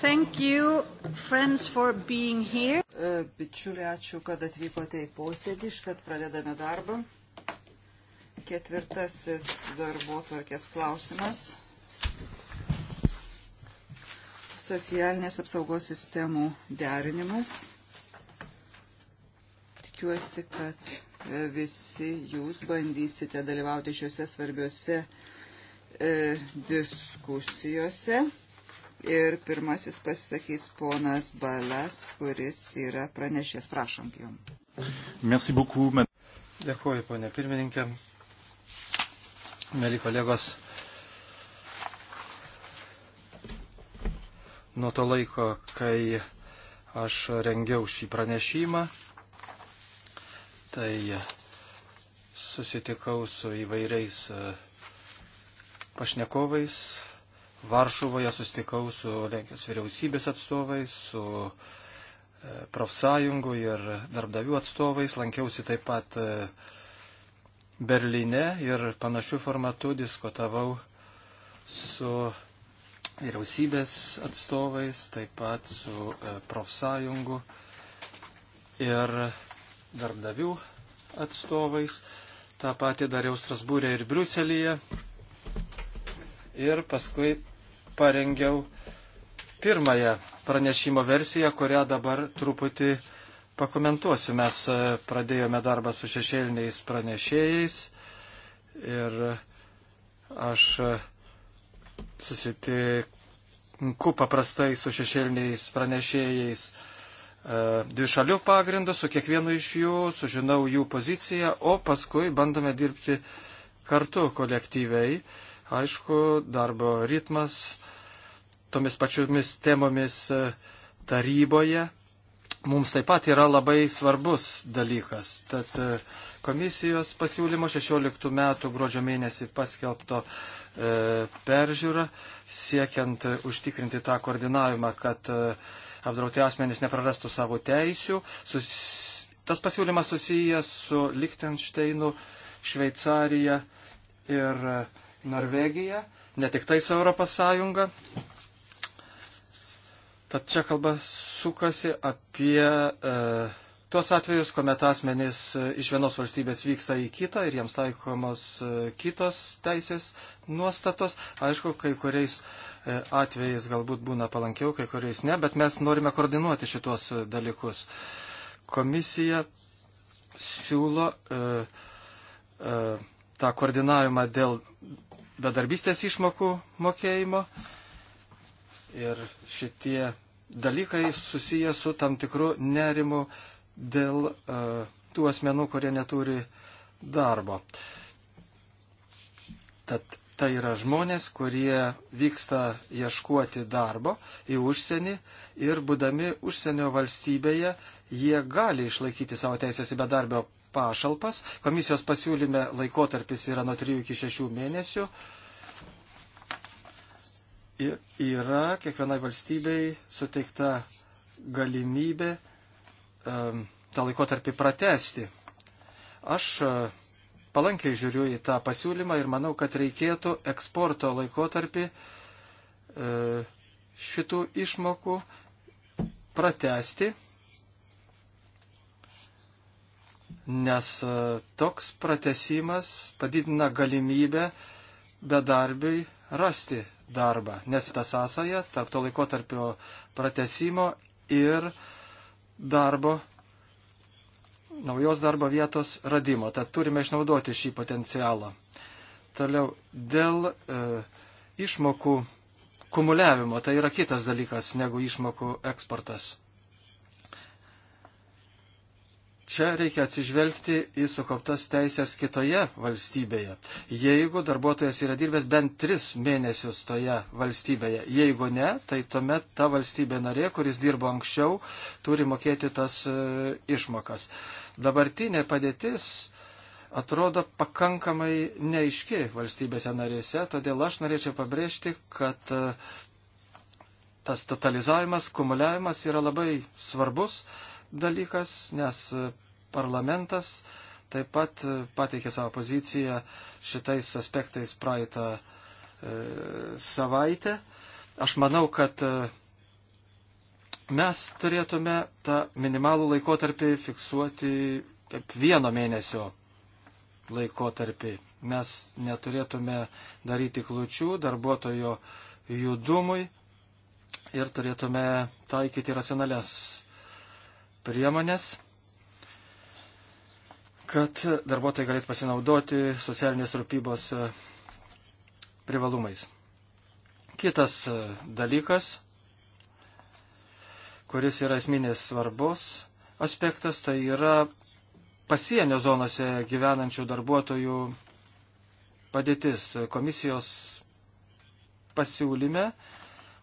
Thank you, friends, for being here. E, bičiuliai, ačiū, kad atvykote į posėdį, iškart pradedame darbą. Ketvirtasis darbo tvarkės klausimas. Socialinės apsaugos sistemų derinimas. Tikiuosi, kad e, visi jūs bandysite dalyvauti šiuose svarbiuose e, diskusijose. Ir pirmasis pasisakys ponas Balas, kuris yra pranešęs. Prašom jum. Merci beaucoup, man... Dėkuoju, ponė pirmininkė. Mėly kolegos, nuo to laiko, kai aš rengiau šį pranešimą, tai susitikau su įvairiais pašnekovais, Varšuvoje sustikau su Lenkijos vyriausybės atstovais, su e, profsąjungų ir darbdavių atstovais, lankiausi taip pat e, Berlyne ir panašių formatų diskutavau su vyriausybės atstovais, taip pat su e, profsąjungų ir darbdavių atstovais. Ta pati dariau Strasbūrė ir Briuselėje. Ir paskui parengiau pirmąją pranešimo versiją, kurią dabar truputį pakomentuosiu. Mes e, pradėjome darbą su šešėliniais pranešėjais ir aš e, susitinku paprastai su šešėliniais pranešėjais e, dvišalių pagrindų, su kiekvienu iš jų, sužinau jų poziciją, o paskui bandome dirbti kartu kolektyviai Aišku, darbo ritmas tomis pačiomis temomis e, taryboje mums taip pat yra labai svarbus dalykas. Tad e, komisijos pasiūlymo 16 metų gruodžio mėnesį paskelbto e, peržiūra, siekiant užtikrinti tą koordinavimą, kad apdrauti asmenys neprarastų savo teisių. Sus... Tas pasiūlymas susijęs su Lichtensteinu, Šveicarija ir Norvegija, ne tik tai su Europos Sąjunga. Tad čia kalba sukasi apie e, tuos atvejus, kuomet asmenys e, iš vienos valstybės vyksta į kitą ir jiems taikomos e, kitos teisės nuostatos. Aišku, kai kuriais e, atvejais galbūt būna palankiau, kai kuriais ne, bet mes norime koordinuoti šitos e, dalykus. Komisija siūlo e, e, tą koordinavimą dėl bedarbystės išmokų mokėjimo. Ir šitie dalykai susiję su tam tikru nerimu dėl uh, tų asmenų, kurie neturi darbo. Tad tai yra žmonės, kurie vyksta ieškoti darbo į užsienį ir būdami užsienio valstybėje, jie gali išlaikyti savo teisės į bedarbio pašalpas. Komisijos pasiūlyme laikotarpis yra nuo 3 iki 6 mėnesių. Ir yra kiekvienai valstybei suteikta galimybė um, tą laikotarpį pratesti. Aš uh, palankiai žiūriu į tą pasiūlymą ir manau, kad reikėtų eksporto laikotarpį uh, šitų išmokų pratesti nes e, toks pratesimas padidina galimybę bedarbiui rasti darbą, nes ta sąsaja tarp to laikotarpio pratesimo ir darbo, naujos darbo vietos radimo. Tad turime išnaudoti šį potencialą. Toliau, dėl e, išmokų kumuliavimo, tai yra kitas dalykas negu išmokų eksportas. Čia reikia atsižvelgti į sukauptas teisės kitoje valstybėje. Jeigu darbuotojas yra dirbęs bent tris mėnesius toje valstybėje, jeigu ne, tai tuomet ta valstybė narė, kuris dirbo anksčiau, turi mokėti tas e, išmokas. Dabartinė padėtis atrodo pakankamai neaiški valstybėse narėse, todėl aš norėčiau pabrėžti, kad e, tas totalizavimas, kumuliavimas yra labai svarbus dalykas, nes parlamentas taip pat pateikė savo poziciją šitais aspektais praeitą e, savaitę. Aš manau, kad e, mes turėtume tą minimalų laikotarpį fiksuoti kaip vieno mėnesio laikotarpį. Mes neturėtume daryti kliučių darbuotojo judumui ir turėtume taikyti racionalias priemonės, kad darbuotojai galėtų pasinaudoti socialinės rūpybos e, privalumais. Kitas e, dalykas, kuris yra esminės svarbos aspektas, tai yra pasienio zonose gyvenančių darbuotojų padėtis. Komisijos pasiūlyme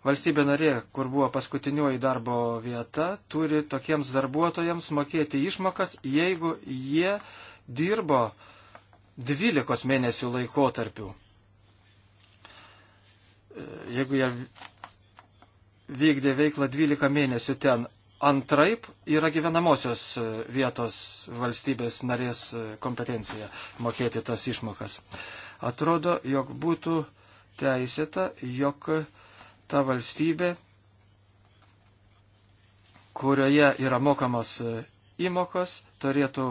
valstybė narė, kur buvo paskutinioji darbo vieta, turi tokiems darbuotojams mokėti išmokas, jeigu jie dirbo 12 mėnesių laikotarpių. Jeigu jie vykdė veiklą 12 mėnesių ten, antraip yra gyvenamosios vietos valstybės narės kompetencija mokėti tas išmokas. Atrodo, jog būtų teisėta, jog ta valstybė, kurioje yra mokamos e, įmokos, turėtų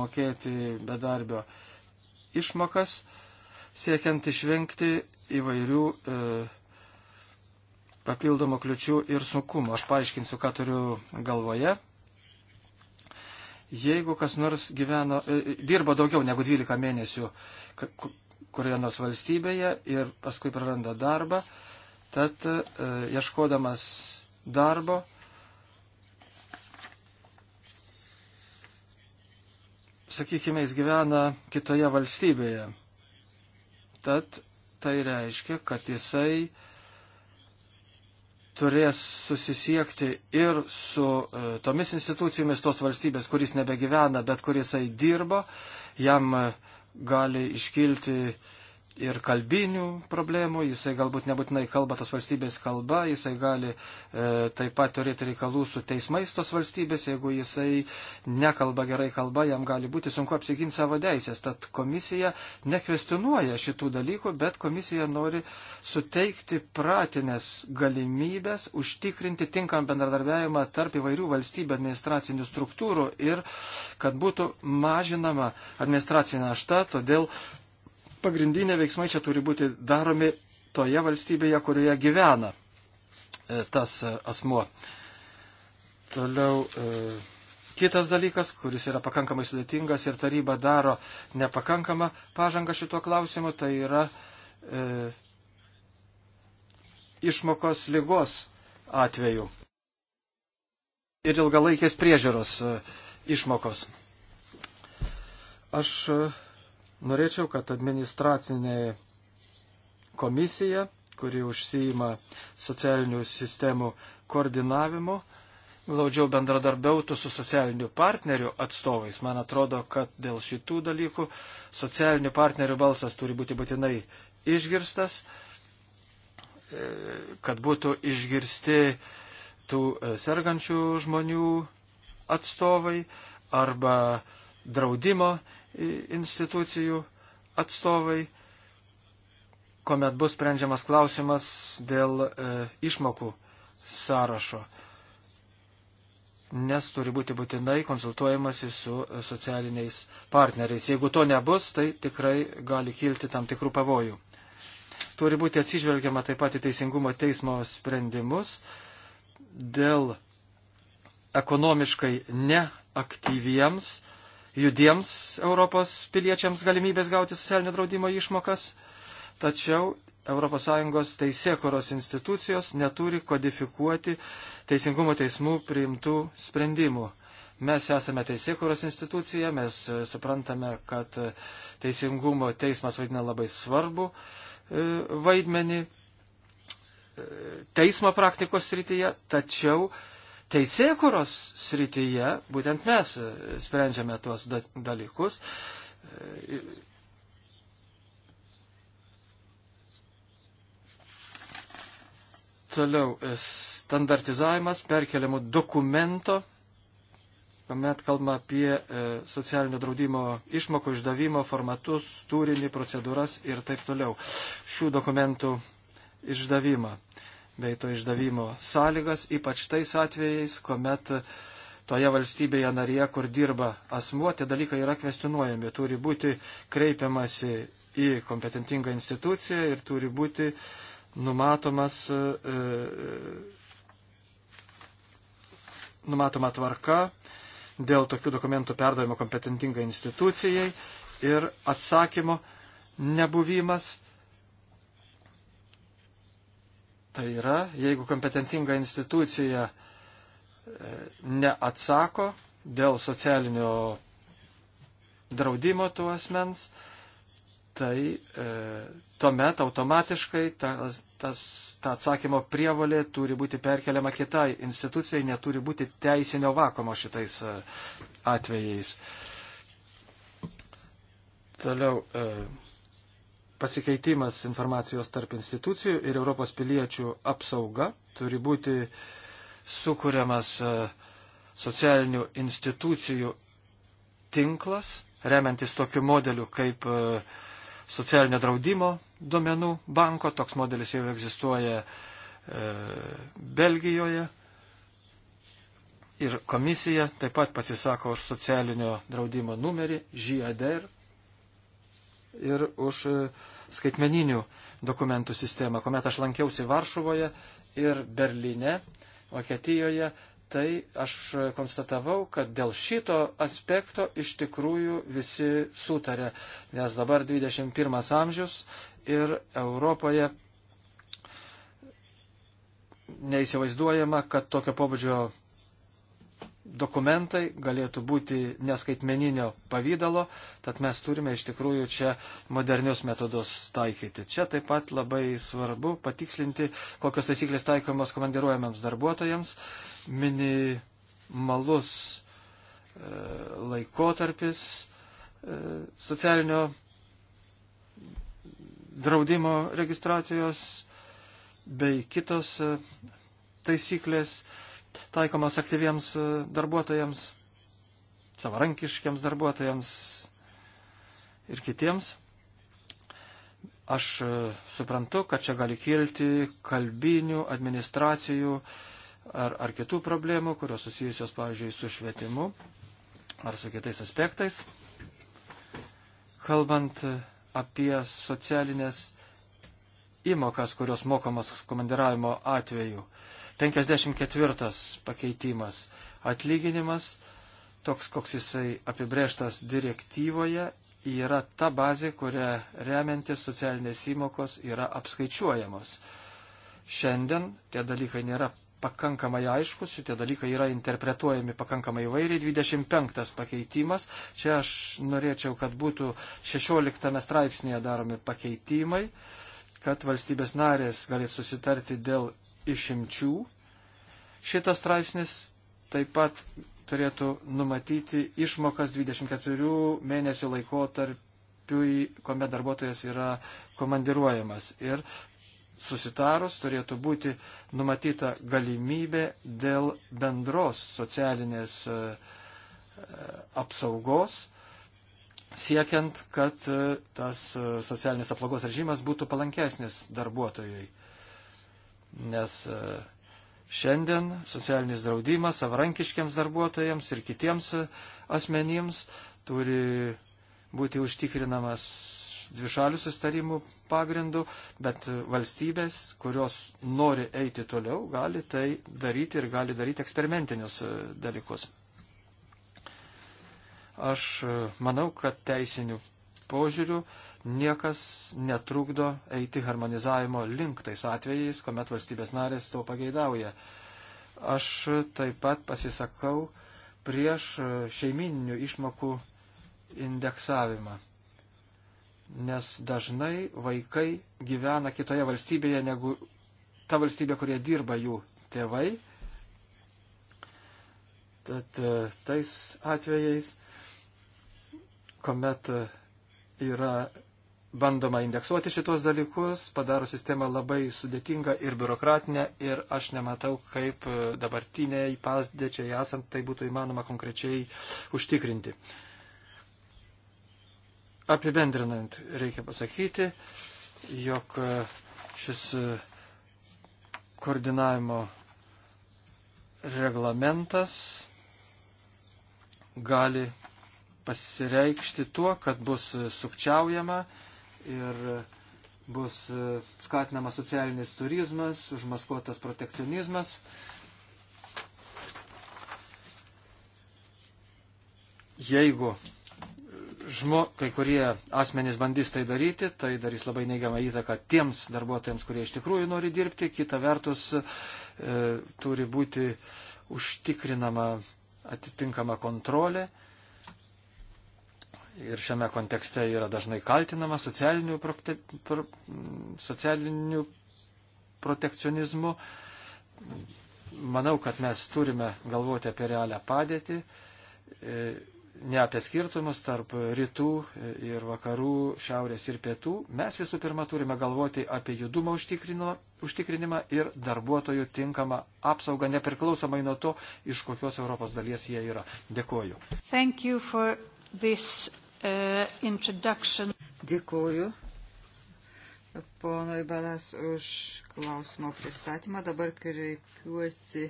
mokėti bedarbio išmokas, siekiant išvengti įvairių e, papildomų kliučių ir sunkumų. Aš paaiškinsiu, ką turiu galvoje. Jeigu kas nors gyveno, e, e dirba daugiau negu 12 mėnesių kurioje nors valstybėje ir paskui praranda darbą, Tad e, ieškodamas darbo sakykime, jis gyvena kitoje valstybėje. Tad tai reiškia, kad jisai turės susisiekti ir su e, tomis institucijomis tos valstybės, kuris nebegyvena, bet kur jisai dirba, jam e, gali iškilti ir kalbinių problemų, jisai galbūt nebūtinai kalba tos valstybės kalba, jisai gali e, taip pat turėti reikalų su teismais tos valstybės, jeigu jisai nekalba gerai kalba, jam gali būti sunku apsiginti savo teisės. Tad komisija nekvestinuoja šitų dalykų, bet komisija nori suteikti pratinės galimybės užtikrinti tinkamą bendradarbiavimą tarp įvairių valstybių administracinių struktūrų ir kad būtų mažinama administracinė našta, todėl pagrindiniai veiksmai čia turi būti daromi toje valstybėje, kurioje gyvena e, tas e, asmuo. Toliau e, kitas dalykas, kuris yra pakankamai sudėtingas ir taryba daro nepakankamą pažangą šituo klausimu, tai yra e, išmokos lygos atveju ir ilgalaikės priežiūros išmokos. Aš Norėčiau, kad administracinė komisija, kuri užsijima socialinių sistemų koordinavimu, glaudžiau bendradarbiautų su socialinių partnerių atstovais. Man atrodo, kad dėl šitų dalykų socialinių partnerių balsas turi būti būtinai išgirstas, e, kad būtų išgirsti tų e, sergančių žmonių atstovai arba draudimo institucijų atstovai, kuomet bus sprendžiamas klausimas dėl e, išmokų sąrašo, nes turi būti būtinai konsultuojamasi su socialiniais partneriais. Jeigu to nebus, tai tikrai gali kilti tam tikrų pavojų. Turi būti atsižvelgiama taip pat į Teisingumo teismo sprendimus dėl ekonomiškai neaktyviems judiems Europos piliečiams galimybės gauti socialinio draudimo išmokas, tačiau ES teisėkoros institucijos neturi kodifikuoti teisingumo teismų priimtų sprendimų. Mes esame teisėkuros institucija, mes e, suprantame, kad e, teisingumo teismas vaidina labai svarbu e, vaidmenį teismo praktikos srityje, tačiau teisėkuros srityje būtent mes e, sprendžiame tuos dalykus. E, toliau e, standartizavimas perkeliamų dokumento, kuomet kalbama apie socialinio draudimo išmokų išdavimo formatus, turinį, procedūras ir taip toliau. Šių dokumentų išdavimą bei to išdavimo sąlygas, ypač tais atvejais, kuomet toje valstybėje narėje, kur dirba asmuo, tie dalykai yra kvestionuojami. Turi būti kreipiamasi į kompetentingą instituciją ir turi būti numatomas, e, e numatoma tvarka dėl tokių dokumentų perdavimo kompetentingai institucijai ir atsakymo nebuvimas Tai yra, jeigu kompetentinga institucija e, neatsako dėl socialinio draudimo tuo asmens, tai e, tuomet automatiškai ta, tas, ta atsakymo prievalė turi būti perkeliama kitai institucijai, neturi būti teisinio vakumo šitais e, atvejais. Toliau. E, pasikeitimas informacijos tarp institucijų ir Europos piliečių apsauga turi būti sukūriamas e, socialinių institucijų tinklas, remiantis tokiu modeliu kaip e, socialinio draudimo duomenų banko. Toks modelis jau egzistuoja e, Belgijoje. Ir komisija taip pat pasisako už socialinio draudimo numerį, GADR, ir už uh, skaitmeninių dokumentų sistemą. Komet aš lankiausi Varšuvoje ir Berlyne, Vokietijoje, tai aš konstatavau, kad dėl šito aspekto iš tikrųjų visi sutarė, nes dabar 21 amžius ir Europoje neįsivaizduojama, kad tokio pobūdžio dokumentai galėtų būti neskaitmeninio pavydalo, tad mes turime iš tikrųjų čia modernius metodus taikyti. Čia taip pat labai svarbu patikslinti, kokios taisyklės taikomos komandiruojamiems darbuotojams, minimalus e, laikotarpis e, socialinio draudimo registracijos bei kitos e, taisyklės. E, taikomos aktyviems e, darbuotojams, savarankiškiams darbuotojams ir kitiems. Aš e, suprantu, kad čia gali kilti kalbinių, administracijų ar, ar kitų problemų, kurios susijusios, pavyzdžiui, su švietimu ar su kitais aspektais. Kalbant e, apie socialinės įmokas, kurios mokamas komandiravimo atveju. Uh, 54 pakeitimas. Atlyginimas, toks koks jisai apibrėžtas direktyvoje, yra ta bazė, kuria remiantis socialinės įmokos yra apskaičiuojamos. Šiandien tie dalykai nėra pakankamai aiškus, šitie dalykai yra interpretuojami pakankamai vairiai. 25 pakeitimas, čia aš norėčiau, kad būtų 16 straipsnėje daromi pakeitimai, kad valstybės narės galėtų susitarti dėl išimčių. Šitas straipsnis taip pat turėtų numatyti išmokas 24 mėnesių laikotarpiui, kuomet darbuotojas yra komandiruojamas. Ir susitarus turėtų būti numatyta galimybė dėl bendros socialinės e, e, apsaugos, siekiant, kad e, tas socialinės apsaugos režimas būtų palankesnis darbuotojui nes e, šiandien socialinis draudimas savarankiškiams darbuotojams ir kitiems e, asmenims turi būti užtikrinamas dvišalių sustarimų pagrindų, bet valstybės, kurios nori eiti toliau, gali tai daryti ir gali daryti eksperimentinius e, dalykus. Aš manau, kad teisinių požiūrių niekas netrukdo eiti harmonizavimo link tais atvejais, kuomet valstybės narės to pageidauja. Aš taip pat pasisakau prieš šeimininių išmokų indeksavimą, nes dažnai vaikai gyvena kitoje valstybėje negu ta valstybė, kurie dirba jų tėvai. Tad e, tais atvejais, kuomet e, yra bandoma indeksuoti šitos dalykus, padaro sistemą labai sudėtingą ir biurokratinę ir aš nematau, kaip dabartiniai pasdėčiai esant tai būtų įmanoma konkrečiai užtikrinti. Apibendrinant, reikia pasakyti, jog šis koordinavimo reglamentas gali pasireikšti tuo, kad bus sukčiaujama ir bus skatinamas socialinis turizmas, užmaskuotas protekcionizmas. Jeigu žmo, kai kurie asmenys bandys tai daryti, tai darys labai neigiamą įtaką tiems darbuotojams, kurie iš tikrųjų nori dirbti. Kita vertus, e, turi būti užtikrinama atitinkama kontrolė. E, ir šiame kontekste yra dažnai kaltinama socialiniu, prokte, pro, socialiniu protekcionizmu. Manau, kad mes turime galvoti apie realią padėtį, e, ne apie skirtumus tarp rytų ir vakarų, šiaurės ir pietų. Mes visų pirma turime galvoti apie judumo užtikrinimą ir darbuotojų tinkamą apsaugą, nepriklausomai nuo to, iš kokios Europos dalies jie yra. Dėkuoju. This uh, introduction. Dėkuoju ponui Balas už klausimo pristatymą. Dabar kreipiuosi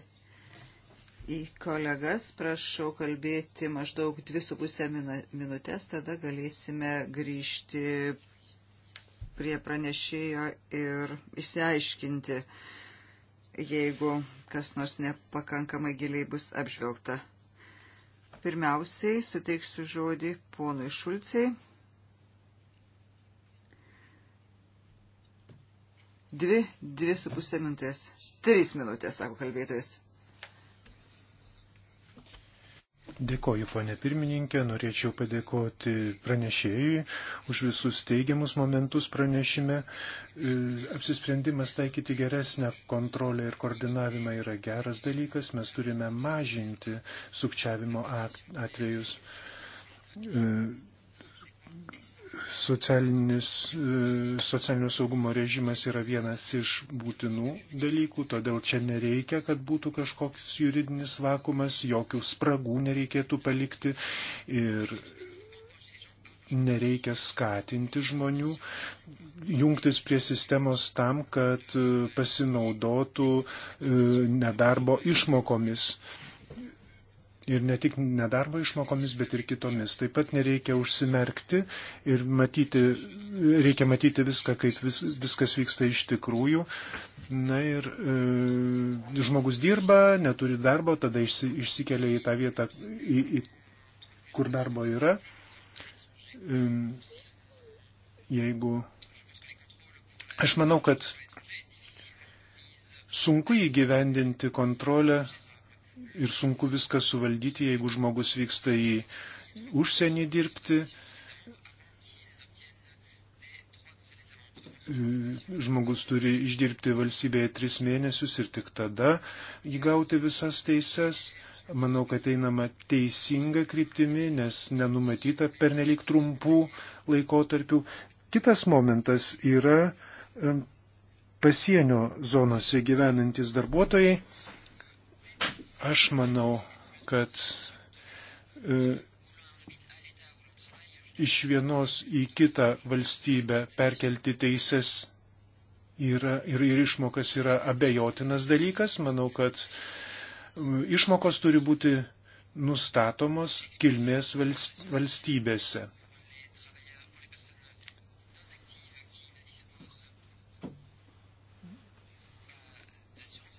į kolegas. Prašau kalbėti maždaug 2,5 minutės, tada galėsime grįžti prie pranešėjo ir išsiaiškinti, jeigu kas nors nepakankamai giliai bus apžvelgta. Pirmiausiai suteiksiu žodį ponui Šulcijai. Dvi, dvi su pusė minutės. Tris minutės, sako kalbėtojas. Dėkoju, ponė pirmininkė, norėčiau padėkoti pranešėjui už visus teigiamus momentus pranešime. E, apsisprendimas taikyti geresnę kontrolę ir koordinavimą yra geras dalykas, mes turime mažinti sukčiavimo atvejus. E, socialinis, e, socialinio saugumo režimas yra vienas iš būtinų dalykų, todėl čia nereikia, kad būtų kažkoks juridinis vakumas, jokių spragų nereikėtų palikti ir nereikia skatinti žmonių jungtis prie sistemos tam, kad e, pasinaudotų e, nedarbo išmokomis. Ir ne tik nedarbo išmokomis, bet ir kitomis. Taip pat nereikia užsimerkti ir matyti, reikia matyti viską, kaip vis, viskas vyksta iš tikrųjų. Na ir e, žmogus dirba, neturi darbo, tada išsi, išsikelia į tą vietą, į, į, kur darbo yra. E, jeigu. Aš manau, kad sunku įgyvendinti kontrolę ir sunku viską suvaldyti, jeigu žmogus vyksta į užsienį dirbti. Žmogus turi išdirbti valstybėje tris mėnesius ir tik tada įgauti visas teises. Manau, kad einama teisinga kryptimi, nes nenumatyta pernelyg trumpų laikotarpių. Kitas momentas yra pasienio zonose gyvenantis darbuotojai Aš manau, kad e, iš vienos į kitą valstybę perkelti teises yra, ir, ir išmokas yra abejotinas dalykas. Manau, kad e, išmokos turi būti nustatomos kilmės valstybėse.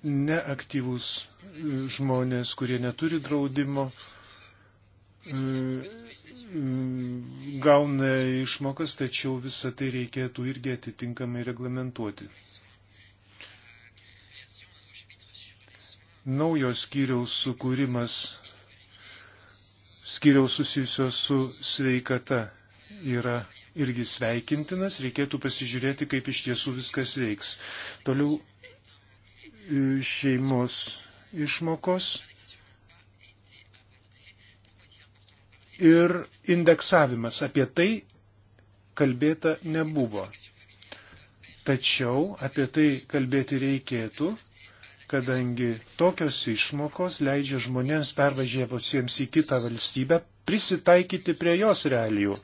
neaktyvūs e, žmonės, kurie neturi draudimo, e, e, gauna išmokas, tačiau visą tai reikėtų irgi atitinkamai reglamentuoti. Naujos skyriaus sukūrimas, skyriaus susijusios su sveikata yra irgi sveikintinas, reikėtų pasižiūrėti, kaip iš tiesų viskas veiks. Toliau šeimos išmokos ir indeksavimas. Apie tai kalbėta nebuvo. Tačiau apie tai kalbėti reikėtų, kadangi tokios išmokos leidžia žmonėms pervažiavusiems į kitą valstybę prisitaikyti prie jos realijų.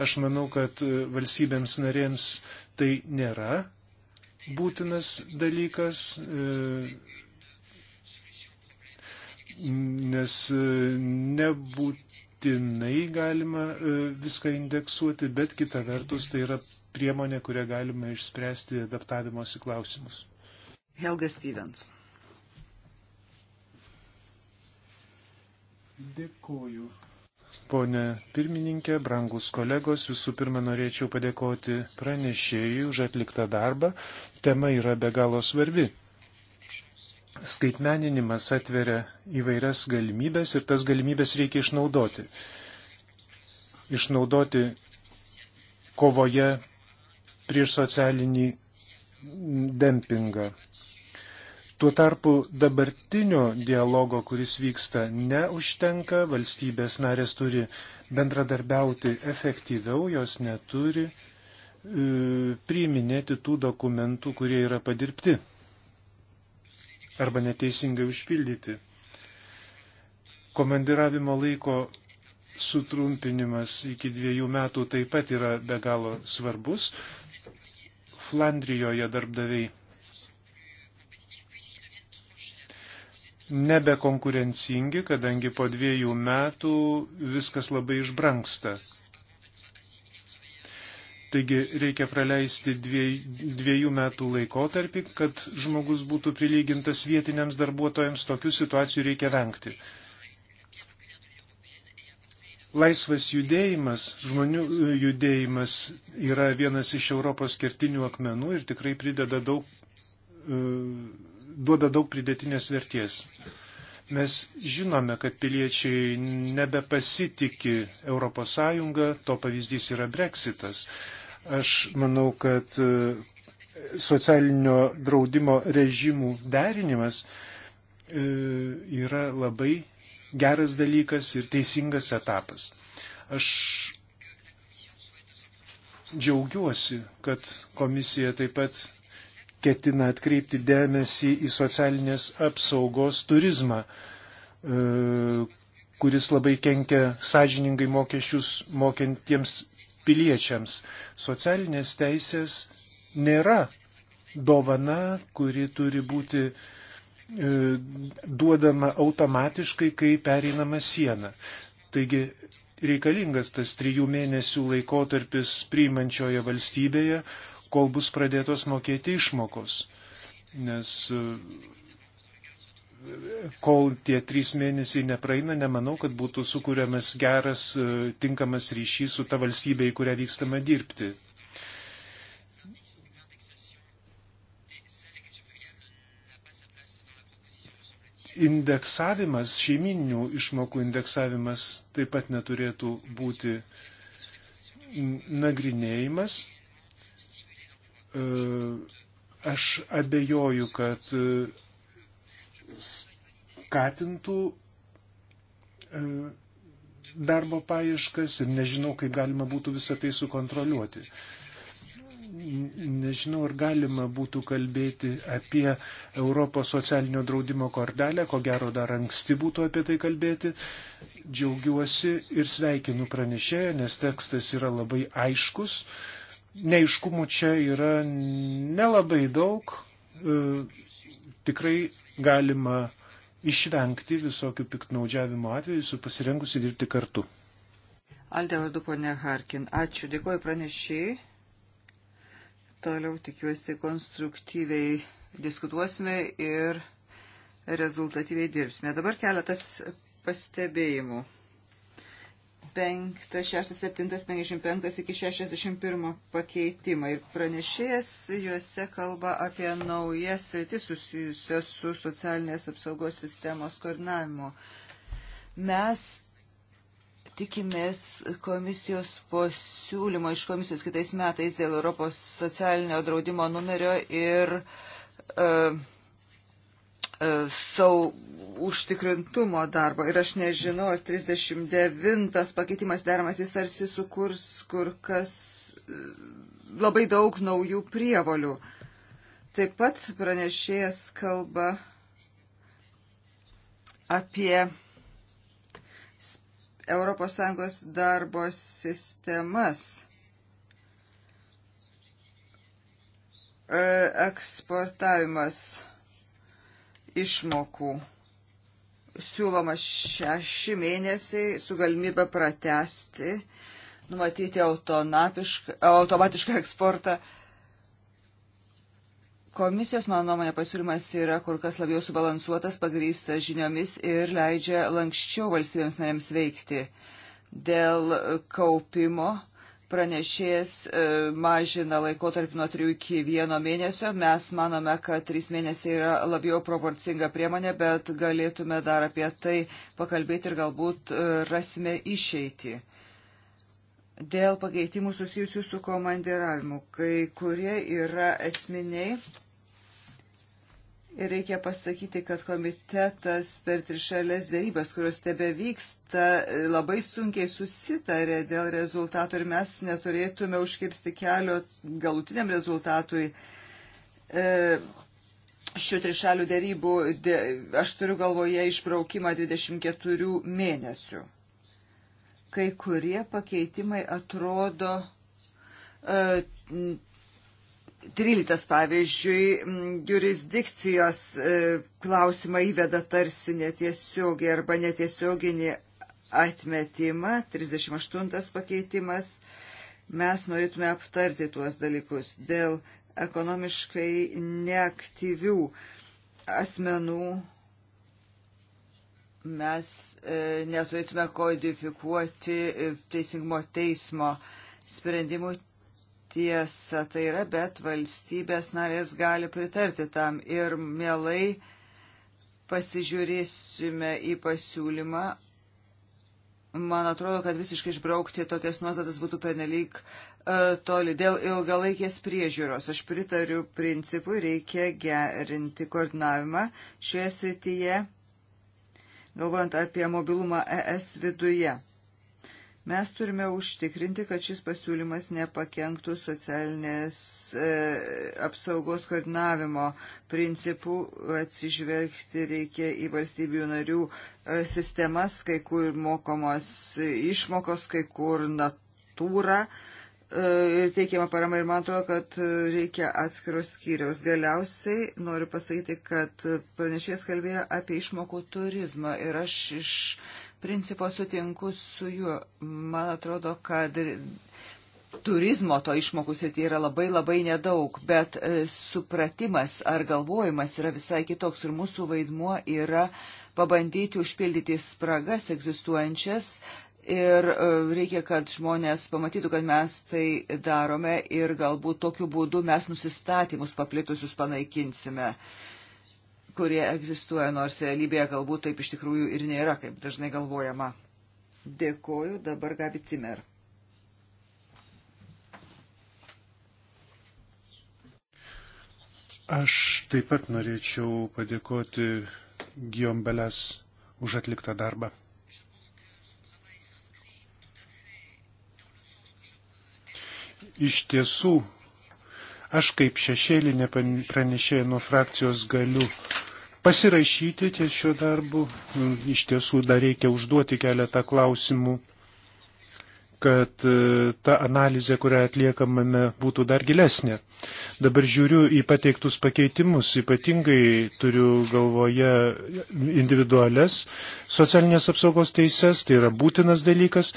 Aš manau, kad valstybėms narėms tai nėra būtinas dalykas, e, nes e, nebūtinai galima e, viską indeksuoti, bet kita vertus tai yra priemonė, kurią galima išspręsti adaptavimosi klausimus. Helga Stevens. Dėkuoju. Pone pirmininkė, brangus kolegos, visų pirma norėčiau padėkoti pranešėjui už atliktą darbą. Tema yra be galo svarbi. Skaitmeninimas atveria įvairias galimybės ir tas galimybės reikia išnaudoti. Išnaudoti kovoje prieš socialinį dempingą. Tuo tarpu dabartinio dialogo, kuris vyksta, neužtenka, valstybės narės turi bendradarbiauti efektyviau, jos neturi e, priiminėti tų dokumentų, kurie yra padirbti arba neteisingai užpildyti. Komandiravimo laiko sutrumpinimas iki dviejų metų taip pat yra be galo svarbus. Flandrijoje darbdaviai nebekonkurencingi, kadangi po dviejų metų viskas labai išbranksta. Taigi reikia praleisti dviejų, dviejų metų laikotarpį, kad žmogus būtų prilygintas vietiniams darbuotojams, tokių situacijų reikia vengti. Laisvas judėjimas, žmonių judėjimas yra vienas iš Europos kertinių akmenų ir tikrai prideda daug e, duoda daug pridėtinės verties. Mes žinome, kad piliečiai nebepasitikė ES, to pavyzdys yra Brexitas. Aš manau, kad e, socialinio draudimo režimų derinimas e, yra labai geras dalykas ir teisingas etapas. Aš džiaugiuosi, kad komisija taip pat ketina atkreipti dėmesį į socialinės apsaugos turizmą, e, kuris labai kenkia sąžiningai mokesčius mokentiems piliečiams. Socialinės teisės nėra dovana, kuri turi būti e, duodama automatiškai, kai pereinama siena. Taigi reikalingas tas trijų mėnesių laikotarpis priimančioje valstybėje, kol bus pradėtos mokėti išmokos. Nes e, kol tie trys mėnesiai nepraeina, nemanau, kad būtų sukūriamas geras, e, tinkamas ryšys su ta valstybė, į kurią vykstama dirbti. Indeksavimas, šeiminių išmokų indeksavimas taip pat neturėtų būti nagrinėjimas, E, aš abejoju, kad e, skatintų e, darbo paieškas ir nežinau, kaip galima būtų visą tai sukontroliuoti. Nežinau, ar galima būtų kalbėti apie Europos socialinio draudimo kordelę, ko gero dar anksti būtų apie tai kalbėti. Džiaugiuosi ir sveikinu pranešėją, nes tekstas yra labai aiškus. Uh, neiškumų čia yra nelabai daug. E, tikrai galima išvengti visokių piktnaudžiavimo atvejų su pasirengusi dirbti kartu. Aldė vardu ponė Harkin. Ačiū, dėkoju pranešiai. Toliau tikiuosi konstruktyviai diskutuosime ir rezultatyviai dirbsime. Dabar keletas pastebėjimų. 5, 6, 7, 55 iki 61 pakeitimai. Ir pranešėjas juose kalba apie naujas sritis susijusias su socialinės apsaugos sistemos koordinavimu. Mes tikimės komisijos pasiūlymo iš komisijos kitais metais dėl Europos socialinio draudimo numerio ir uh, E, sau užtikrintumo darbo. Ir aš nežinau, ar 39 pakeitimas deramas jis tarsi sukurs kur kas e, labai daug naujų prievolių. Taip pat pranešėjas kalba apie ES darbo sistemas. E, eksportavimas išmokų. Siūloma šeši mėnesiai su galimybė pratesti, numatyti automatišką eksportą. Komisijos, mano nuomonė, pasiūlymas yra kur kas labiau subalansuotas, pagrįstas žiniomis ir leidžia lankščiau valstybėms narėms veikti. Dėl kaupimo pranešėjas e, mažina laikotarpį nuo 3 iki 1 mėnesio. Mes manome, kad 3 mėnesiai yra labiau proporcinga priemonė, bet galėtume dar apie tai pakalbėti ir galbūt e, rasime išeitį. Dėl pakeitimų susijusių su komandiravimu, kai kurie yra esminiai Ir reikia pasakyti, kad komitetas per trišalės dėrybas, kurios tebe vyksta, labai sunkiai susitarė dėl rezultato ir mes neturėtume užkirsti kelio galutiniam rezultatui. E, Šių trišalių dėrybų, dė, aš turiu galvoje išbraukimą 24 mėnesių. Kai kurie pakeitimai atrodo e, 13 pavyzdžiui, jurisdikcijos e, klausimą įveda tarsi netiesiogiai arba netiesioginį atmetimą, 38 pakeitimas. Mes norėtume aptarti tuos dalykus dėl ekonomiškai neaktyvių asmenų. Mes e, neturėtume kodifikuoti e, teisingumo teismo sprendimų tiesa tai yra, bet valstybės narės gali pritarti tam ir mielai pasižiūrėsime į pasiūlymą. Man atrodo, kad visiškai išbraukti tokias nuostatas būtų penelyg e, toli. Dėl ilgalaikės priežiūros aš pritariu principui, reikia gerinti koordinavimą šioje srityje, galvojant apie mobilumą ES viduje. Mes turime užtikrinti, kad šis pasiūlymas nepakenktų socialinės e, apsaugos koordinavimo principų, atsižvelgti reikia į valstybių narių e, sistemas, kai kur mokomos išmokos, kai kur natūra. E, ir teikiama parama ir man atrodo, kad reikia atskiros skyriaus. Galiausiai noriu pasakyti, kad pranešėjas kalbėjo apie išmokų turizmą ir aš iš. E, principo sutinku su juo. Man atrodo, kad turizmo to išmokų srityje yra labai labai nedaug, bet e, supratimas ar galvojimas yra visai kitoks ir mūsų vaidmuo yra pabandyti užpildyti spragas egzistuojančias. Ir e, reikia, kad žmonės pamatytų, kad mes tai darome ir galbūt tokiu būdu mes nusistatymus paplitusius panaikinsime. Uh, kurie egzistuoja, nors realybėje galbūt taip iš tikrųjų ir nėra, kaip dažnai galvojama. Dėkoju, dabar Gabi Cimer. Aš taip pat norėčiau padėkoti Gijom Beles už atliktą darbą. Iš tiesų, aš kaip šešėlinė pranešėja nuo frakcijos galiu pasirašyti ties šio darbu. Iš tiesų dar reikia užduoti keletą klausimų, kad e, ta analizė, kurią atliekamame, būtų dar gilesnė. Dabar žiūriu į pateiktus pakeitimus, ypatingai turiu galvoje individualias socialinės apsaugos teises, tai yra būtinas dalykas.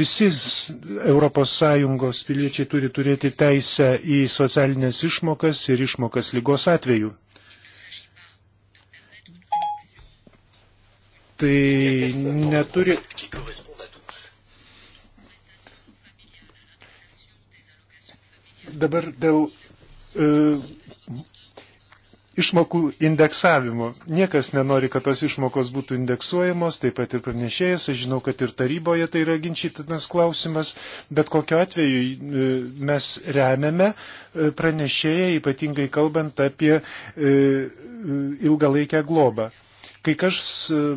Visi ES piliečiai turi turėti teisę į socialinės išmokas ir išmokas lygos atveju. tai neturi. Dabar dėl e, išmokų indeksavimo. Niekas nenori, kad tos išmokos būtų indeksuojamos, taip pat ir pranešėjas, aš žinau, kad ir taryboje tai yra ginčytinas klausimas, bet kokiu atveju e, mes remiame e, pranešėją, ypatingai kalbant apie e, ilgalaikę globą. Kai kas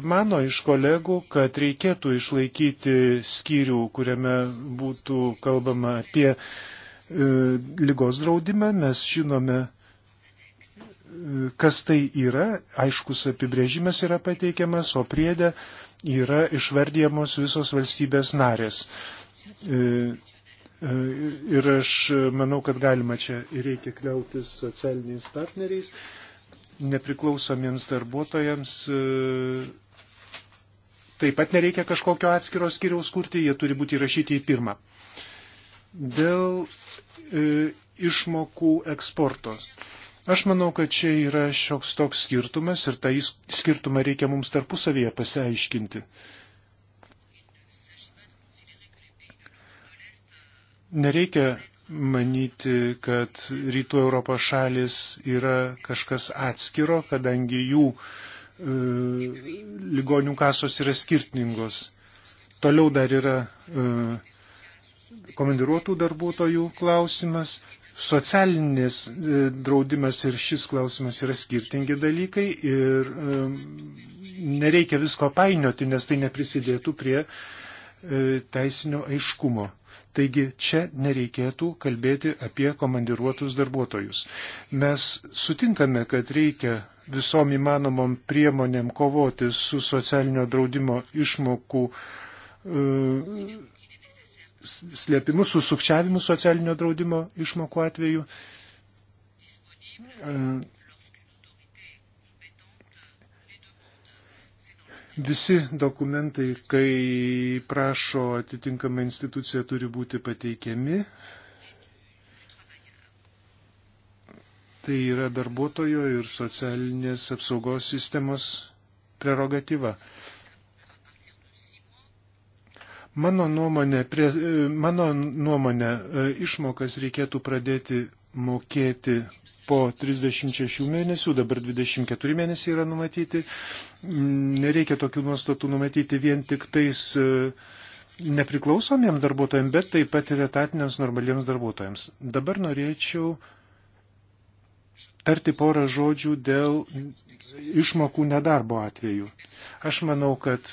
mano iš kolegų, kad reikėtų išlaikyti skyrių, kuriame būtų kalbama apie e, lygos draudimą, mes žinome, e, kas tai yra, aiškus apibrėžimas yra pateikiamas, o priedė yra išvardyjamos visos valstybės narės. E, e, Ir aš manau, kad galima čia ir reikia kliautis socialiniais partneriais nepriklausomiems darbuotojams e, taip pat nereikia kažkokio atskiro skiriaus kurti, jie turi būti įrašyti į pirmą. Dėl e, išmokų eksporto. Aš manau, kad čia yra šioks toks skirtumas ir tą skirtumą reikia mums tarpusavyje pasiaiškinti. Nereikia manyti, kad rytų Europos šalis yra kažkas atskiro, kadangi jų e, ligonių kasos yra skirtingos. Toliau dar yra e, komandiruotų darbuotojų klausimas, socialinis e, draudimas ir šis klausimas yra skirtingi dalykai ir e, nereikia visko painioti, nes tai neprisidėtų prie e, E, teisinio aiškumo. Taigi čia nereikėtų kalbėti apie komandiruotus darbuotojus. Mes sutinkame, kad reikia visom įmanomom priemonėm kovoti su socialinio draudimo išmokų e, slėpimu, su sukčiavimu socialinio draudimo išmokų atveju. E, Visi dokumentai, kai prašo atitinkama institucija, turi būti pateikiami. Tai yra darbuotojo ir socialinės apsaugos sistemos prerogatyva. Mano nuomonė, prie, mano nuomonė e, išmokas reikėtų pradėti mokėti po 36 mėnesių, dabar 24 mėnesiai yra numatyti. Mm, nereikia tokių nuostatų numatyti vien tik tais e, nepriklausomiem darbuotojams, bet taip pat ir etatiniams normaliems darbuotojams. Dabar norėčiau tarti porą žodžių dėl išmokų nedarbo atveju. Aš manau, kad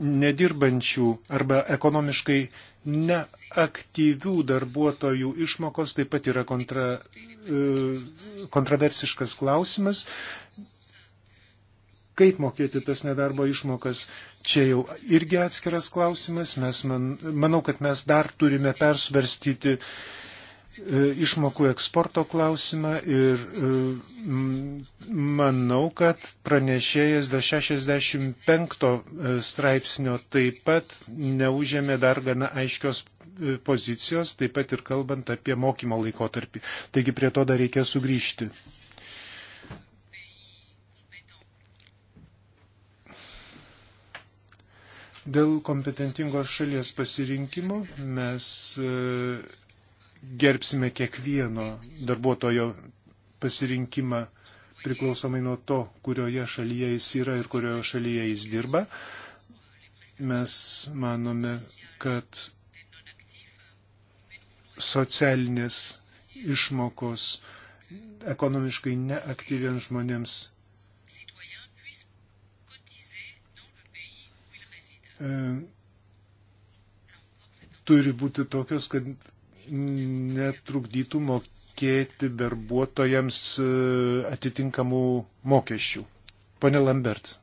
nedirbančių arba ekonomiškai ne aktyvių darbuotojų išmokos taip pat yra kontra, e, kontraversiškas klausimas. Kaip mokėti tas nedarbo išmokas, čia jau irgi atskiras klausimas. Mes man, manau, kad mes dar turime persvarstyti e, išmokų eksporto klausimą ir e, manau, kad pranešėjas dėl 65 straipsnio taip pat neužėmė dar gana aiškios pozicijos, taip pat ir kalbant apie mokymo laikotarpį. Taigi prie to dar reikia sugrįžti. Dėl kompetentingos šalies pasirinkimo mes e, gerbsime kiekvieno darbuotojo pasirinkimą priklausomai nuo to, kurioje šalyje jis yra ir kurioje šalyje jis dirba. Mes manome, kad socialinės išmokos ekonomiškai neaktyviems žmonėms. E, turi būti tokios, kad netrukdytų mokėti darbuotojams e, atitinkamų mokesčių. Pane Lambert.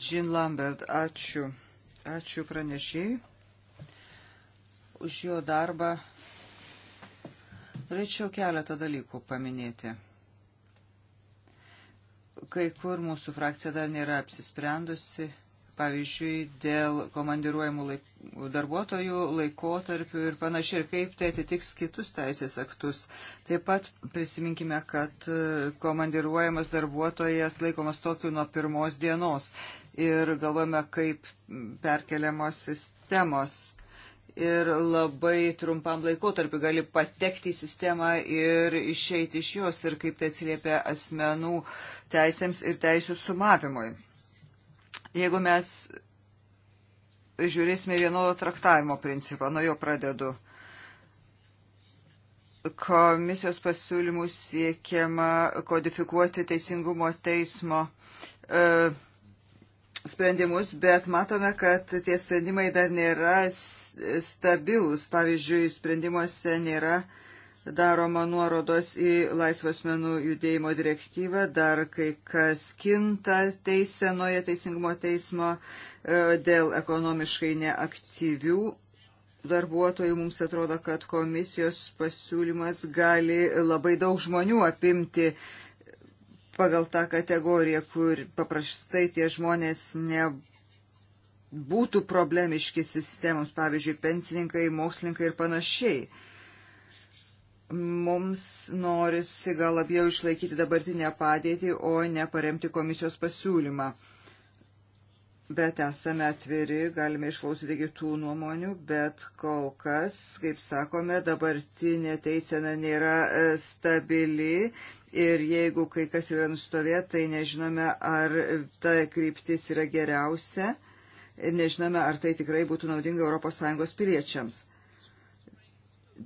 Jean Lambert, ačiū. Ačiū pranešėjai už jo darbą Norėčiau keletą dalykų paminėti. Kai kur mūsų frakcija dar nėra apsisprendusi, pavyzdžiui, dėl komandiruojamų laik, darbuotojų laikotarpių ir panašiai, ir kaip tai atitiks kitus teisės aktus. Taip pat prisiminkime, kad e, komandiruojamas darbuotojas laikomas tokiu nuo pirmos dienos ir galvojame, kaip perkeliamos sistemos ir labai trumpam laikotarpiu gali patekti į sistemą ir išeiti iš jos ir kaip tai atsiliepia asmenų teisėms ir teisų sumavimui. Jeigu mes žiūrėsime vienodo traktavimo principą, nuo jo pradedu. Komisijos pasiūlymų siekiama kodifikuoti teisingumo teismo e, sprendimus, bet matome, kad tie sprendimai dar nėra stabilūs. Pavyzdžiui, sprendimuose nėra daroma nuorodos į laisvos menų judėjimo direktyvą, dar kai kas kinta teisenoje teisingumo teismo e, dėl ekonomiškai neaktyvių darbuotojų. Mums atrodo, kad komisijos pasiūlymas gali labai daug žmonių apimti pagal tą kategoriją, kur paprastai tie žmonės nebūtų problemiški sistemos, pavyzdžiui, pensininkai, mokslininkai ir panašiai. Mums norisi gal labiau išlaikyti dabartinę padėtį, o ne paremti komisijos pasiūlymą. Bet esame atviri, galime išklausyti kitų nuomonių, bet kol kas, kaip sakome, dabartinė teisena nėra e, stabili, ir jeigu kai kas yra nustovė, tai nežinome, ar ta kryptis yra geriausia ir nežinome, ar tai tikrai būtų naudinga ES piliečiams.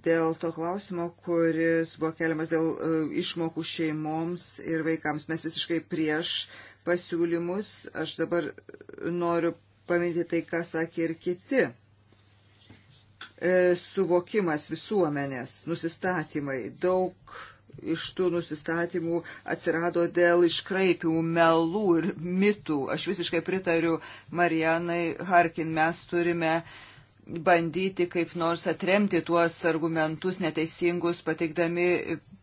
Dėl to klausimo, kuris buvo keliamas dėl e, išmokų šeimoms ir vaikams, mes visiškai prieš pasiūlymus. Aš dabar noriu paminti tai, ką sakė ir kiti e, suvokimas visuomenės, nusistatymai, daug iš tų nusistatymų atsirado dėl iškraipimų melų ir mitų. Aš visiškai pritariu Marijanai Harkin, mes turime bandyti kaip nors atremti tuos argumentus neteisingus, pateikdami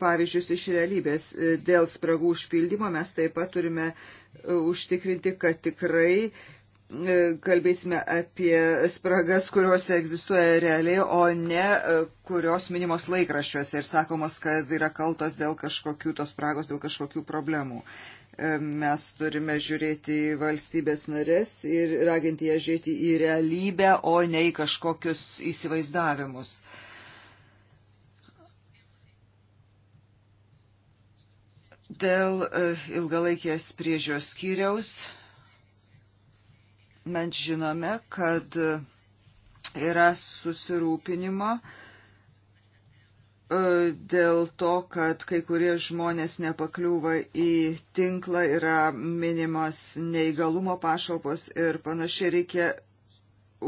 pavyzdžius iš realybės. Dėl spragų užpildymo mes taip pat turime e, užtikrinti, kad tikrai uh, E, kalbėsime apie spragas, kurios egzistuoja realiai, o ne e, kurios minimos laikraščiuose ir sakomos, kad yra kaltos dėl kažkokių tos spragos, dėl kažkokių problemų. E, mes turime žiūrėti į valstybės narės ir raginti ją žiūrėti į realybę, o ne į kažkokius įsivaizdavimus. Dėl ilgalaikės priežios skyriaus Mes žinome, kad yra susirūpinimo e, dėl to, kad kai kurie žmonės nepakliūva į tinklą, yra minimos neįgalumo pašalpos ir panašiai reikia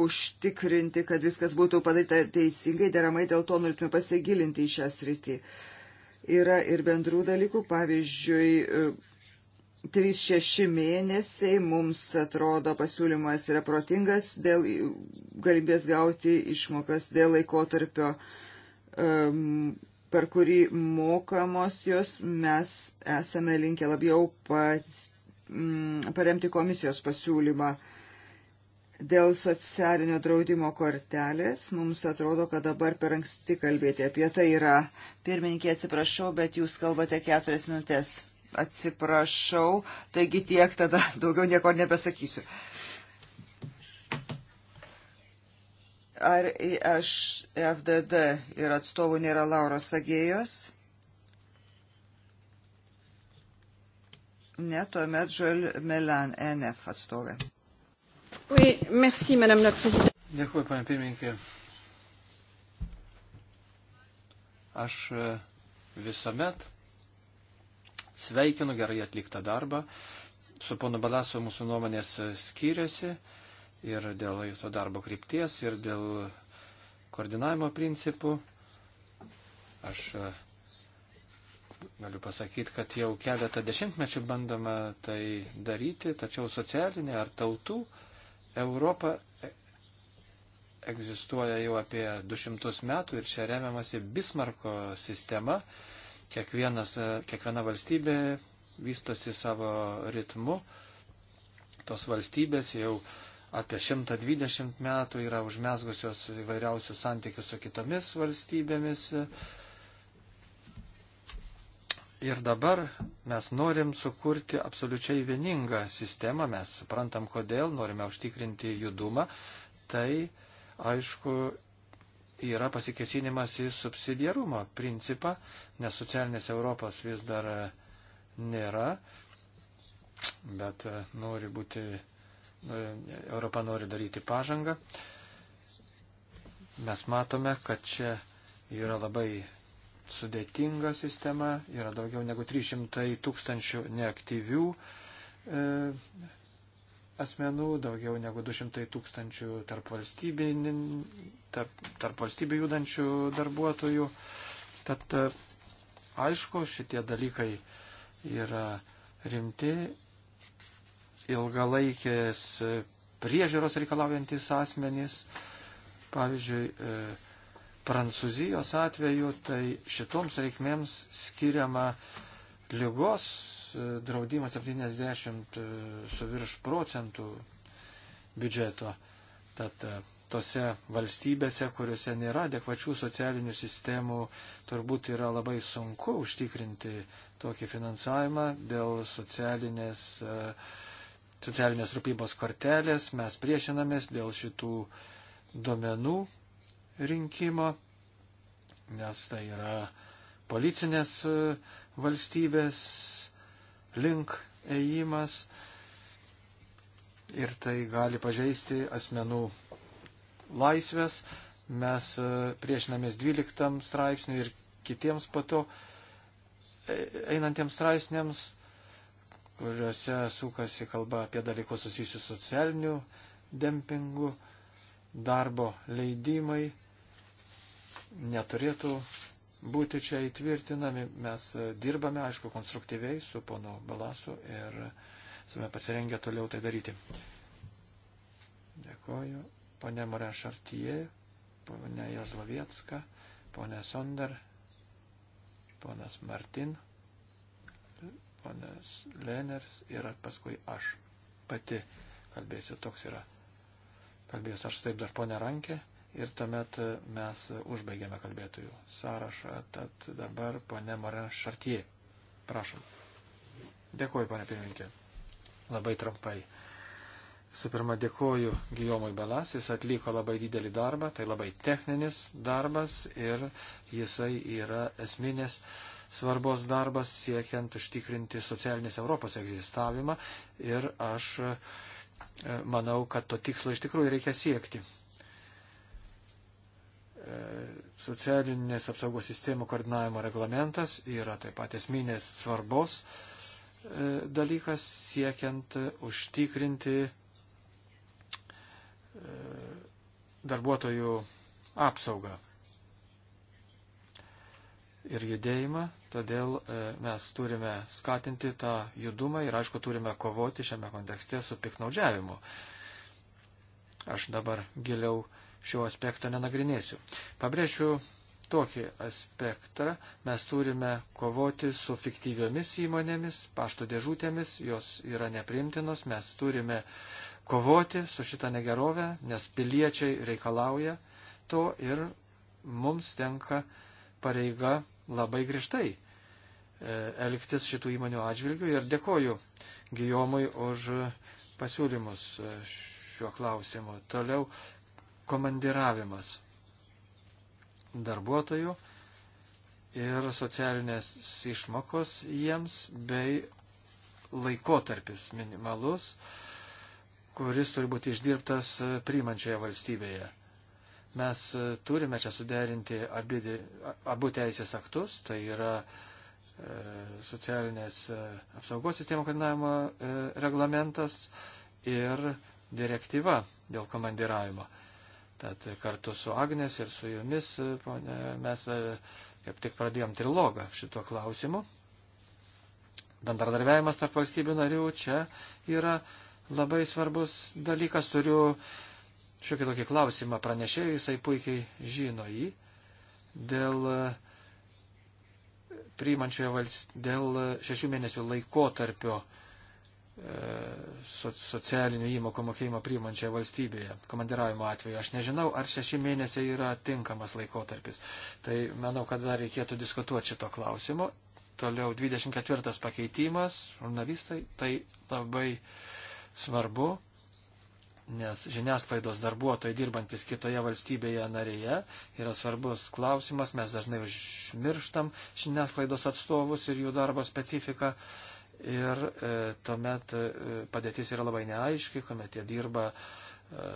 užtikrinti, kad viskas būtų padaryta teisingai, deramai dėl to norėtume pasigilinti į šią sritį. Yra ir bendrų dalykų, pavyzdžiui, 3-6 mėnesiai mums atrodo pasiūlymas yra protingas dėl galimybės gauti išmokas dėl laikotarpio, per kurį mokamos jos, mes esame linkę labiau pat, mm, paremti komisijos pasiūlymą. Dėl socialinio draudimo kortelės mums atrodo, kad dabar per anksti kalbėti apie tai yra. Pirmininkė, atsiprašau, bet jūs kalbate keturias minutės atsiprašau, taigi tiek tada daugiau nieko nebesakysiu. Ar iš FDD ir atstovų nėra Lauros Agėjos? Ne, tuomet Joel Melan, NF atstovė. Oui, merci, Madame la Présidente. Dėkui, pane pirmininkė. Aš e, visuomet sveikinu gerai atliktą darbą. Su ponu Balasu mūsų nuomonės skiriasi ir dėl to darbo krypties, ir dėl koordinavimo principų. Aš e, galiu pasakyti, kad jau keletą dešimtmečių bandoma tai daryti, tačiau socialinė ar tautų Europa e, egzistuoja jau apie 200 metų ir čia remiamasi Bismarko sistema, Kiekvienas, e, kiekviena valstybė vystosi savo ritmu. Tos valstybės jau apie 120 metų yra užmesgusios įvairiausių santykių su kitomis valstybėmis. Ir dabar mes norim sukurti absoliučiai vieningą sistemą, mes suprantam kodėl, norime užtikrinti judumą. Tai, aišku, yra pasikesinimas į subsidiarumo principą, nes socialinės Europos vis dar e, nėra, bet e, nori būti, e, Europa nori daryti pažangą. Mes matome, kad čia yra labai sudėtinga sistema, yra daugiau negu 300 tūkstančių neaktyvių e, asmenų, daugiau negu 200 tūkstančių tarp, tarp, tarp valstybių judančių darbuotojų. Tad e, aišku, šitie dalykai yra rimti, ilgalaikės priežiūros reikalaujantis asmenys. Pavyzdžiui, e, Prancūzijos atveju tai šitoms reikmėms skiriama lygos E, draudimas 70 e, su virš procentų biudžeto. Tad e, tose valstybėse, kuriuose nėra adekvačių socialinių sistemų, turbūt yra labai sunku užtikrinti tokį finansavimą dėl socialinės, socialinės rūpybos kortelės. Mes priešinamės dėl šitų duomenų rinkimo, nes tai yra policinės valstybės link ėjimas ir tai gali pažeisti asmenų laisvės. Mes e, priešinamės 12 straipsniui ir kitiems po to e, einantiems straipsniams, kuriuose sukasi kalba apie dalykus susijusius socialiniu dempingu, darbo leidimai neturėtų būti čia įtvirtinami. Mes e, dirbame, aišku, konstruktyviai su ponu Balasu ir esame pasirengę toliau tai daryti. Dėkoju. Pone Morė Šartie, pone Jazlovietska, pone Sonder, ponas Martin, ponas Leners ir paskui aš pati kalbėsiu, toks yra. Kalbės aš taip dar ponė Rankė ir tuomet e, mes užbaigėme kalbėtojų sąrašą. Tad dabar ponė Mara Šartie. Prašom. Dėkuoju, ponė pirmininkė. Labai trumpai. Su pirma, dėkuoju Gijomui Belas, jis atliko labai didelį darbą, tai labai techninis darbas ir jisai yra esminės svarbos darbas siekiant užtikrinti socialinės Europos egzistavimą ir aš e, manau, kad to tikslo iš tikrųjų reikia siekti. E, socialinės apsaugos sistemų koordinavimo reglamentas yra taip pat esminės svarbos e, dalykas siekiant užtikrinti e, darbuotojų apsaugą ir judėjimą, todėl mes turime skatinti tą judumą ir aišku turime kovoti šiame kontekste su piknaudžiavimu. Aš dabar giliau uh, šio aspekto nenagrinėsiu. Pabrėšiu tokį aspektą. Mes turime kovoti su fiktyviomis įmonėmis, pašto dėžutėmis, jos yra neprimtinos, mes turime kovoti su šitą negerovę, nes piliečiai reikalauja to ir mums tenka pareiga labai grįžtai e, elgtis šitų įmonių atžvilgių ir dėkoju Gijomui už pasiūlymus e, šiuo klausimu. Toliau komandiravimas darbuotojų ir socialinės išmokos jiems bei laikotarpis minimalus, kuris turi būti išdirbtas e, priimančioje valstybėje. Mes e, turime čia suderinti abi, abu teisės aktus, tai yra e, socialinės apsaugos sistemų koordinavimo reglamentas ir direktyva dėl komandiravimo. Tad kartu su Agnes ir su jumis, e, ponė, mes e, kaip tik pradėjom trilogą šituo klausimu. Bendradarbiavimas tarp valstybių narių čia yra labai svarbus dalykas. Turiu šiokį tokį klausimą pranešėjai, jisai puikiai žino jį. Dėl e, priimančioje valstybėje, dėl šešių mėnesių laikotarpio tarpio socialinių įmokų mokėjimo priimančioje valstybėje, komandiravimo atveju. Aš nežinau, ar šeši mėnesiai yra tinkamas laikotarpis. Tai manau, kad dar reikėtų diskutuoti šito klausimu. Toliau 24 pakeitimas, žurnalistai, tai labai svarbu, nes žiniasklaidos darbuotojai dirbantis kitoje valstybėje narėje yra svarbus klausimas, mes dažnai užmirštam žiniasklaidos atstovus ir jų darbo specifiką. Uh, ir e, tuomet e, padėtis yra labai neaiški, kuomet jie dirba e,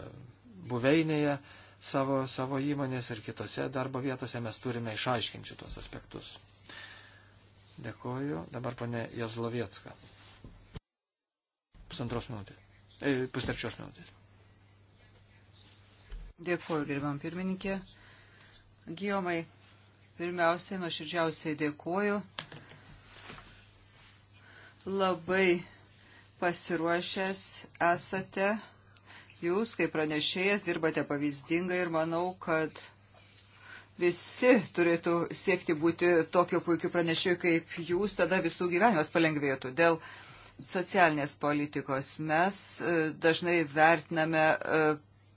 buveinėje savo, savo įmonės ir kitose darbo vietose mes turime išaiškinti šitos aspektus. Dėkuoju. Dabar ponė Jazlovietska. Pusantros minutės. E, Pusterčios minutės. Dėkuoju, gerbam pirmininkė. Gijomai, pirmiausiai nuoširdžiausiai dėkuoju labai pasiruošęs esate. Jūs, kaip pranešėjas, dirbate pavyzdingai ir manau, kad visi turėtų siekti būti tokio puikiu pranešėju kaip jūs, tada visų gyvenimas palengvėtų. Dėl socialinės politikos mes e, dažnai vertiname e,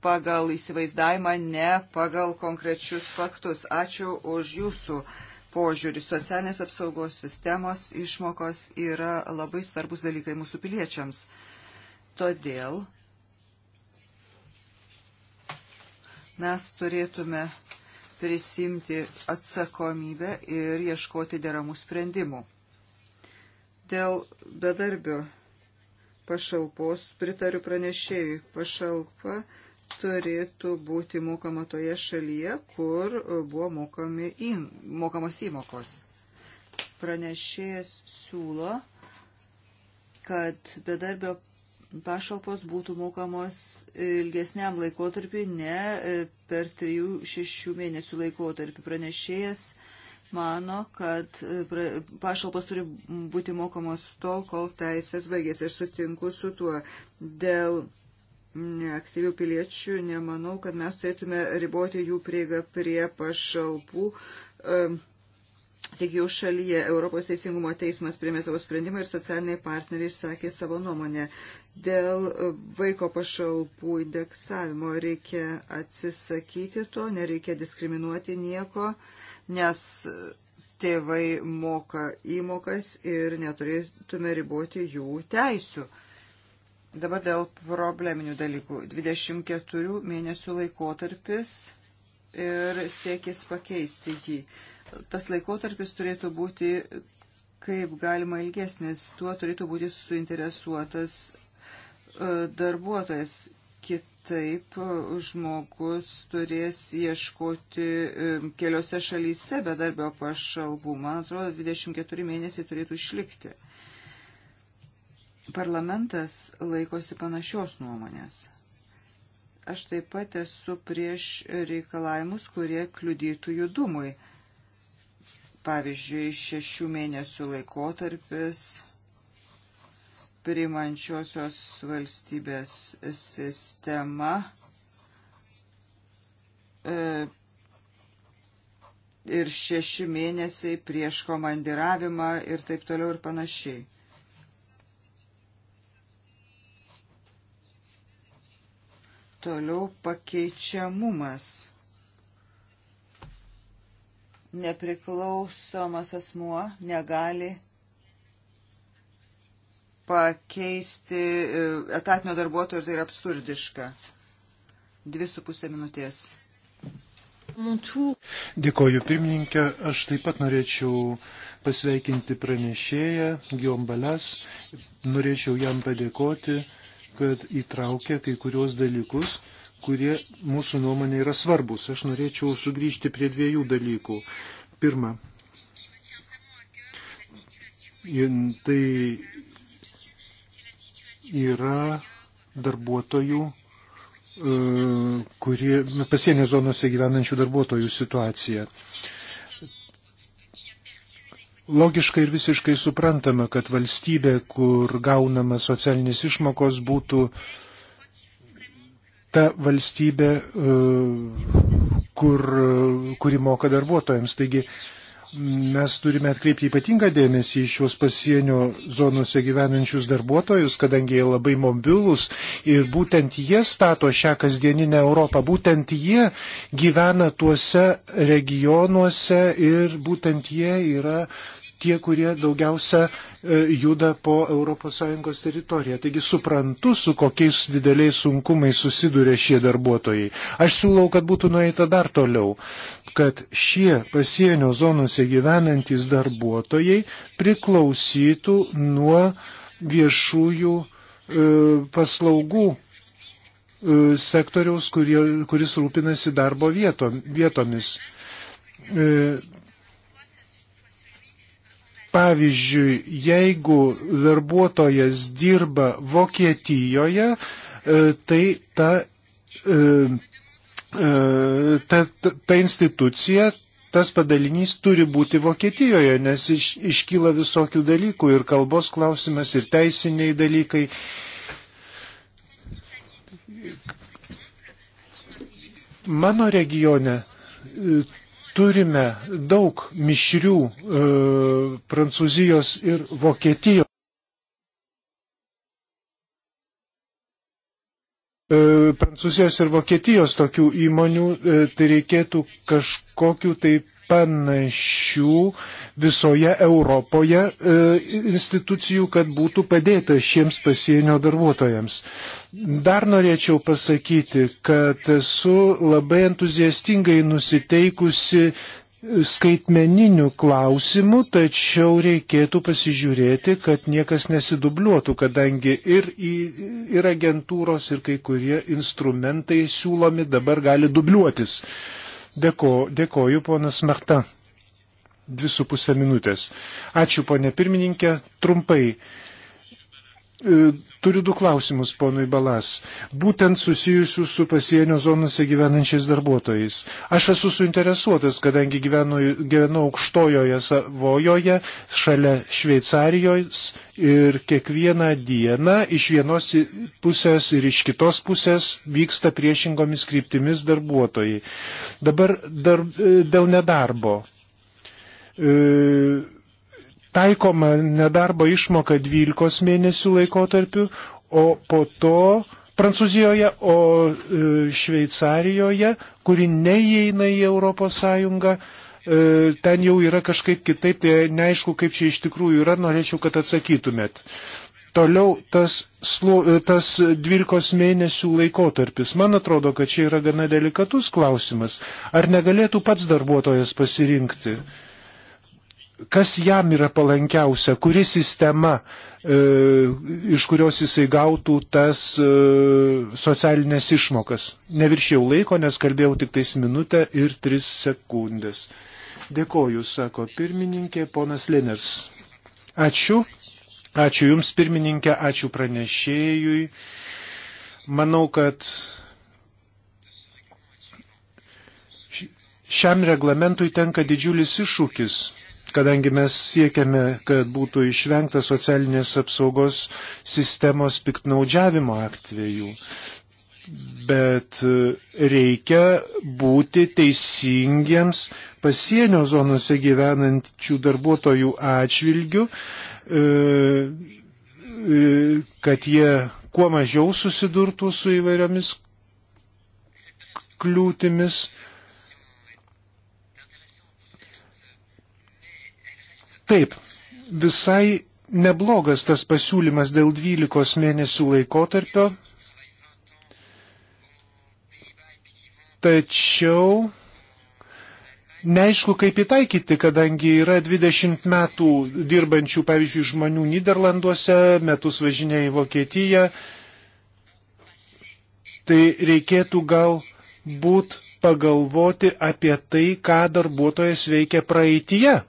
pagal įsivaizdavimą, ne pagal konkrečius faktus. Ačiū už jūsų požiūris. Socialinės apsaugos sistemos išmokos yra labai svarbus dalykai mūsų piliečiams. Todėl mes turėtume prisimti atsakomybę ir ieškoti deramų sprendimų. Dėl bedarbio pašalpos pritariu pranešėjui. Pašalpa turėtų būti mokama toje šalyje, kur buvo mokami į, mokamos įmokos. Pranešėjas siūlo, kad bedarbio pašalpos būtų mokamos ilgesniam laikotarpiu, ne e, per 3-6 mėnesių laikotarpį. Pranešėjas mano, kad e, pašalpos turi būti mokamos tol, kol teisės baigėsi. Aš sutinku su tuo dėl neaktyvių piliečių, nemanau, kad mes turėtume riboti jų prieigą prie pašalpų. Tik jų šalyje Europos Teisingumo teismas priėmė savo sprendimą ir socialiniai partneriai išsakė savo nuomonę. Dėl vaiko pašalpų indeksavimo reikia atsisakyti to, nereikia diskriminuoti nieko, nes tėvai moka įmokas ir neturėtume riboti jų teisių. Dabar dėl probleminių dalykų. 24 mėnesių laikotarpis ir siekis pakeisti jį. Tas laikotarpis turėtų būti kaip galima ilgesnis. Tuo turėtų būti suinteresuotas e, darbuotojas. Kitaip e, žmogus turės ieškoti e, keliose šalyse bedarbio pašalbų. Man atrodo, 24 mėnesiai turėtų išlikti. Parlamentas laikosi panašios nuomonės. Aš taip pat esu prieš reikalavimus, kurie kliudytų judumui. Pavyzdžiui, šešių mėnesių laikotarpis priimančiosios valstybės sistema e, ir šeši mėnesiai prieš komandiravimą ir taip toliau ir panašiai. Toliau pakeičiamumas. Nepriklausomas asmuo negali pakeisti e, etatinio darbuotojo ir tai yra absurdiška. Dvi su pusė minutės. Dėkoju pirmininkė, aš taip pat norėčiau pasveikinti pranešėją Giombalas, norėčiau jam padėkoti kad įtraukia kai kurios dalykus, kurie mūsų nuomonė yra svarbus. Aš norėčiau sugrįžti prie dviejų dalykų. Pirma, tai yra darbuotojų, e, kurie pasienio zonose gyvenančių darbuotojų situacija logiška ir visiškai suprantama, kad valstybė, kur gaunama socialinės išmokos, būtų ta valstybė, e, kur, kuri moka darbuotojams. Taigi mes turime atkreipti ypatingą dėmesį į šios pasienio zonose gyvenančius darbuotojus, kadangi jie labai mobilus ir būtent jie stato šią kasdieninę Europą, būtent jie gyvena tuose regionuose ir būtent jie yra uh, tie, kurie daugiausia e, juda po ES teritoriją. Taigi suprantu, su kokiais dideliais sunkumais susiduria šie darbuotojai. Aš siūlau, kad būtų nueita dar toliau, kad šie pasienio zonose gyvenantys darbuotojai priklausytų nuo viešųjų e, paslaugų e, sektoriaus, kurie, kuris rūpinasi darbo vietom, vietomis. E, Pavyzdžiui, jeigu darbuotojas dirba Vokietijoje, e, tai ta, e, e, ta, ta, ta institucija, tas padalinys turi būti Vokietijoje, nes iš, iškyla visokių dalykų ir kalbos klausimas, ir teisiniai dalykai. Mano regione turime daug mišrių e, Prancūzijos ir Vokietijos. E, Prancūzijos ir Vokietijos tokių įmonių, e, tai reikėtų kažkokiu tai panašių visoje Europoje e, institucijų, kad būtų padėta šiems pasienio darbuotojams. Dar norėčiau pasakyti, kad esu labai entuziastingai nusiteikusi skaitmeninių klausimų, tačiau reikėtų pasižiūrėti, kad niekas nesidubliuotų, kadangi ir, ir agentūros, ir kai kurie instrumentai siūlomi dabar gali dubliuotis. E, Dėko, dėkoju, ponas Merta. Dvi su pusę minutės. Ačiū, ponė pirmininkė. Trumpai E, turiu du klausimus ponui Balas, būtent susijusius su pasienio zonose gyvenančiais darbuotojais. Aš esu suinteresuotas, kadangi gyvenu, gyvenu aukštojoje Savojoje, šalia Šveicarijos ir kiekvieną dieną iš vienos pusės ir iš kitos pusės vyksta priešingomis kryptimis darbuotojai. Dabar dar, e, dėl nedarbo. E, taikoma nedarbo išmoka 12 mėnesių laikotarpiu, o po to Prancūzijoje, o e, Šveicarijoje, kuri neįeina į ES, e, ten jau yra kažkaip kitaip, tai neaišku, kaip čia iš tikrųjų yra, norėčiau, kad atsakytumėt. Toliau tas, e, tas 12 mėnesių laikotarpis. Man atrodo, kad čia yra gana delikatus klausimas. Ar negalėtų pats darbuotojas pasirinkti? Uh, kas jam yra palankiausia, kuri sistema, e, iš kurios jisai gautų tas e, socialinės išmokas. Neviršiau laiko, nes kalbėjau tik tais minutę ir tris sekundės. Dėkoju, sako pirmininkė, ponas Liners. Ačiū. Ačiū Jums, pirmininkė, ačiū pranešėjui. Manau, kad šiam reglamentui tenka didžiulis iššūkis kadangi mes siekiame, kad būtų išvengta socialinės apsaugos sistemos piktnaudžiavimo atvejų. Bet e, reikia būti teisingiems pasienio zonose gyvenančių darbuotojų atžvilgių, e, e, kad jie kuo mažiau susidurtų su įvairiomis kliūtimis, Taip, visai neblogas tas pasiūlymas dėl 12 mėnesių laikotarpio, tačiau neaišku, kaip įtaikyti, kadangi yra 20 metų dirbančių, pavyzdžiui, žmonių Niderlanduose, metus važinėja į Vokietiją, tai reikėtų galbūt pagalvoti apie tai, ką darbuotojas veikia praeitie.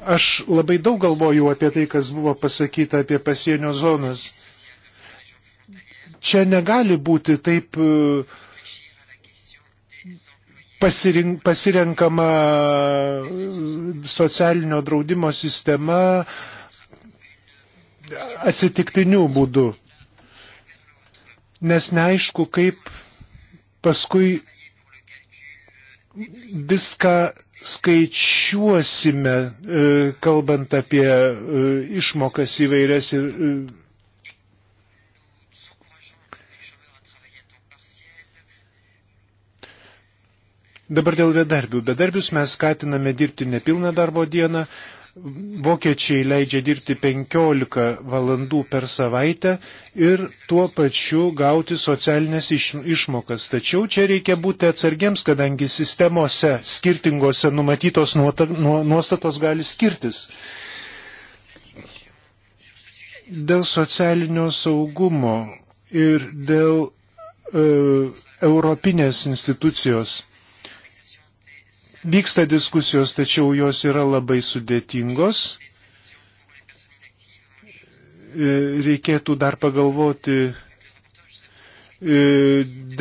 Aš labai daug galvoju apie tai, kas buvo pasakyta apie pasienio zonas. Čia negali būti taip e, pasirink, pasirenkama e, socialinio draudimo sistema atsitiktinių būdų. Nes neaišku, kaip paskui viską skaičiuosime, e, kalbant apie e, išmokas įvairias ir. E, Dabar dėl bedarbių. Bedarbius mes skatiname dirbti nepilną darbo dieną, vokiečiai leidžia dirbti 15 valandų per savaitę ir tuo pačiu gauti socialinės išmokas. Tačiau čia reikia būti atsargiems, kadangi sistemose skirtingose numatytos nuostatos gali skirtis. Dėl socialinio saugumo ir dėl e, europinės institucijos Vyksta diskusijos, tačiau jos yra labai sudėtingos. E, reikėtų dar pagalvoti e,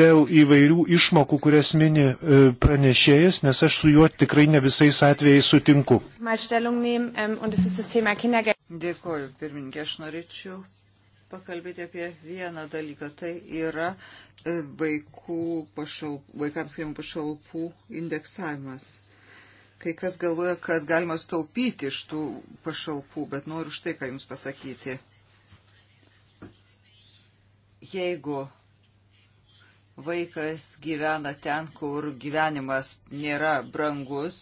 dėl įvairių išmokų, kurias mini e, pranešėjas, nes aš su juo tikrai ne visais atvejais sutinku. Ähm, Dėkoju, pirmininkė, aš norėčiau pakalbėti apie vieną dalyką. Tai yra e, vaikų pašalp, vaikams skiriamų pašalpų indeksavimas. Kai kas galvoja, kad galima staupyti iš tų pašalpų, bet noriu štai ką Jums pasakyti. Jeigu vaikas gyvena ten, kur gyvenimas nėra brangus,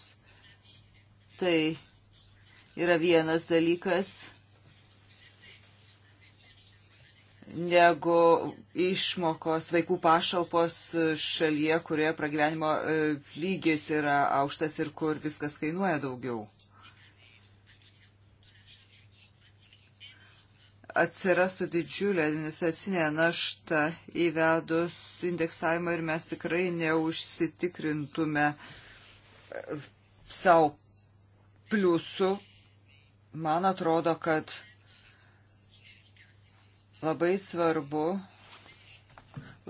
tai yra vienas dalykas negu išmokos vaikų pašalpos šalyje, kurioje pragyvenimo e, lygis yra aukštas ir kur viskas kainuoja daugiau. atsirastų didžiulė administracinė našta įvedus indeksavimą ir mes tikrai neužsitikrintume e, savo pliusų. Man atrodo, kad Labai svarbu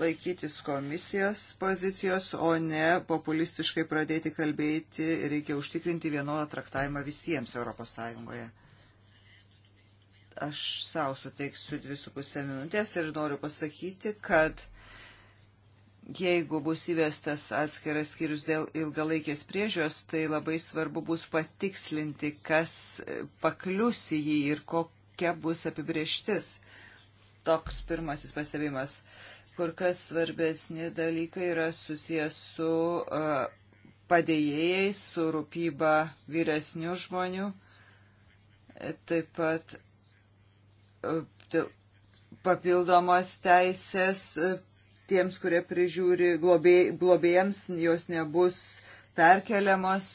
laikytis komisijos pozicijos, o ne populistiškai pradėti kalbėti, reikia užtikrinti vienodą traktavimą visiems ES. Aš savo suteiksiu dvi su pusę minutės ir noriu pasakyti, kad jeigu bus įvestas atskiras skyrius dėl ilgalaikės priežios, tai labai svarbu bus patikslinti, kas paklius į jį ir kokia bus apibrieštis toks pirmasis pastebimas. Kur kas svarbesni dalykai yra susijęs su uh, padėjėjais, su rūpyba vyresnių žmonių, e, taip pat papildomos teisės tiems, kurie prižiūri globėjams, jos nebus perkeliamos.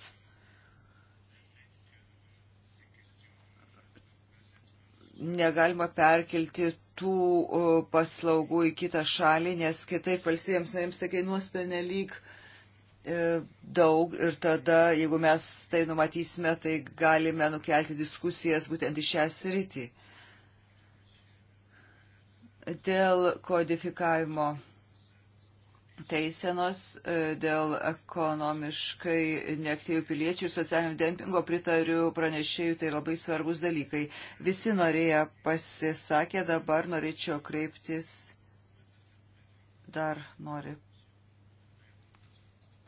Negalima perkelti tų paslaugų į kitą šalį, nes kitaip valstybėms narėms tai kainuos pernelyg e, daug ir tada, jeigu mes tai numatysime, tai galime nukelti diskusijas būtent į šią sritį. Dėl kodifikavimo teisenos e, dėl ekonomiškai neaktyvių piliečių ir socialinių dempingo pritariu pranešėjų, tai labai svarbus dalykai. Visi norėję pasisakė, dabar norėčiau kreiptis. Dar nori.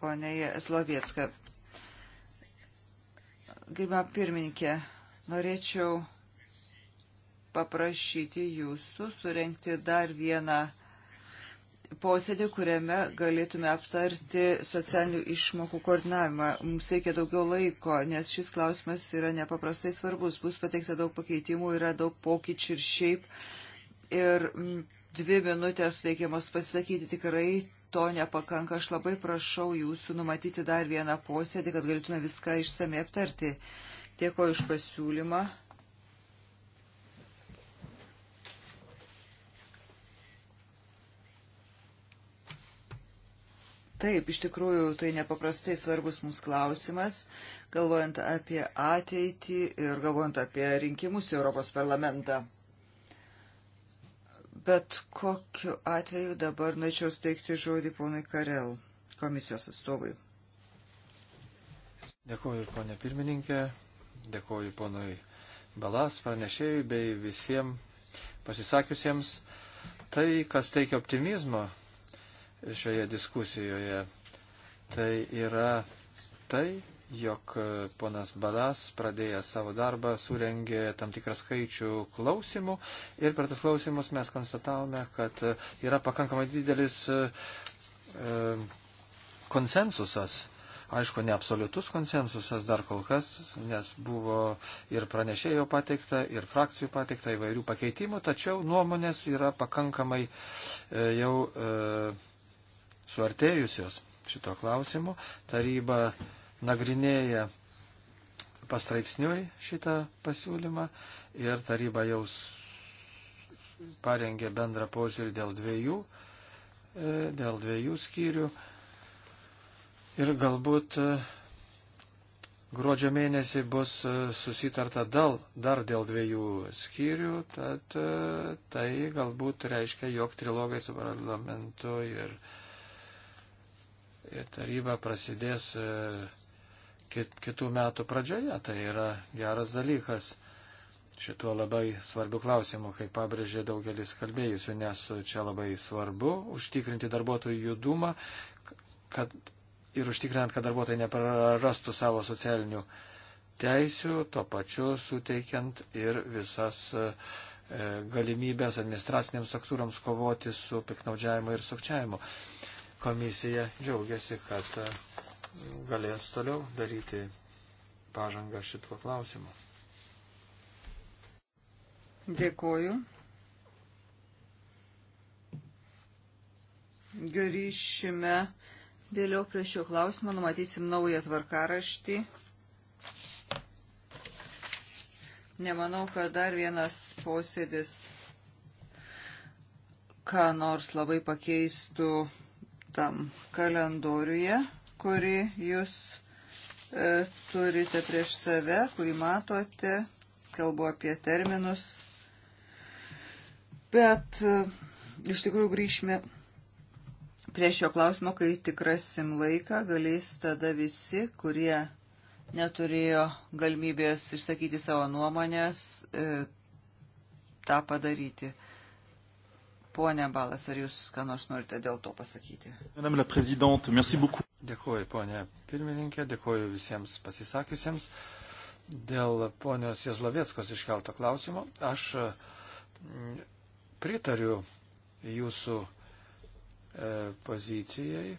Pone Slovietska. Gerbama pirmininkė, norėčiau paprašyti jūsų surenkti dar vieną posėdį, kuriame galėtume aptarti socialinių išmokų koordinavimą. Mums reikia daugiau laiko, nes šis klausimas yra nepaprastai svarbus. Bus pateikta daug pakeitimų, yra daug pokyčių ir šiaip. Ir dvi minutės suteikiamos pasisakyti tikrai to nepakanka. Aš labai prašau jūsų numatyti dar vieną posėdį, kad galėtume viską išsamei aptarti. Dėkoju iš pasiūlymą. Taip, iš tikrųjų, tai nepaprastai svarbus mums klausimas, galvojant apie ateitį ir galvojant apie rinkimus į Europos parlamentą. Bet kokiu atveju dabar norėčiau steigti žodį ponui Karel, komisijos atstovui. Dėkuoju, ponė pirmininkė, dėkuoju ponui Balas, pranešėjui bei visiems pasisakiusiems. Tai, kas teikia optimizmo šioje diskusijoje. Tai yra tai, jog ponas Balas pradėjęs savo darbą surengė tam tikrą skaičių klausimų ir per tas klausimus mes konstatavome, kad yra pakankamai didelis e, e, konsensusas. Aišku, ne absoliutus konsensusas dar kol kas, nes buvo ir pranešėjo pateikta, ir frakcijų pateikta įvairių pakeitimų, tačiau nuomonės yra pakankamai e, jau. E, suartėjusios šito klausimu. Taryba nagrinėja pastraipsniui šitą pasiūlymą ir taryba jau parengė bendrą požiūrį dėl dviejų, e, dėl dviejų skyrių. Ir galbūt e, gruodžio mėnesį bus e, susitarta dal, dar dėl dviejų skyrių, tad tai galbūt reiškia, jog trilogai su parlamentu ir taryba prasidės e, kit, kitų metų pradžioje. Tai yra geras dalykas šituo labai svarbiu klausimu, kaip pabrėžė daugelis kalbėjusių, nes čia labai svarbu užtikrinti darbuotojų judumą kad, ir užtikrinant, kad darbuotojai neprarastų savo socialinių teisių, tuo pačiu suteikiant ir visas e, galimybės administracinėms struktūroms kovoti su piknaudžiavimu ir sukčiavimu. Komisija džiaugiasi, kad e, galės toliau daryti pažangą šituo klausimu. Dėkoju. Grįšime vėliau prie šio klausimo, numatysim naują tvarkaraštį. Nemanau, kad dar vienas posėdis ką nors labai pakeistų tam kalendoriuje, kurį jūs e, turite prieš save, kurį matote, kalbu apie terminus. Bet e, iš tikrųjų grįžime prie šio klausimo, kai tikrasim laiką, galės tada visi, kurie neturėjo galimybės išsakyti savo nuomonės, e, tą padaryti. Pone Balas, ar jūs ką nors norite dėl to pasakyti? Madame la Présidente, merci beaucoup. Dėkuoju, ponė pirmininkė, dėkuoju visiems pasisakiusiems. Dėl ponios Jezlovieckos iškelto klausimo, aš mm, pritariu jūsų e, pozicijai,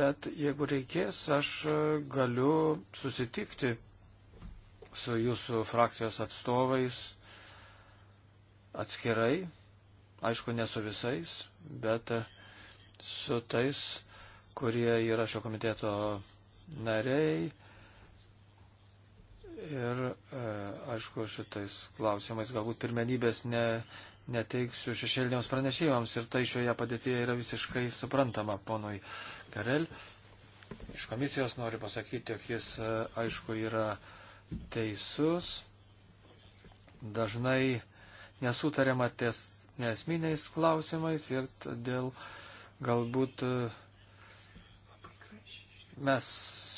bet jeigu reikės, aš e, galiu susitikti su jūsų frakcijos atstovais atskirai, aišku, ne su visais, bet su tais, kurie yra šio komiteto nariai. Ir, e, aišku, šitais klausimais galbūt pirmenybės ne, neteiksiu šešėliniams pranešėjams ir tai šioje padėtyje yra visiškai suprantama ponui Karel. Iš komisijos noriu pasakyti, jog jis, e, aišku, yra teisus. Dažnai nesutariama ties nesminiais klausimais ir todėl galbūt e, mes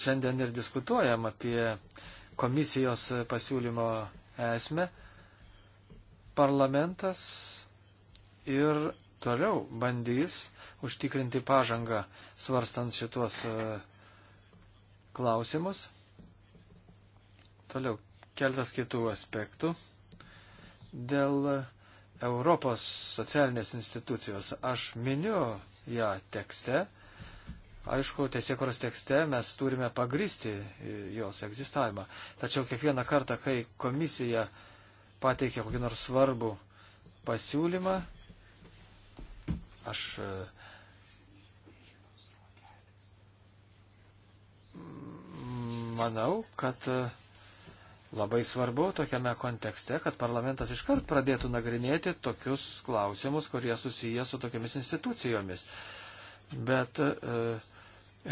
šiandien ir diskutuojam apie komisijos pasiūlymo esmę. Parlamentas ir toliau bandys užtikrinti pažangą svarstant šitos e, klausimus. Toliau keltas kitų aspektų dėl Europos socialinės institucijos. Aš miniu ją tekste. Aišku, tiesiekuros tekste mes turime pagristi jos egzistavimą. Tačiau kiekvieną kartą, kai komisija pateikia kokį nors svarbų pasiūlymą, aš mm, manau, kad Labai svarbu tokiame kontekste, kad parlamentas iškart pradėtų nagrinėti tokius klausimus, kurie susiję su tokiamis institucijomis. Bet e,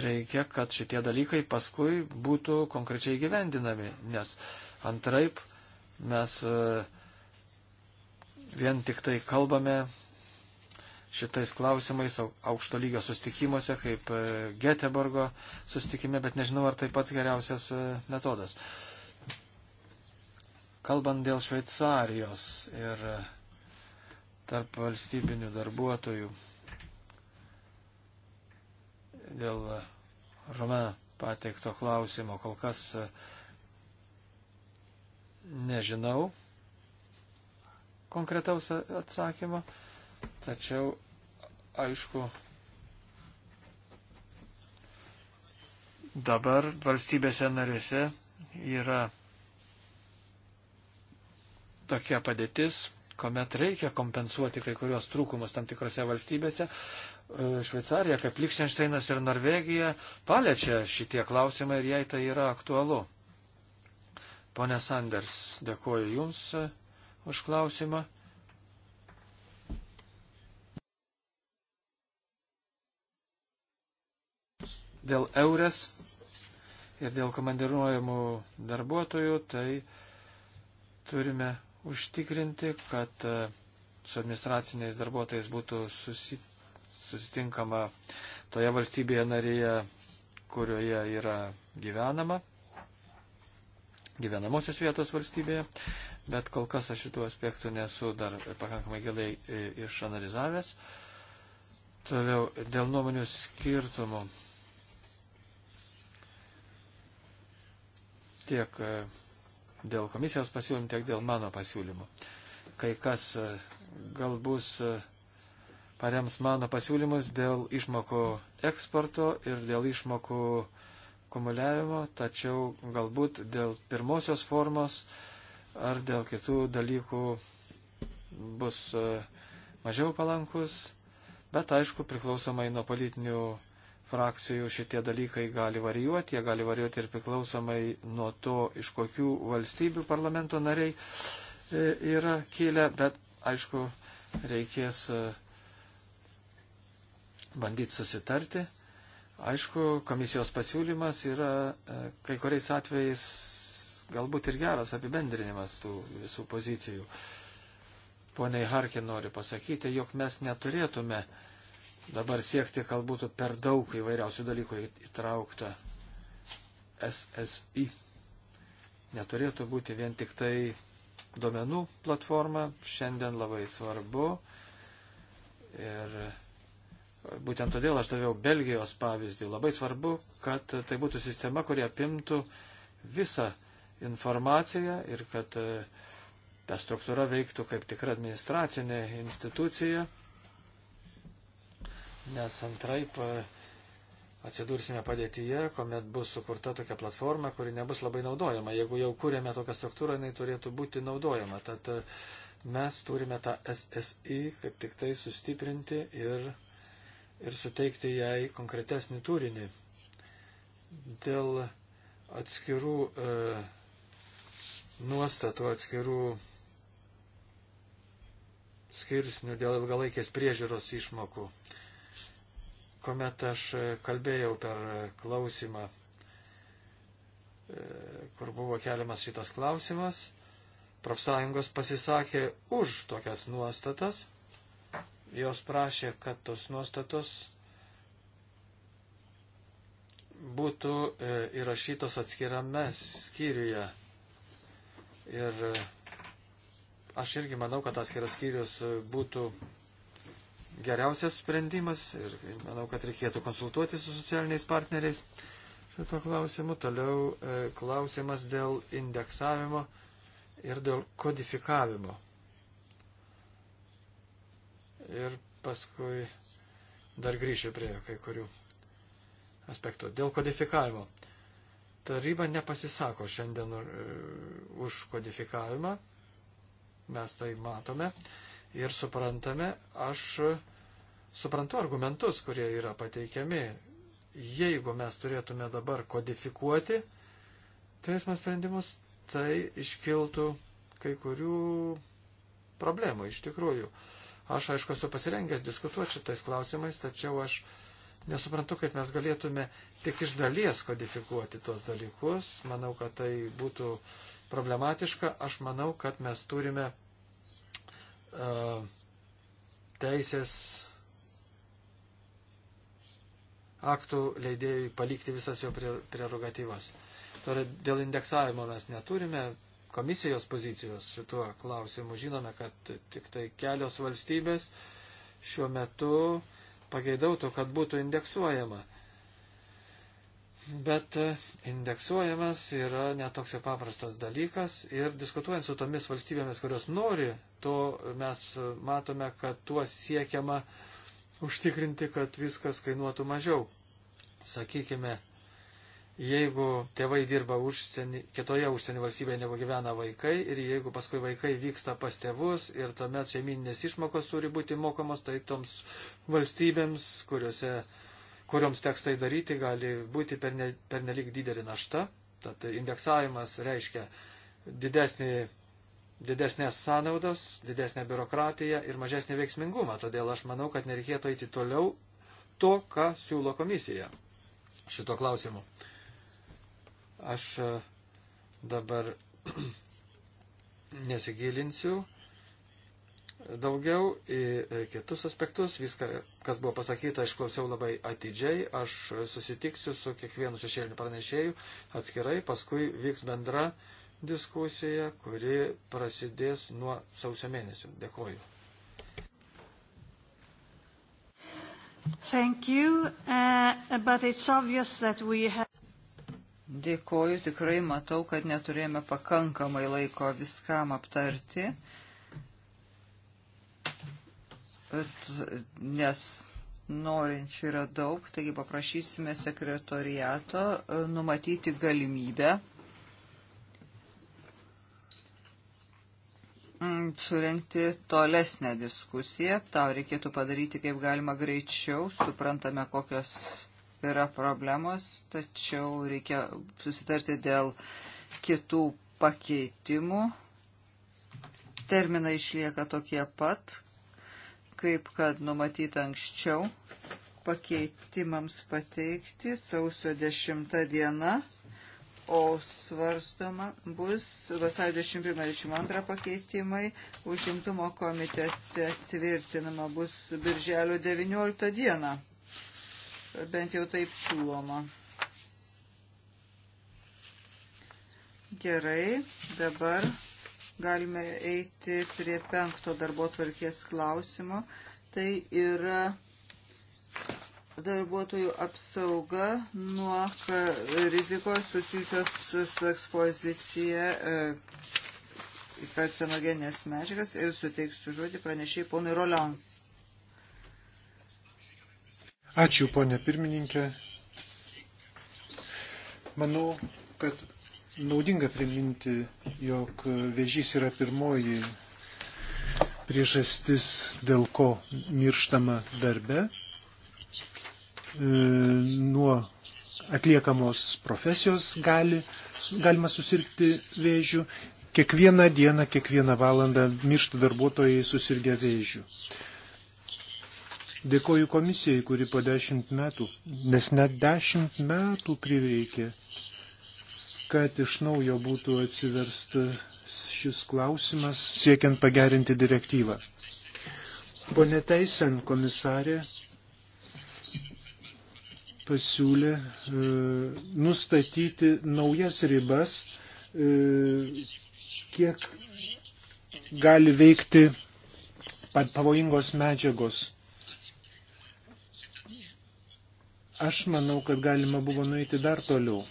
reikia, kad šitie dalykai paskui būtų konkrečiai gyvendinami, nes antraip mes e, vien tik tai kalbame šitais klausimais aukšto lygio sustikimuose, kaip e, Geteborgo sustikime, bet nežinau, ar tai pats geriausias e, metodas. E, Kalbant dėl Šveicarijos ir tarp valstybinių darbuotojų, dėl Rome pateikto klausimo kol kas nežinau konkretaus atsakymo, tačiau aišku, dabar valstybėse narėse yra tokia padėtis, kuomet reikia kompensuoti kai kurios trūkumus tam tikrose valstybėse. E, Šveicarija, kaip Likštensteinas ir Norvegija, paliečia šitie klausimai ir jai tai yra aktualu. Pone Sanders, dėkuoju Jums e, už klausimą. Dėl eurės ir dėl komandiruojamų darbuotojų, tai turime užtikrinti, kad e, su administraciniais darbuotojais būtų susi, susitinkama toje valstybėje narėje, kurioje yra gyvenama, gyvenamosios vietos valstybėje, bet kol kas aš šitų aspektų nesu dar pakankamai gilai e, išanalizavęs. Toliau dėl nuomonių skirtumų tiek e, dėl komisijos pasiūlymų, tiek dėl mano pasiūlymų. Kai kas e, galbūt e, parems mano pasiūlymus dėl išmokų eksporto ir dėl išmokų kumuliavimo, tačiau galbūt dėl pirmosios formos ar dėl kitų dalykų bus e, mažiau palankus, bet aišku priklausomai nuo politinių frakcijų šitie dalykai gali varijuoti, jie gali varijuoti ir priklausomai nuo to, iš kokių valstybių parlamento nariai e, yra kilę, bet aišku, reikės e, bandyti susitarti. Aišku, komisijos pasiūlymas yra e, kai kuriais atvejais galbūt ir geras apibendrinimas tų visų pozicijų. Poniai Harkin nori pasakyti, jog mes neturėtume uh, dabar siekti, kad būtų per daug įvairiausių dalykų įtraukta SSI. Neturėtų būti vien tik tai duomenų platforma, šiandien labai svarbu. Ir būtent todėl aš daviau Belgijos pavyzdį. Labai svarbu, kad tai būtų sistema, kurie apimtų visą informaciją ir kad ta struktūra veiktų kaip tikra administracinė institucija nes antraip e, atsidursime padėtyje, kuomet bus sukurta tokia platforma, kuri nebus labai naudojama. Jeigu jau kūrėme tokią struktūrą, jinai turėtų būti naudojama. Tad e, mes turime tą SSI kaip tik tai sustiprinti ir, ir suteikti jai konkretesnį turinį. Dėl atskirų e, nuostatų, atskirų skirsnių dėl ilgalaikės priežiūros išmokų. E, kuomet aš e, kalbėjau per e, klausimą, e, kur buvo keliamas šitas klausimas, profsąjungos pasisakė už tokias nuostatas. Jos prašė, kad tos nuostatos būtų įrašytos atskirame skyriuje. Ir aš irgi manau, kad atskiras skyrius būtų geriausias sprendimas ir manau, kad reikėtų konsultuoti su socialiniais partneriais šito klausimu. Toliau e, klausimas dėl indeksavimo ir dėl kodifikavimo. Ir paskui dar grįšiu prie kai kurių aspektų. Dėl kodifikavimo. Taryba nepasisako šiandien e, už kodifikavimą. Mes tai matome. E, ir suprantame, aš suprantu argumentus, kurie yra pateikiami. Jeigu mes turėtume dabar kodifikuoti teismo sprendimus, tai iškiltų kai kurių problemų iš tikrųjų. Aš, aišku, esu pasirengęs diskutuoti šitais klausimais, tačiau aš nesuprantu, kaip mes galėtume tik iš dalies kodifikuoti tuos dalykus. Manau, kad tai būtų problematiška. Aš manau, kad mes turime teisės aktų leidėjui palikti visas jo prerogatyvas. Dėl indeksavimo mes neturime komisijos pozicijos šituo klausimu. Žinome, kad tik tai kelios valstybės šiuo metu pageidautų, kad būtų indeksuojama. Bet indeksuojamas yra netoks jau paprastas dalykas ir diskutuojant su tomis valstybėmis, kurios nori to mes matome, kad tuo siekiama užtikrinti, kad viskas kainuotų mažiau. Sakykime, jeigu tėvai dirba užsienį, kitoje užsienio valstybėje negu gyvena vaikai ir jeigu paskui vaikai vyksta pas tėvus ir tuomet šeiminės išmokos turi būti mokamos, tai toms valstybėms, kuriuose, kurioms teks tai daryti, gali būti pernelyg per didelį naštą. Tad indeksavimas reiškia didesnį didesnės sąnaudos, didesnė biurokratija ir mažesnė veiksmingumą. Todėl aš manau, kad nereikėtų eiti toliau to, ką siūlo komisija šito klausimu. Aš e, dabar nesigilinsiu daugiau į e, kitus aspektus. Viską, kas buvo pasakyta, išklausiau labai atidžiai. Aš susitiksiu su kiekvienu šešėliniu pranešėju atskirai, paskui vyks bendra uh, diskusiją, kuri prasidės nuo sausio mėnesio. Dėkoju. Thank you, uh, but it's obvious that we have... Dėkoju, tikrai matau, kad neturėjome pakankamai laiko viskam aptarti, bet, nes norinčių yra daug, taigi paprašysime sekretoriato uh, numatyti galimybę Mm, surenkti tolesnę diskusiją. Tau reikėtų padaryti kaip galima greičiau. Suprantame, kokios yra problemos, tačiau reikia susitarti dėl kitų pakeitimų. Terminai išlieka tokie pat, kaip kad numatyta anksčiau. Pakeitimams pateikti sausio 10 diena o svarstoma bus vasario 21-22 pakeitimai, užimtumo komitete tvirtinama bus birželio 19 dieną. Bent jau taip siūloma. Gerai, dabar galime eiti prie penkto darbo tvarkės klausimo. Tai yra darbuotojų apsauga nuo rizikos susijusios su ekspozicija e, karcinogenės medžiagas ir suteiksiu žodį pranešiai ponui Rolion. Ačiū, ponė pirmininkė. Manau, kad naudinga priminti, jog vėžys yra pirmoji priežastis, dėl ko mirštama darbe E, nuo atliekamos profesijos gali, galima susirgti vėžių. Kiekvieną dieną, kiekvieną valandą miršta darbuotojai susirgę vėžių. Dėkoju komisijai, kuri po dešimt metų, nes net dešimt metų prireikė, kad iš naujo būtų atsiverstas šis klausimas, siekiant pagerinti direktyvą. Pone Teisen, komisarė, pasiūlė e, nustatyti naujas ribas, e, kiek gali veikti pavojingos medžiagos. Aš manau, kad galima buvo nueiti dar toliau.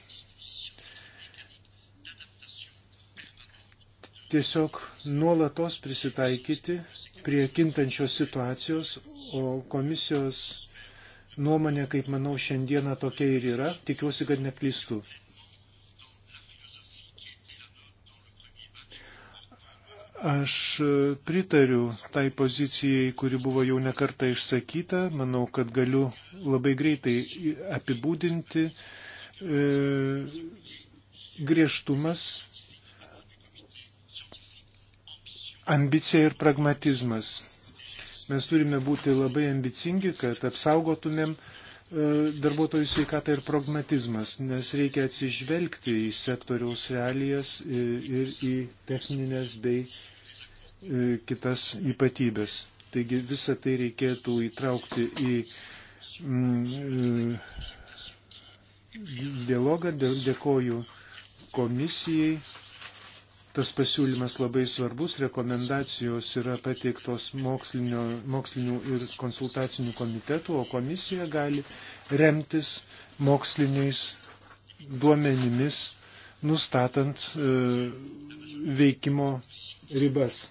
Tiesiog nuolatos prisitaikyti prie kintančios situacijos, o komisijos nuomonė, kaip manau, šiandieną tokia ir yra. Tikiuosi, kad neklystu. Aš pritariu tai pozicijai, kuri buvo jau nekarta išsakyta. Manau, kad galiu labai greitai apibūdinti. E, griežtumas, ambicija ir pragmatizmas. Mes turime būti labai ambicingi, kad apsaugotumėm e, darbuotojų sveikatą ir pragmatizmas, nes reikia atsižvelgti į sektoriaus realijas ir į techninės bei e, kitas ypatybės. Taigi visą tai reikėtų įtraukti į mm, e, dialogą. Dėkoju komisijai Tas pasiūlymas labai svarbus, rekomendacijos yra pateiktos mokslinių ir konsultacinių komitetų, o komisija gali remtis moksliniais duomenimis, nustatant e, veikimo ribas,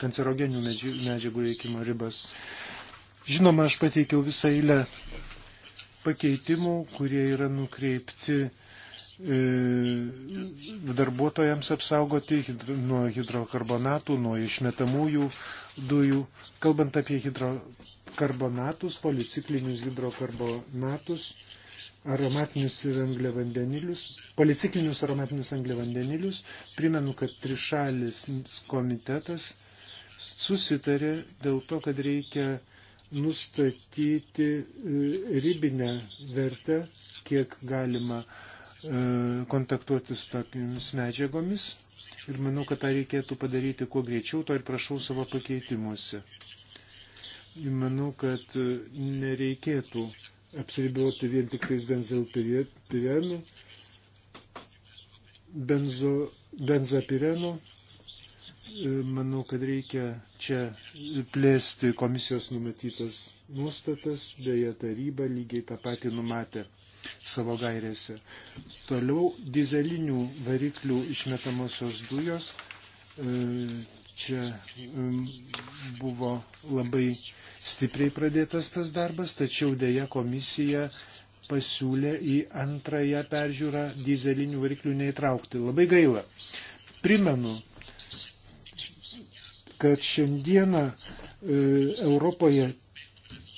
kancerogenių medžiagų veikimo ribas. Žinoma, aš pateikiau visą eilę pakeitimų, kurie yra nukreipti E, darbuotojams apsaugoti nuo hidrokarbonatų, nuo išmetamųjų dujų. Kalbant apie hidrokarbonatus, policiklinius hidrokarbonatus, aromatinius ir angliavandenilius, policiklinius aromatinius angliavandenilius, primenu, kad trišalis komitetas susitarė dėl to, kad reikia nustatyti e, ribinę vertę, kiek galima uh, E, kontaktuoti su tokiamis medžiagomis ir manau, kad tą reikėtų padaryti kuo greičiau, to ir prašau savo pakeitimuose. Manau, kad e, nereikėtų apsiriboti vien tik tais benzilpirenų, benzo, benzapirenų. E, manau, kad reikia čia plėsti komisijos numatytas nuostatas, dėja taryba lygiai tą patį numatė savo gairėse. Toliau dizelinių variklių išmetamosios dujos. E, čia buvo labai stipriai pradėtas tas darbas, tačiau dėja komisija pasiūlė į antrąją peržiūrą dizelinių variklių neįtraukti. Labai gaila. Primenu, kad šiandieną e, Europoje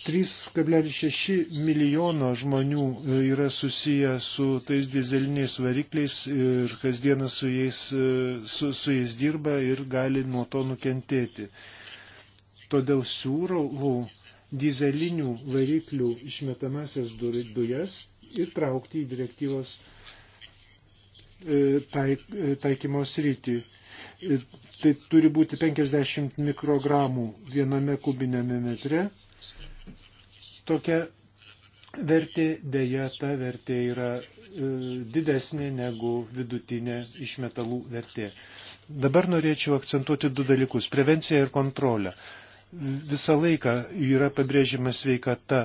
3,6 milijono žmonių e, yra susiję su tais dizeliniais varikliais ir kasdieną su jais, e, su, su jais dirba ir gali nuo to nukentėti. Todėl siūlau dizelinių variklių išmetamasias dujas įtraukti į direktyvos e, taik, taikymos rytį. Tai turi būti 50 mikrogramų viename kubinėme metre tokia vertė, dėja, ta vertė yra e, didesnė negu vidutinė išmetalų vertė. Dabar norėčiau akcentuoti du dalykus - prevenciją ir kontrolę. Visą laiką yra pabrėžima sveikata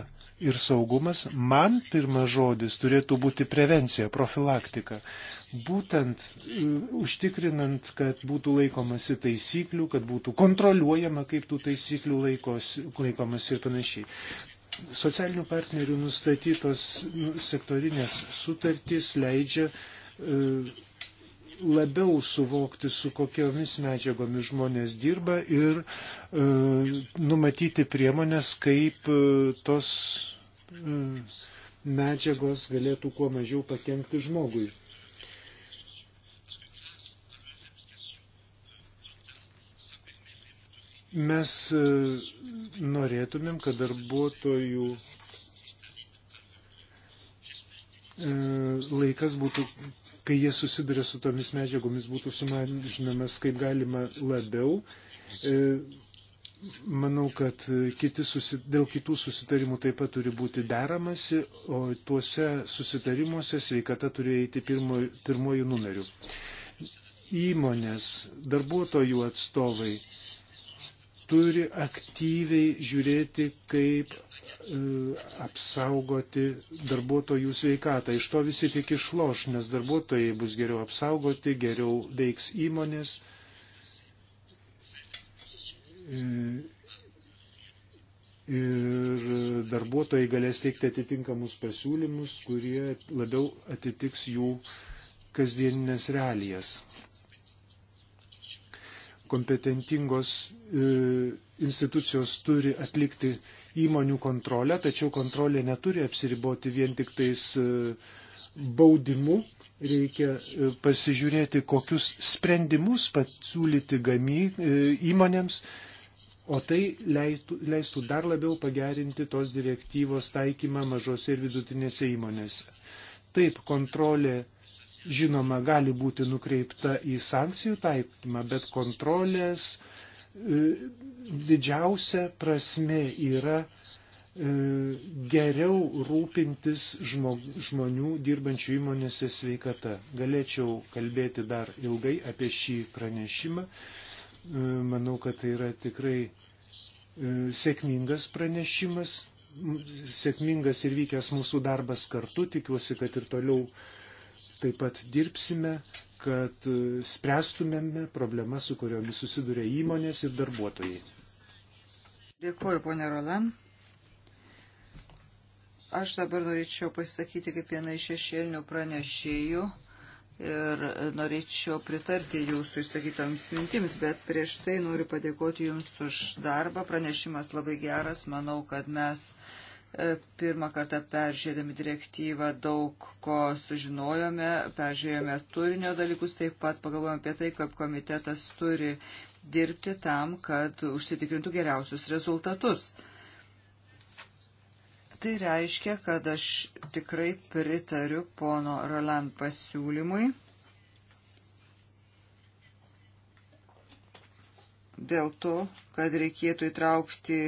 ir saugumas. Man pirmas žodis turėtų būti prevencija, profilaktika. Būtent e, užtikrinant, kad būtų laikomasi taisyklių, kad būtų kontroliuojama, kaip tų taisyklių laikos, laikomasi ir panašiai socialinių partnerių nustatytos nu, sektorinės sutartys leidžia e, labiau suvokti, su kokiomis medžiagomis žmonės dirba ir e, numatyti priemonės, kaip e, tos medžiagos galėtų kuo mažiau pakengti žmogui. Mes e, norėtumėm, kad darbuotojų e, laikas būtų, kai jie susiduria su tomis medžiagomis, būtų sumažinamas kaip galima labiau. E, manau, kad kiti susi, dėl kitų susitarimų taip pat turi būti deramasi, o tuose susitarimuose sveikata turi eiti pirmo, pirmojų numerių. Įmonės, darbuotojų atstovai turi aktyviai žiūrėti, kaip e, apsaugoti darbuotojų sveikatą. Iš to visi tik išloš, nes darbuotojai bus geriau apsaugoti, geriau veiks įmonės. E, ir darbuotojai galės teikti atitinkamus pasiūlymus, kurie labiau atitiks jų kasdieninės realijas kompetentingos e, institucijos turi atlikti įmonių kontrolę, tačiau kontrolė neturi apsiriboti vien tik tais e, baudimu. Reikia e, pasižiūrėti, kokius sprendimus pasiūlyti gamy įmonėms, o tai leistų, leistų dar labiau pagerinti tos direktyvos taikymą mažose ir vidutinėse įmonėse. Taip, kontrolė žinoma, gali būti nukreipta į sankcijų taikymą, bet kontrolės e, didžiausia prasme yra e, geriau rūpintis žmonių dirbančių įmonėse sveikata. Galėčiau kalbėti dar ilgai apie šį pranešimą. E, manau, kad tai yra tikrai sėkmingas pranešimas, sėkmingas ir vykęs mūsų darbas kartu. Tikiuosi, kad ir toliau taip pat dirbsime, kad e, spręstumėme problemas, su kuriomis susiduria įmonės ir darbuotojai. Dėkuoju, ponė Rolan. Aš dabar norėčiau pasisakyti kaip viena iš šešėlinių pranešėjų ir norėčiau pritarti jūsų išsakytoms mintims, bet prieš tai noriu padėkoti jums už darbą. Pranešimas labai geras, manau, kad mes E, pirmą kartą peržiūrėdami direktyvą daug ko sužinojome, peržiūrėjome turinio dalykus, taip pat pagalvojome apie tai, kaip komitetas turi dirbti tam, kad užsitikrintų geriausius rezultatus. Tai reiškia, kad aš tikrai pritariu pono Roland pasiūlymui dėl to, kad reikėtų įtraukti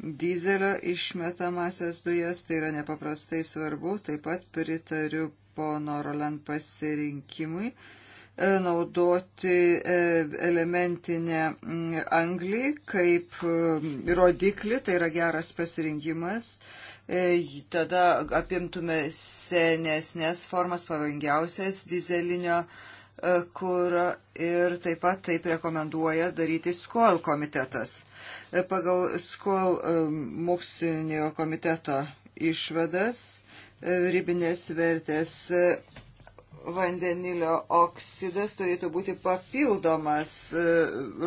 dizelio išmetamasias dujas, tai yra nepaprastai svarbu, taip pat pritariu pono Roland pasirinkimui e, naudoti e, elementinę mm, anglį kaip e, rodiklį, tai yra geras pasirinkimas. Tada apimtume senesnės formas, pavangiausias dizelinio uh, E, kurą ir taip pat taip rekomenduoja daryti SKOL komitetas. E, pagal SKOL e, mokslinio komiteto išvadas ribinės vertės vandenilio oksidas turėtų būti papildomas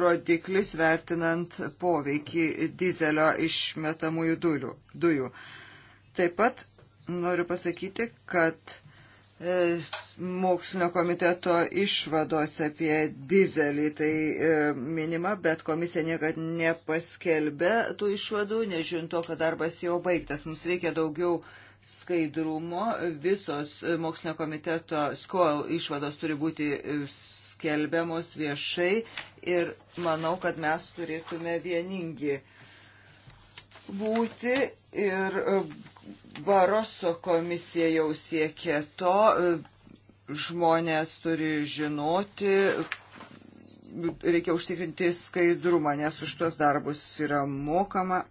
rodiklis vertinant poveikį dizelio išmetamųjų dujų. Taip pat noriu pasakyti, kad E, mokslinio komiteto išvados apie dizelį tai e, minima, bet komisija niekad nepaskelbė tų išvadų, nežiūrint to, kad darbas jau baigtas. Mums reikia daugiau skaidrumo, visos e, mokslinio komiteto skol išvados turi būti skelbiamos viešai ir manau, kad mes turėtume vieningi būti ir Baroso komisija jau siekia to, e, žmonės turi žinoti, reikia užtikrinti skaidrumą, nes už tuos darbus yra mokama.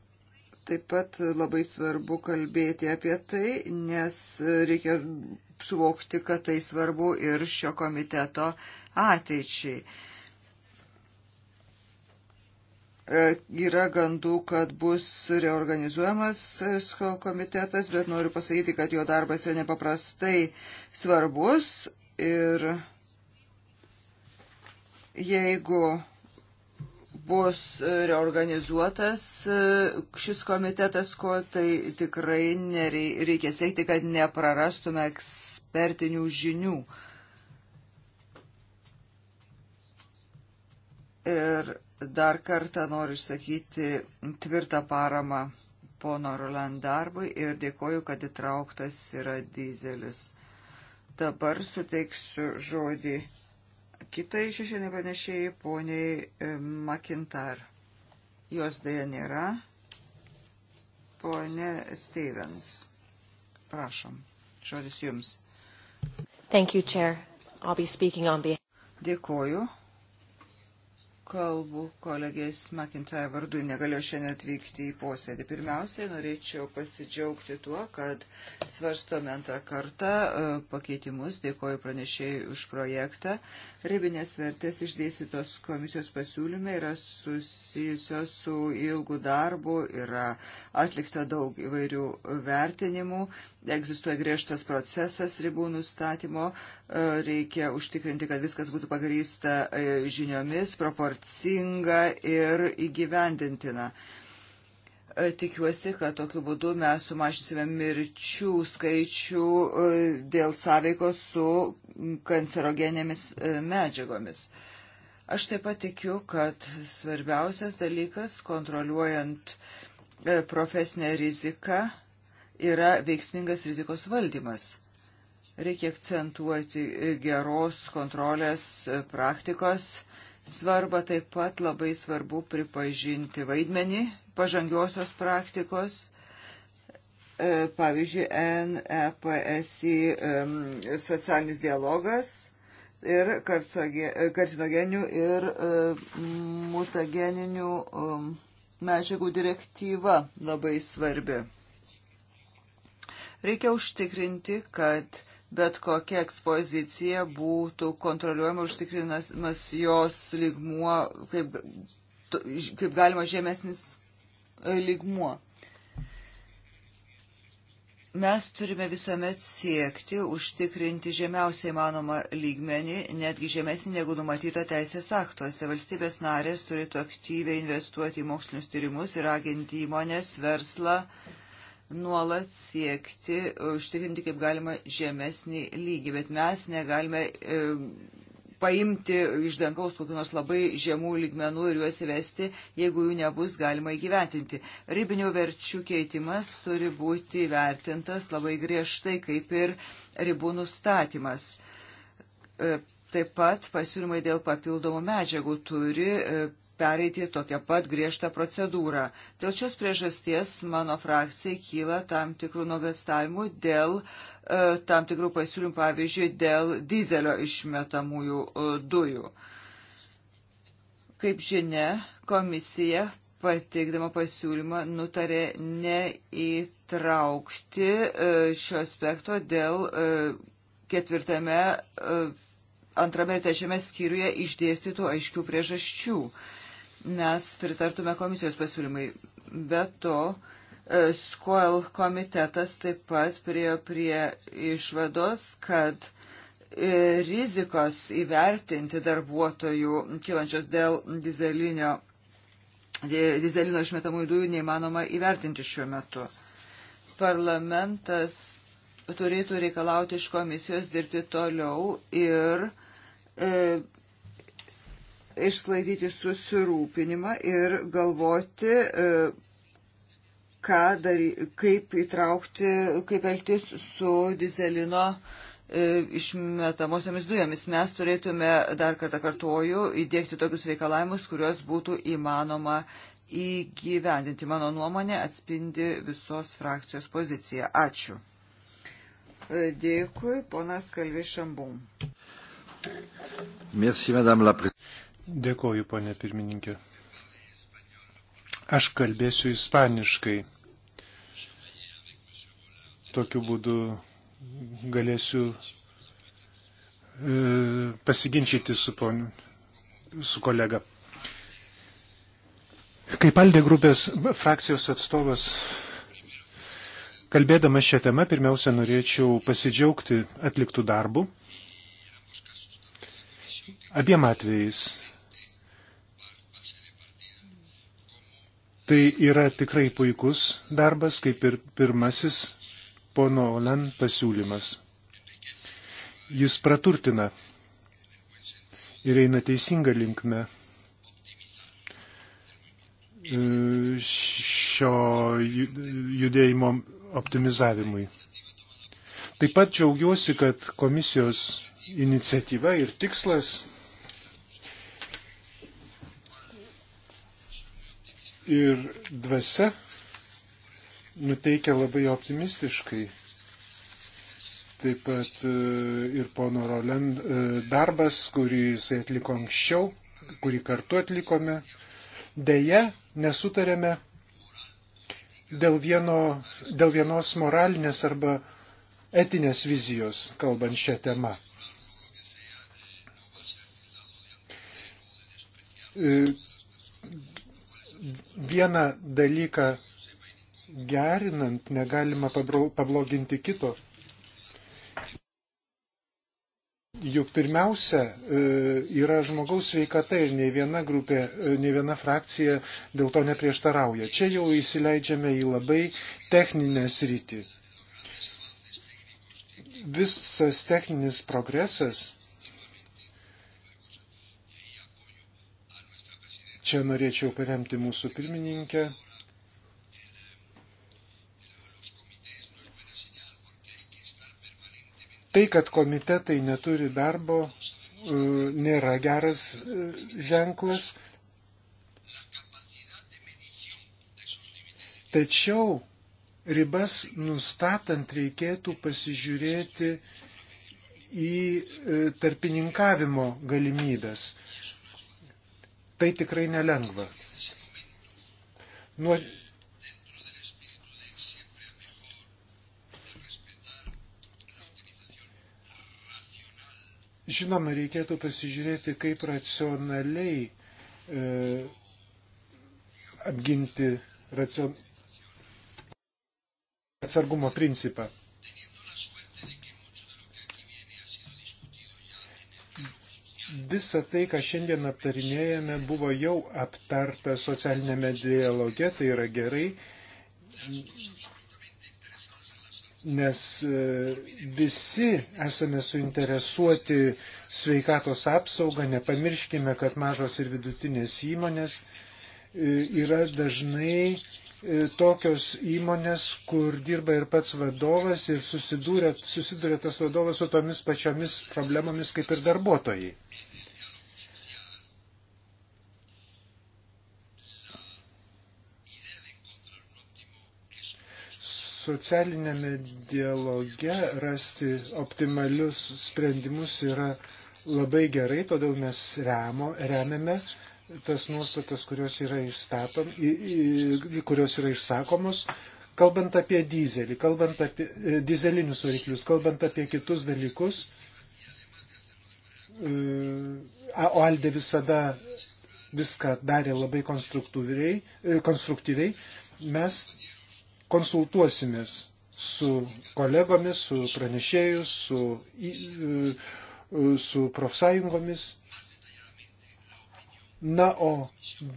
Taip pat labai svarbu kalbėti apie tai, nes reikia suvokti, kad tai svarbu ir šio komiteto ateičiai. E, yra gandų, kad bus reorganizuojamas e, SCHOL komitetas, bet noriu pasakyti, kad jo darbas yra nepaprastai svarbus ir jeigu bus reorganizuotas e, šis komitetas, ko tai tikrai reikia siekti, kad neprarastume ekspertinių žinių. Ir dar kartą noriu išsakyti tvirtą paramą pono Roland darbui ir dėkoju, kad įtrauktas yra dizelis. Dabar suteiksiu žodį kitai šešienį panešėjai poniai e, Makintar. Jos dėja nėra. Pone Stevens, prašom, žodis jums. Thank you, Chair. I'll be speaking on behalf. Dėkoju kalbų kolegės McIntyre vardu negalėjo šiandien atvykti į posėdį. Pirmiausiai norėčiau pasidžiaugti tuo, kad svarstome antrą kartą e, pakeitimus, dėkoju pranešėjai už projektą. Ribinės vertės išdėstytos komisijos pasiūlyme yra susijusios su ilgu darbu, yra atlikta daug įvairių vertinimų, egzistuoja griežtas procesas ribų nustatymo, e, reikia užtikrinti, kad viskas būtų pagrįsta e, žiniomis, proporcinga ir įgyvendintina. E, tikiuosi, kad tokiu būdu mes sumažinsime mirčių skaičių dėl sąveikos su kancerogenėmis medžiagomis. Aš taip pat tikiu, kad svarbiausias dalykas kontroliuojant profesinę riziką yra veiksmingas rizikos valdymas. Reikia akcentuoti geros kontrolės e, praktikos svarbą, taip pat labai svarbu pripažinti vaidmenį pažangiosios praktikos e, pavyzdžiui, NEPSI e, socialinis dialogas ir karcinogeninių ir mutageninių medžiagų direktyva labai svarbi. Reikia užtikrinti, kad bet kokia ekspozicija būtų kontroliuojama, užtikrinamas jos lygmuo, kaip, kaip galima žemesnis lygmuo. Mes turime visuomet siekti užtikrinti žemiausiai manomą lygmenį, netgi žemesnį negu numatyta teisės aktuose. Valstybės narės turėtų aktyviai investuoti į mokslinius tyrimus ir aginti įmonės, verslą, uh, nuolat siekti užtikrinti kaip galima žemesnį lygį, bet mes negalime e, paimti iš dangaus kokių nors labai žemų lygmenų ir juos įvesti, jeigu jų nebus galima įgyventinti. Ribinių verčių keitimas turi būti vertintas labai griežtai, kaip ir ribų nustatymas. E, taip pat pasiūlymai dėl papildomų medžiagų turi e, pereiti tokią pat griežtą procedūrą. Dėl šios priežasties mano frakcijai kyla tam tikrų nuogastavimų dėl e, tam tikrų pasiūlymų, pavyzdžiui, dėl dizelio išmetamųjų e, dujų. Kaip žinia, komisija pateikdama pasiūlymą nutarė neįtraukti e, šio aspekto dėl e, ketvirtame. E, antrame ir trečiame skyriuje išdėstytų aiškių priežasčių. E, mes pritartume komisijos pasiūlymai. Be to, e, SQL komitetas taip pat priejo prie išvados, kad e, rizikos įvertinti darbuotojų kilančios dėl dizelinio, dizelino išmetamųjų dujų neįmanoma įvertinti šiuo metu. Parlamentas turėtų reikalauti iš komisijos dirbti toliau ir e, išsklaidyti susirūpinimą ir galvoti, e, ką dary, kaip įtraukti, kaip elgtis su dizelino e, išmetamosiomis dujomis. Mes turėtume, dar kartą kartuoju, įdėkti tokius reikalavimus, kuriuos būtų įmanoma įgyvendinti. Mano nuomonė atspindi visos frakcijos poziciją. Ačiū. E, dėkui, ponas Kalvi Šambum. Merci, madame la présidente. Dėkoju, ponė pirmininkė. Aš kalbėsiu ispaniškai. Tokiu būdu galėsiu e, pasiginčyti su, pon, su kolega. Kaip Aldė grupės frakcijos atstovas, kalbėdamas šią temą, pirmiausia, norėčiau pasidžiaugti atliktų darbų. Abiem atvejais Tai yra tikrai puikus darbas, kaip ir pirmasis pono Olan pasiūlymas. Jis praturtina ir eina teisinga linkme e, šio judėjimo optimizavimui. Taip pat džiaugiuosi, kad komisijos iniciatyva ir tikslas ir dvasia nuteikia labai optimistiškai. Taip pat e, ir pono Roland e, darbas, kurį jisai atliko anksčiau, kurį kartu atlikome. Deja, nesutarėme dėl, vieno, dėl vienos moralinės arba etinės vizijos, kalbant šią temą. E, vieną dalyką gerinant negalima pabloginti kito. Juk pirmiausia e, yra žmogaus sveikata ir nei viena grupė, e, nei viena frakcija dėl to neprieštarauja. Čia jau įsileidžiame į labai techninę sritį. Visas techninis progresas Čia norėčiau paremti mūsų pirmininkę. Tai, kad komitetai neturi darbo, e, nėra geras e, ženklas. Tačiau ribas nustatant reikėtų pasižiūrėti į e, tarpininkavimo galimybės. Tai tikrai nelengva. Nuo Žinoma, reikėtų pasižiūrėti, kaip racionaliai e, apginti racion... atsargumo principą. Visa tai, ką šiandien aptarinėjame, buvo jau aptarta socialinėme dialoge, tai yra gerai, nes e, visi esame suinteresuoti sveikatos apsaugą, nepamirškime, kad mažos ir vidutinės įmonės e, yra dažnai e, tokios įmonės, kur dirba ir pats vadovas ir susidūrė, susidūrė tas vadovas su tomis pačiomis problemomis kaip ir darbuotojai. socialinėme dialoge rasti optimalius sprendimus yra labai gerai, todėl mes remo, remiame tas nuostatas, kurios yra, išstatom, į, į, kurios yra išsakomos. Kalbant apie dizelį, kalbant apie e, dizelinius variklius, kalbant apie kitus dalykus, e, Oaldė visada viską darė labai konstruktyviai, e, konstruktyviai. Mes konsultuosimės su kolegomis, su pranešėjus, su, e, su profsąjungomis. Na, o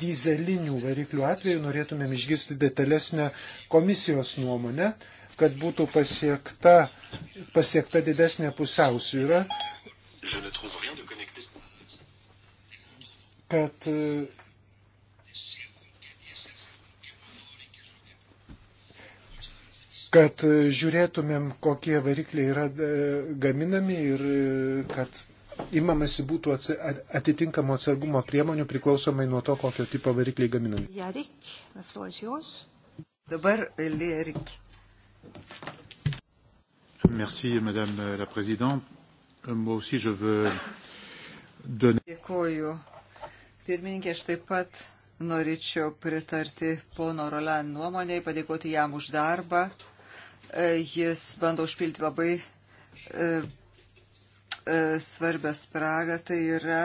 dizelinių variklių atveju norėtumėm išgirsti detalesnę komisijos nuomonę, kad būtų pasiekta, pasiekta didesnė pusiausvyrą, kad e, kad e, žiūrėtumėm, kokie varikliai yra e, gaminami ir e, kad imamasi būtų atitinkamo atsargumo priemonių priklausomai nuo to, kokio tipo varikliai gaminami. Jarik, Dabar Lierik. Merci, Madame la Présidente. Euh, moi aussi, je veux donner. Dėkoju. Pirmininkė, aš taip pat norėčiau pritarti pono Roland nuomonėje, padėkoti jam už darbą. Jis bando užpilti labai e, e, svarbę spragą, tai yra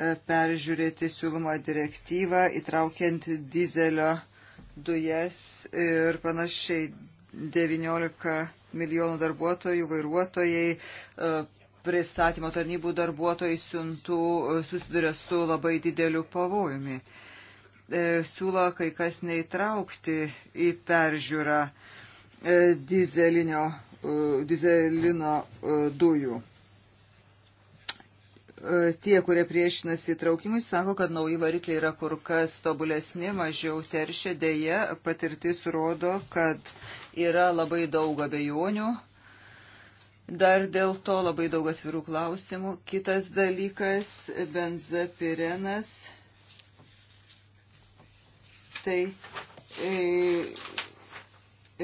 e, peržiūrėti siūlomą direktyvą, įtraukiant dizelio dujas ir panašiai 19 milijonų darbuotojų, vairuotojai, pristatymo tarnybų darbuotojai siuntų susiduria su labai dideliu pavojumi. Siūlo kai kas neįtraukti į peržiūrą E, dizelinio, e, dizelino e, dujų. Tie, kurie priešinasi įtraukimui, sako, kad nauji varikliai yra kur kas tobulesni, mažiau teršia, dėja patirtis rodo, kad yra labai daug abejonių Dar dėl to labai daug atvirų klausimų. Kitas dalykas - benzapirenas. Tai e,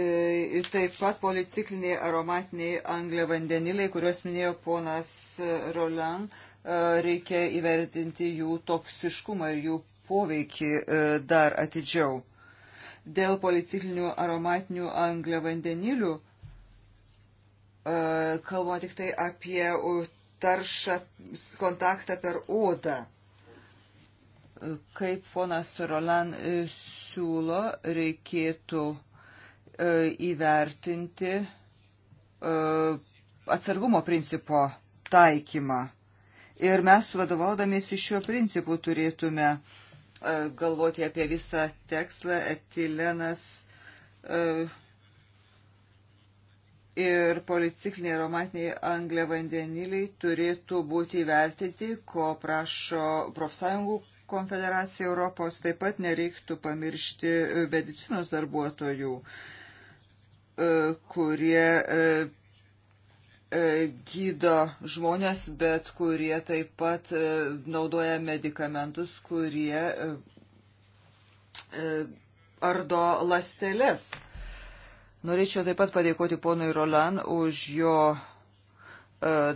E, ir taip pat policikliniai aromatiniai angliavandeniliai, kuriuos minėjo ponas Roland, e, reikia įvertinti jų toksiškumą ir jų poveikį e, dar atidžiau. Dėl policiklinių aromatinių angliavandenilių kalbama tik tai apie taršą kontaktą per odą kaip ponas Roland siūlo, reikėtų E, įvertinti e, atsargumo principo taikymą. Ir mes vadovaudamėsi šiuo principu turėtume e, galvoti apie visą tekstą etilenas ir policikliniai aromatiniai angliavandeniliai turėtų būti įvertinti, ko prašo profsąjungų konfederacija Europos. Taip pat nereiktų pamiršti medicinos darbuotojų. Uh, E, kurie e, e, gydo žmonės, bet kurie taip pat naudoja medikamentus, kurie ardo lasteles. Norėčiau taip pat padėkoti ponui Roland už jo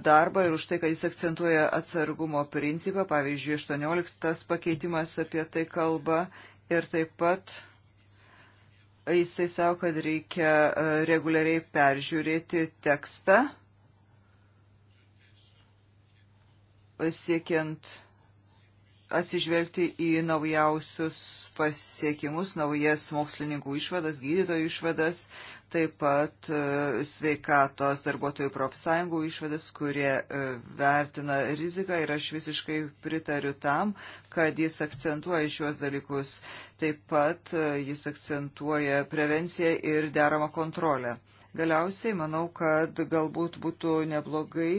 darbą ir už tai, kad jis akcentuoja atsargumo principą, pavyzdžiui, 18 pakeitimas apie tai kalba ir taip pat Jisai savo, kad reikia e, reguliariai peržiūrėti tekstą, siekiant atsižvelgti į naujausius pasiekimus, naujas mokslininkų išvadas, gydytojų išvadas, taip pat e, sveikatos darbuotojų profsąjungų išvadas, kurie e, vertina riziką ir aš visiškai pritariu tam, kad jis akcentuoja šiuos dalykus. Taip pat e, jis akcentuoja prevenciją ir deramą kontrolę. Galiausiai manau, kad galbūt būtų neblogai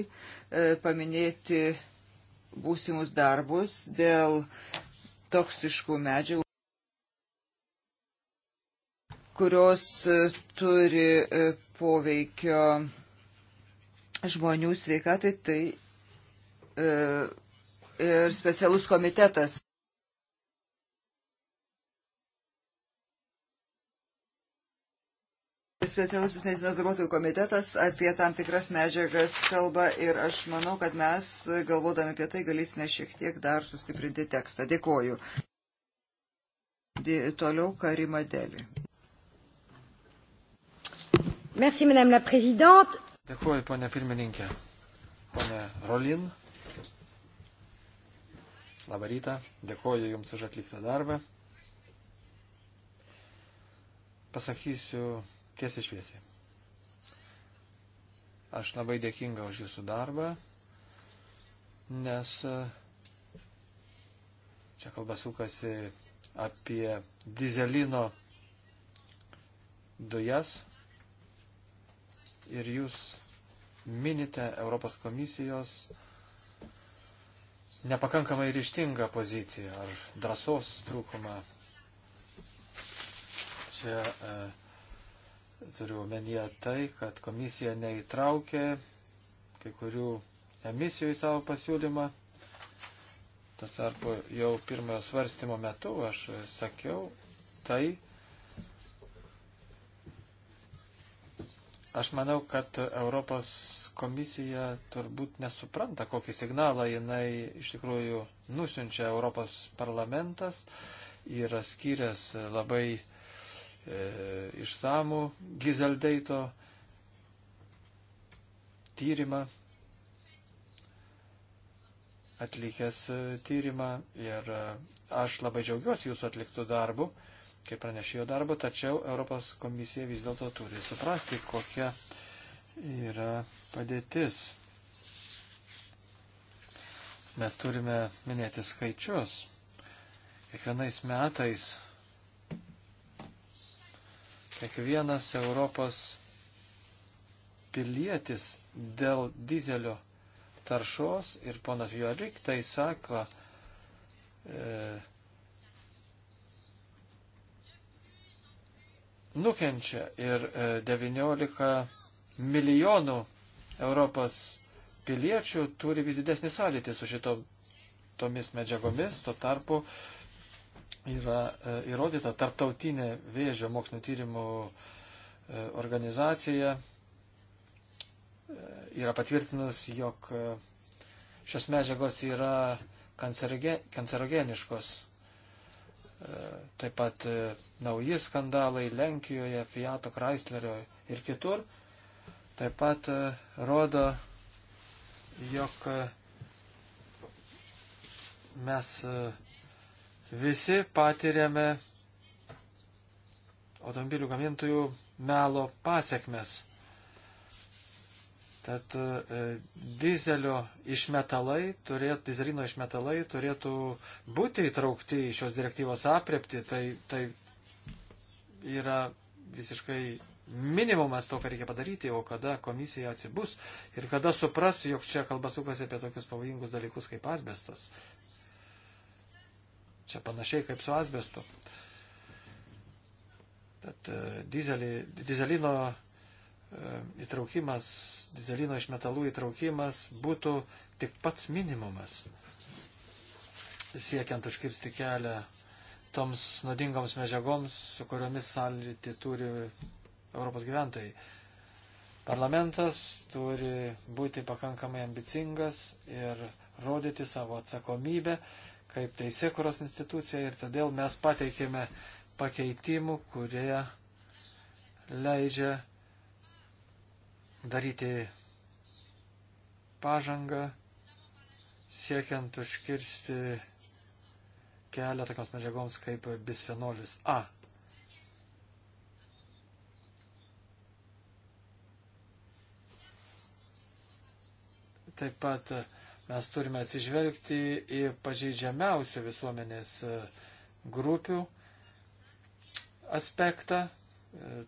paminėti būsimus darbus dėl toksiškų medžiagų kurios e, turi e, poveikio žmonių sveikatai, tai e, ir specialus komitetas. specialusis medicinos darbuotojų komitetas apie tam tikras medžiagas kalba ir aš manau, kad mes, galvodami apie tai, galėsime šiek tiek dar sustiprinti tekstą. Dėkoju. Dė, toliau Karima Deli. Merci, madame la présidente. Dėkuoju, ponė pirmininkė. Ponė Rolin. Labą rytą. Dėkuoju Jums už atliktą darbą. Pasakysiu tiesiai šviesiai. Aš labai dėkinga už Jūsų darbą, nes e, čia kalba sukasi apie dizelino dujas, ir jūs minite Europos komisijos nepakankamai ryštingą poziciją ar drąsos trūkumą. Čia e, turiu omenyje tai, kad komisija neįtraukė kai kurių emisijų į savo pasiūlymą. Tuo tarpu jau pirmojo svarstymo metu aš sakiau tai, Aš manau, kad Europos komisija turbūt nesupranta, kokį signalą jinai iš tikrųjų nusinčia Europos parlamentas. Yra skyręs labai e, išsamų Gizeldeito tyrimą, atlikęs tyrimą ir e, aš labai džiaugiuosi jūsų atliktų darbų. E, kaip pranešėjo darbo, tačiau Europos komisija vis dėlto turi suprasti, kokia yra padėtis. Mes turime minėti skaičius. Kiekvienais metais kiekvienas Europos pilietis dėl dizelio taršos ir ponas Juorik tai sako, e, nukenčia ir 19 e, milijonų Europos piliečių turi vis didesnį sąlytį su šito tomis medžiagomis, tuo tarpu yra e, įrodyta tarptautinė vėžio mokslinio tyrimų e, organizacija yra patvirtinus, jog šios medžiagos yra kancerogeniškos taip pat e, nauji skandalai Lenkijoje, Fiato Chryslerio ir kitur, taip pat e, rodo, jog e, mes visi patiriame automobilių gamintojų melo pasiekmes. Tad e, dizelio išmetalai, turėtų, dizelino išmetalai turėtų būti įtraukti į šios direktyvos apriepti. Tai, tai yra visiškai minimumas to, ką reikia padaryti, o kada komisija atsibus ir kada supras, jog čia kalba sukasi apie tokius pavojingus dalykus kaip asbestas. Čia panašiai kaip su asbestu. Tad e, dizelį, dizelino E, įtraukimas, dizelino iš metalų įtraukimas būtų tik pats minimumas, siekiant užkirsti kelią toms nuodingoms medžiagoms, su kuriomis sąlyti turi Europos gyventojai. Parlamentas turi būti pakankamai ambicingas ir rodyti savo atsakomybę kaip teisėkuros institucija ir todėl mes pateikėme pakeitimų, kurie leidžia daryti pažangą, siekiant užkirsti kelią tokiams medžiagoms kaip bisfenolis A. Taip pat mes turime atsižvelgti į pažeidžiamiausių visuomenės grupių aspektą,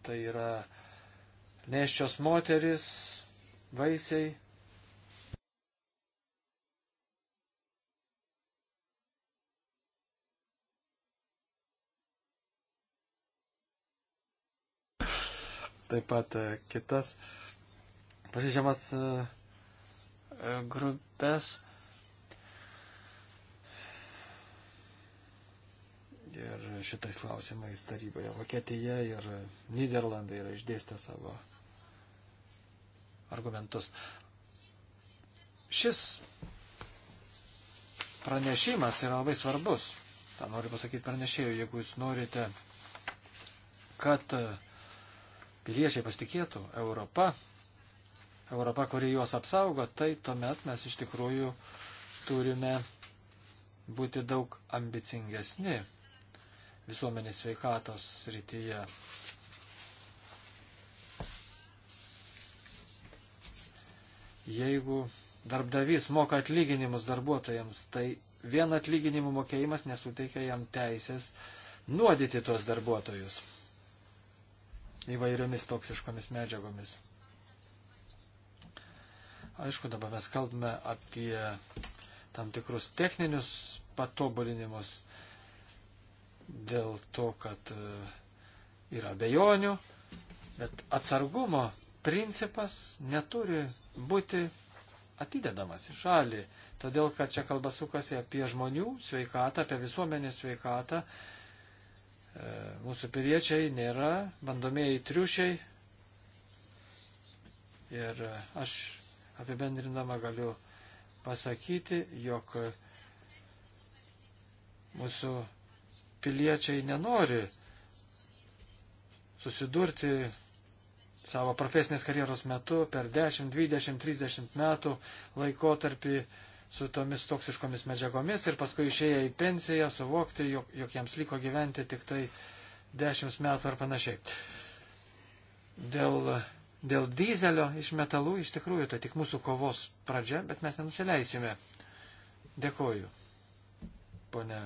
tai yra neščios moteris, vaisiai. Taip pat e, kitas pažeidžiamas e, e, grupės. Ir šitais klausimais taryboje Vokietija ir Niderlandai yra išdėstę savo argumentus. Šis pranešimas yra labai svarbus. Ta noriu pasakyti pranešėjų, jeigu jūs norite, kad piliečiai pasitikėtų Europą, Europa, kuri juos apsaugo, tai tuomet mes iš tikrųjų turime būti daug ambicingesni visuomenės sveikatos srityje. Jeigu darbdavys moka atlyginimus darbuotojams, tai vien atlyginimų mokėjimas nesuteikia jam teisės nuodyti tuos darbuotojus įvairiomis toksiškomis medžiagomis. Aišku, dabar mes kalbame apie tam tikrus techninius patobulinimus dėl to, kad e, yra bejonių, bet atsargumo principas neturi būti atidedamas į šalį, todėl kad čia kalba sukasi apie žmonių sveikatą, apie visuomenės sveikatą. E, mūsų piliečiai nėra bandomieji triušiai. Ir aš apibendrindama galiu pasakyti, jog mūsų piliečiai nenori susidurti savo profesinės karjeros metu per 10, 20, 30 metų laikotarpį su tomis toksiškomis medžiagomis ir paskui išėję į pensiją suvokti, jog, jog jiems liko gyventi tik tai 10 metų ar panašiai. Dėl, dėl dizelio iš metalų iš tikrųjų tai tik mūsų kovos pradžia, bet mes nenusileisime. Dėkoju. Pone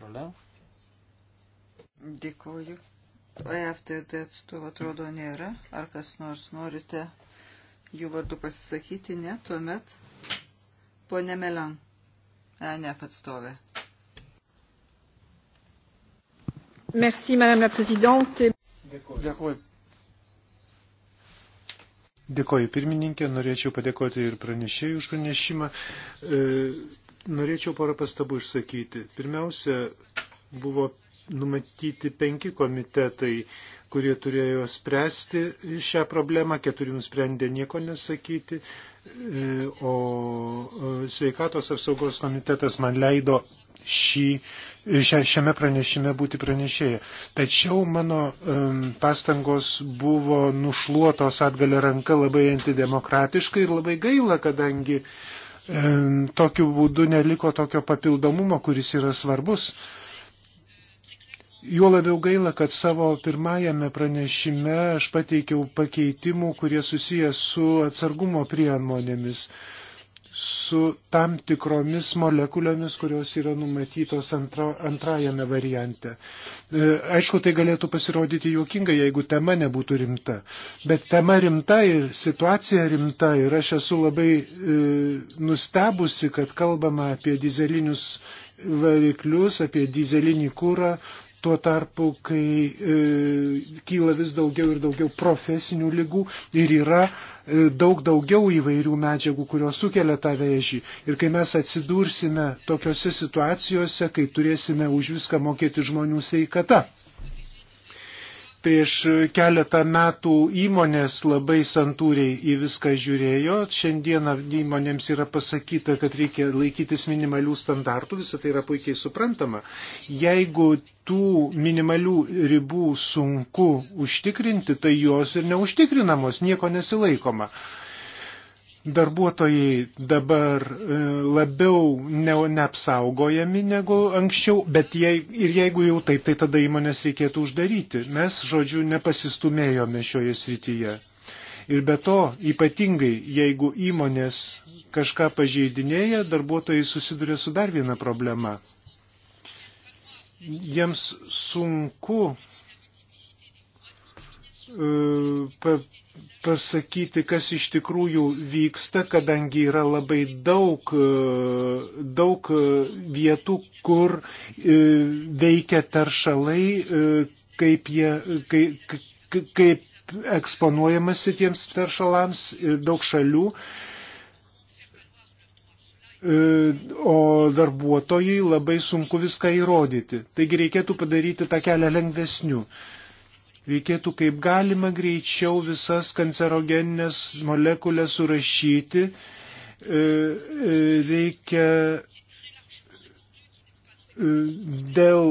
Rolau. Dėkoju. EFTD atstovų atrodo nėra. Ar kas nors norite jų vardu pasisakyti? Ne, tuomet ponė Melan, ENF atstovė. Merci, Madame la Présidente. Dėkuoju. Dėkuoju pirmininkė, norėčiau padėkoti ir pranešėjų už pranešimą. E, norėčiau porą pastabų išsakyti. Pirmiausia, buvo numatyti penki komitetai, kurie turėjo spręsti šią problemą, keturi nusprendė nieko nesakyti, e, o e, sveikatos apsaugos komitetas man leido šį, šia, šiame pranešime būti pranešėję. Tačiau mano um, pastangos buvo nušluotos atgalę ranką labai antidemokratiškai ir labai gaila, kadangi um, tokiu būdu neliko tokio papildomumo, kuris yra svarbus. Uh, Juo labiau gaila, kad savo pirmajame pranešime aš pateikiau pakeitimų, kurie susijęs su atsargumo priemonėmis, su tam tikromis molekulėmis, kurios yra numatytos antra, antrajame variante. E, aišku, tai galėtų pasirodyti juokinga, jeigu tema nebūtų rimta. Bet tema rimta ir situacija rimta ir aš esu labai e, nustebusi, kad kalbama apie dizelinius variklius, apie dizelinį kūrą, tuo tarpu, kai e, kyla vis daugiau ir daugiau profesinių lygų ir yra e, daug daugiau įvairių medžiagų, kurios sukelia tą vėžį. Ir kai mes atsidursime tokiose situacijose, kai turėsime už viską mokėti žmonių sveikatą prieš keletą metų įmonės labai santūriai į viską žiūrėjo, šiandieną įmonėms yra pasakyta, kad reikia laikytis minimalių standartų, visą tai yra puikiai suprantama. Jeigu tų minimalių ribų sunku užtikrinti, tai jos ir neužtikrinamos, nieko nesilaikoma. Uh, darbuotojai dabar e, labiau ne, neapsaugojami negu anksčiau, bet jei, ir jeigu jau taip, tai tada įmonės reikėtų uždaryti. Mes, žodžiu, nepasistumėjome šioje srityje. Ir be to, ypatingai, jeigu įmonės kažką pažeidinėja, darbuotojai susiduria su dar viena problema. Jiems sunku uh, pasakyti, kas iš tikrųjų vyksta, kadangi yra labai daug, e, daug e, vietų, kur e, veikia teršalai, kaip, jie, kaip, kaip eksponuojamasi tiems teršalams, daug šalių. O darbuotojai labai sunku viską įrodyti. Taigi reikėtų padaryti tą kelią lengvesniu. Uh, reikėtų kaip galima greičiau visas kancerogeninės molekulės surašyti. E, e, reikia e, dėl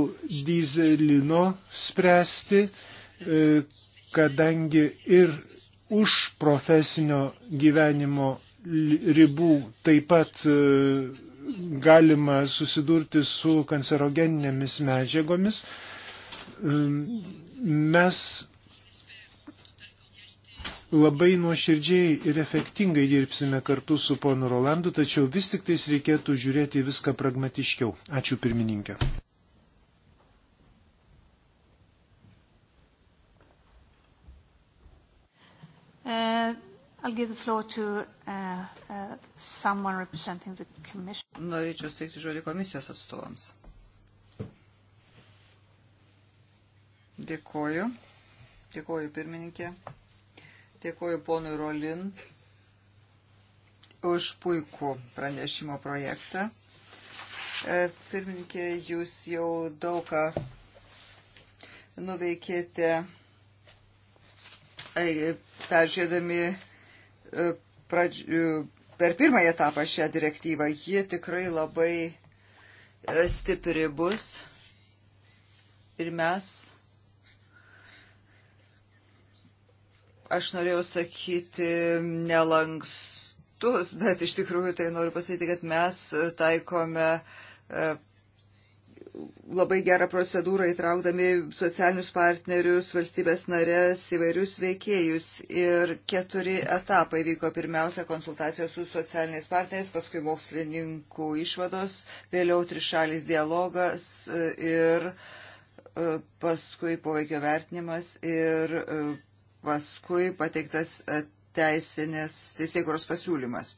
dizelino spręsti, kadangi ir už profesinio gyvenimo ribų taip pat galima susidurti su kancerogeninėmis medžiagomis Mes labai nuoširdžiai ir efektingai dirbsime kartu su ponu Rolandu, tačiau vis tik tais reikėtų žiūrėti viską pragmatiškiau. Ačiū pirmininkė. Uh, to, uh, uh, Norėčiau steigti žodį komisijos atstovams. Dėkoju. Dėkoju pirmininkė. Dėkoju ponui Rolin už puikų pranešimo projektą. E, pirmininkė, jūs jau daug ką nuveikėte e, peržiūrėdami e, pradž... per pirmąją etapą šią direktyvą. Ji tikrai labai stipri bus ir mes Aš norėjau sakyti nelankstus, bet iš tikrųjų tai noriu pasakyti, kad mes taikome e, labai gerą procedūrą įtraukdami socialinius partnerius, valstybės narės, įvairius veikėjus. Ir keturi etapai vyko pirmiausia konsultacijos su socialiniais partneriais, paskui mokslininkų išvados, vėliau trišalis dialogas e, ir e, paskui poveikio vertinimas ir paskui pateiktas e, teisinės teisėkuros pasiūlymas.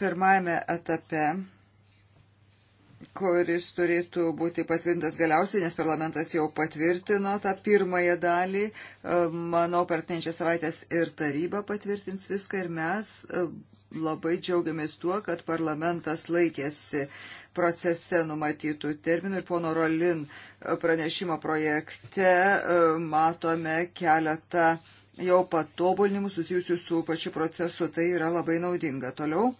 Pirmajame etape, kuris turėtų būti patvirtintas galiausiai, nes parlamentas jau patvirtino tą pirmąją dalį, e, manau, per tenčią savaitės ir taryba patvirtins viską ir mes e, labai džiaugiamės tuo, kad parlamentas laikėsi procese numatytų terminų ir pono Rolin pranešimo projekte e, matome keletą jau patobulinimų susijusių su pačiu procesu. Tai yra labai naudinga. Toliau.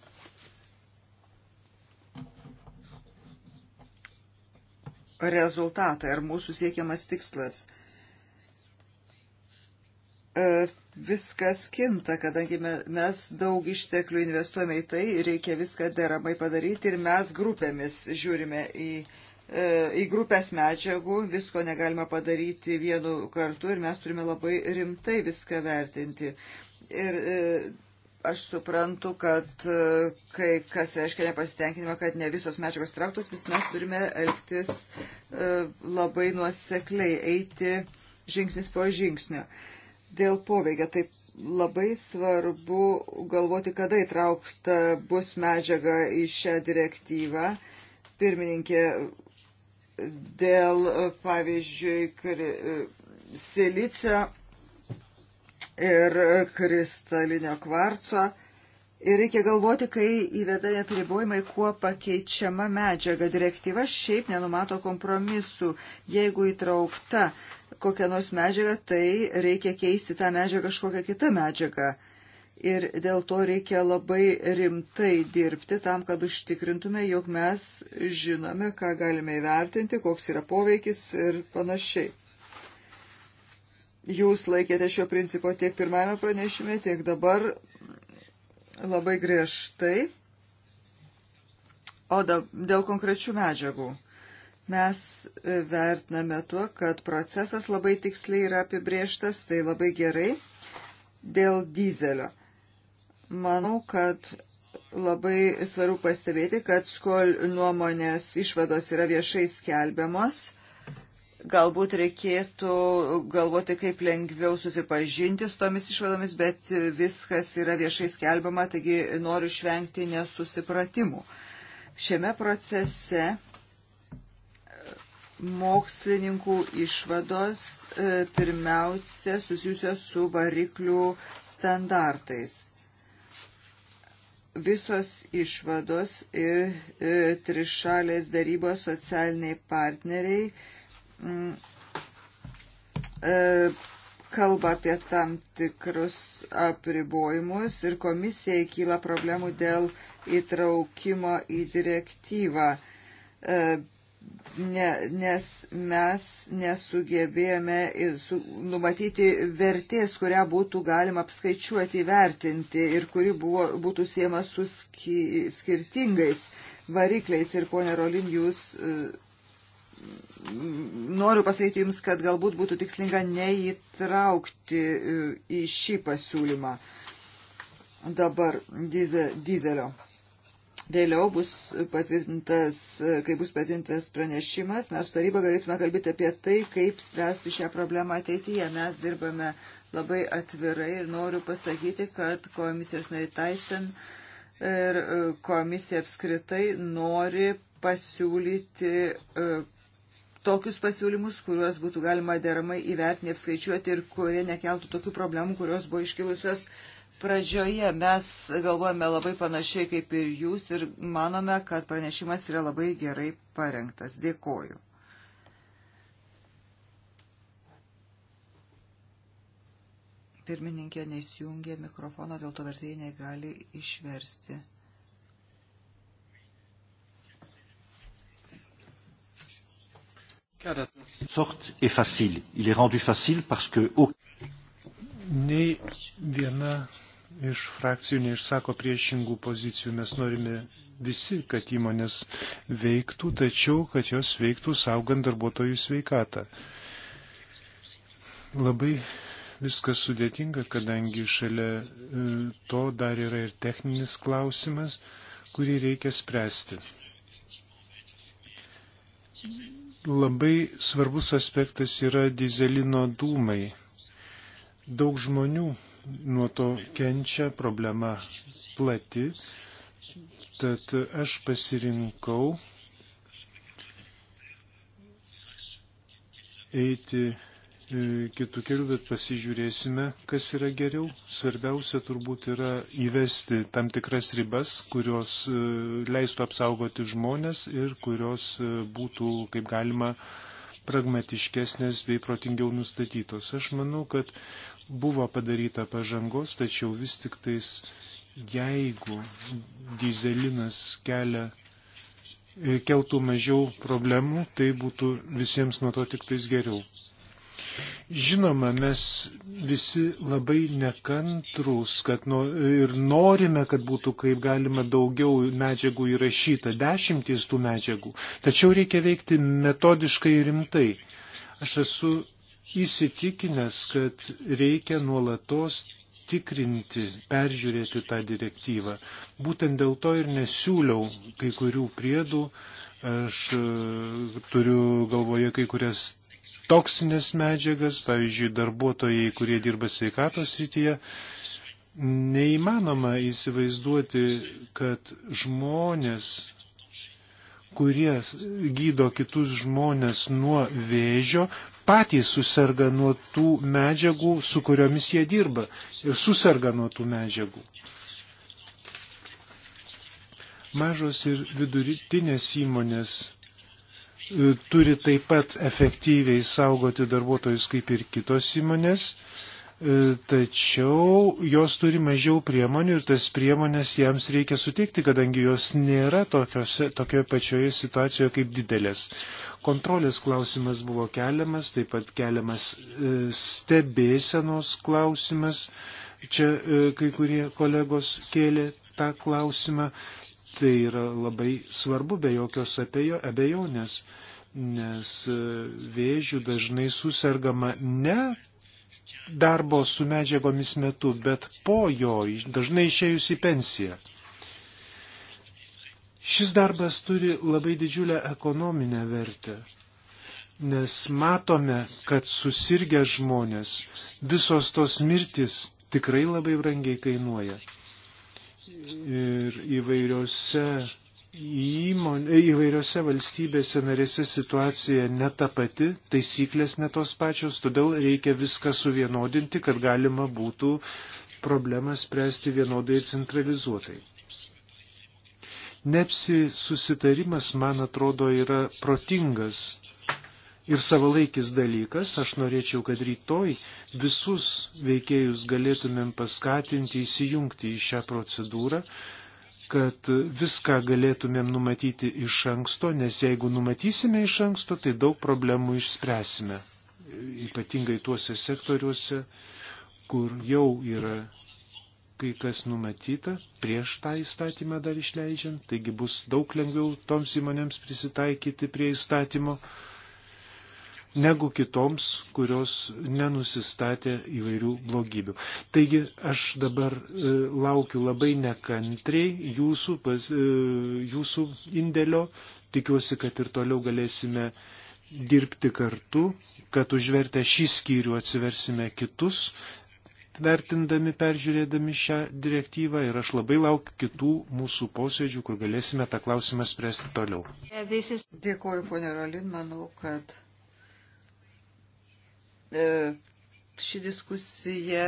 Rezultatai ar mūsų siekiamas tikslas – viskas kinta, kadangi mes daug išteklių investuojame į tai, reikia viską deramai padaryti ir mes grupėmis žiūrime į, e, į grupės medžiagų, visko negalima padaryti vienu kartu ir mes turime labai rimtai viską vertinti. Ir e, aš suprantu, kad e, kai kas reiškia nepasitenkinimą, kad ne visos medžiagos traktos, vis mes turime elgtis labai nuosekliai, eiti žingsnis po žingsnio. Uh, Dėl poveikio taip labai svarbu galvoti, kada įtraukta bus medžiaga į šią direktyvą. Pirmininkė, dėl pavyzdžiui silicio ir kristalinio kvarco. Ir reikia galvoti, kai įvedami apribojimai, kuo pakeičiama medžiaga. Direktyva šiaip nenumato kompromisų, jeigu įtraukta kokią nors medžiagą, tai reikia keisti tą medžiagą kažkokią kitą medžiagą. Ir dėl to reikia labai rimtai dirbti tam, kad užtikrintume, jog mes žinome, ką galime įvertinti, koks yra poveikis ir panašiai. Jūs laikėte šio principo tiek pirmajame pranešime, tiek dabar labai griežtai. O da, dėl konkrečių medžiagų. Mes e, vertiname tuo, kad procesas labai tiksliai yra apibrieštas, tai labai gerai dėl dizelio. Manau, kad labai svarbu pastebėti, kad skol nuomonės išvados yra viešai skelbiamos. Galbūt reikėtų galvoti, kaip lengviau susipažinti su tomis išvadomis, bet viskas yra viešai skelbiama, taigi noriu išvengti nesusipratimų. Šiame procese mokslininkų išvados e, pirmiausia susijusios su variklių standartais. Visos išvados ir e, trišalės darybos socialiniai partneriai mm, e, kalba apie tam tikrus apribojimus ir komisijai kyla problemų dėl įtraukimo į direktyvą ne, nes mes nesugebėjome su, numatyti vertės, kurią būtų galima apskaičiuoti, įvertinti ir kuri buvo, būtų siema su ski, skirtingais varikliais. Ir ponė Rolin, jūs e, noriu pasakyti Jums, kad galbūt būtų tikslinga neįtraukti e, į šį pasiūlymą dabar dizelio. Vėliau bus patvirtintas, kai bus patvirtintas pranešimas, mes taryba galėtume kalbėti apie tai, kaip spręsti šią problemą ateityje. Mes dirbame labai atvirai ir noriu pasakyti, kad komisijos nariai Taisen ir e, komisija apskritai nori pasiūlyti e, tokius pasiūlymus, kuriuos būtų galima deramai įvertinti, apskaičiuoti ir kurie nekeltų tokių problemų, kurios buvo iškilusios pradžioje mes galvojame labai panašiai kaip ir jūs ir manome, kad pranešimas yra labai gerai parengtas. Dėkoju. Pirmininkė neįsijungė mikrofono, dėl to vertėjai negali išversti. Sort est facile. Il est rendu facile parce que... Nei viena iš frakcijų neišsako priešingų pozicijų. Mes norime visi, kad įmonės veiktų, tačiau kad jos veiktų saugant darbuotojų sveikatą. Labai viskas sudėtinga, kadangi šalia e, to dar yra ir techninis klausimas, kurį reikia spręsti. Labai svarbus aspektas yra dizelino dūmai. Daug žmonių nuo to kenčia, problema plati. Tad aš pasirinkau eiti e, kitų kelių, bet pasižiūrėsime, kas yra geriau. Svarbiausia turbūt yra įvesti tam tikras ribas, kurios e, leistų apsaugoti žmonės ir kurios e, būtų kaip galima pragmatiškesnės bei protingiau nustatytos. Aš manau, kad Buvo padaryta pažangos, tačiau vis tik tais jeigu dizelinas kelia, e, keltų mažiau problemų, tai būtų visiems nuo to tik tais geriau. Žinoma, mes visi labai nekantrus no, ir norime, kad būtų kaip galima daugiau medžiagų įrašyta, dešimtys tų medžiagų. Tačiau reikia veikti metodiškai rimtai. Aš esu įsitikinęs, kad reikia nuolatos tikrinti, peržiūrėti tą direktyvą. Būtent dėl to ir nesiūliau kai kurių priedų. Aš e, turiu galvoje kai kurias toksinės medžiagas, pavyzdžiui, darbuotojai, kurie dirba sveikatos rytyje. Neįmanoma įsivaizduoti, kad žmonės, kurie gydo kitus žmonės nuo vėžio, patys susirga nuo tų medžiagų, su kuriomis jie dirba ir susirga nuo tų medžiagų. Mažos ir vidutinės įmonės e, turi taip pat efektyviai saugoti darbuotojus kaip ir kitos įmonės, e, tačiau jos turi mažiau priemonių ir tas priemonės jiems reikia suteikti, kadangi jos nėra tokiose, tokioje pačioje situacijoje kaip didelės Kontrolės klausimas buvo keliamas, taip pat keliamas e, stebėsenos klausimas. Čia e, kai kurie kolegos kėlė tą klausimą. Tai yra labai svarbu be jokios abejonės, nes e, vėžių dažnai susirgama ne darbo su medžiagomis metu, bet po jo, dažnai išėjus į pensiją. Šis darbas turi labai didžiulę ekonominę vertę, nes matome, kad susirgę žmonės visos tos mirtis tikrai labai brangiai kainuoja. Ir įvairiose įmonė, e, įvairiose valstybėse narėse situacija neta pati, taisyklės netos pačios, todėl reikia viską suvienodinti, kad galima būtų problemą spręsti vienodai ir centralizuotai. Nepsi susitarimas, man atrodo, yra protingas ir savalaikis dalykas. Aš norėčiau, kad rytoj visus veikėjus galėtumėm paskatinti įsijungti į šią procedūrą, kad viską galėtumėm numatyti iš anksto, nes jeigu numatysime iš anksto, tai daug problemų išspręsime. Ypatingai tuose sektoriuose, kur jau yra kai kas numatyta prieš tą įstatymą dar išleidžiant, taigi bus daug lengviau toms įmonėms prisitaikyti prie įstatymo negu kitoms, kurios nenusistatė įvairių blogybių. Taigi aš dabar e, laukiu labai nekantriai jūsų, pas, e, jūsų indėlio, tikiuosi, kad ir toliau galėsime dirbti kartu, kad užvertę šį skyrių atsiversime kitus vertindami, peržiūrėdami šią direktyvą ir aš labai laukiu kitų mūsų posėdžių, kur galėsime tą klausimą spręsti toliau. Dėkuoju, ponė Rolin, manau, kad e, ši diskusija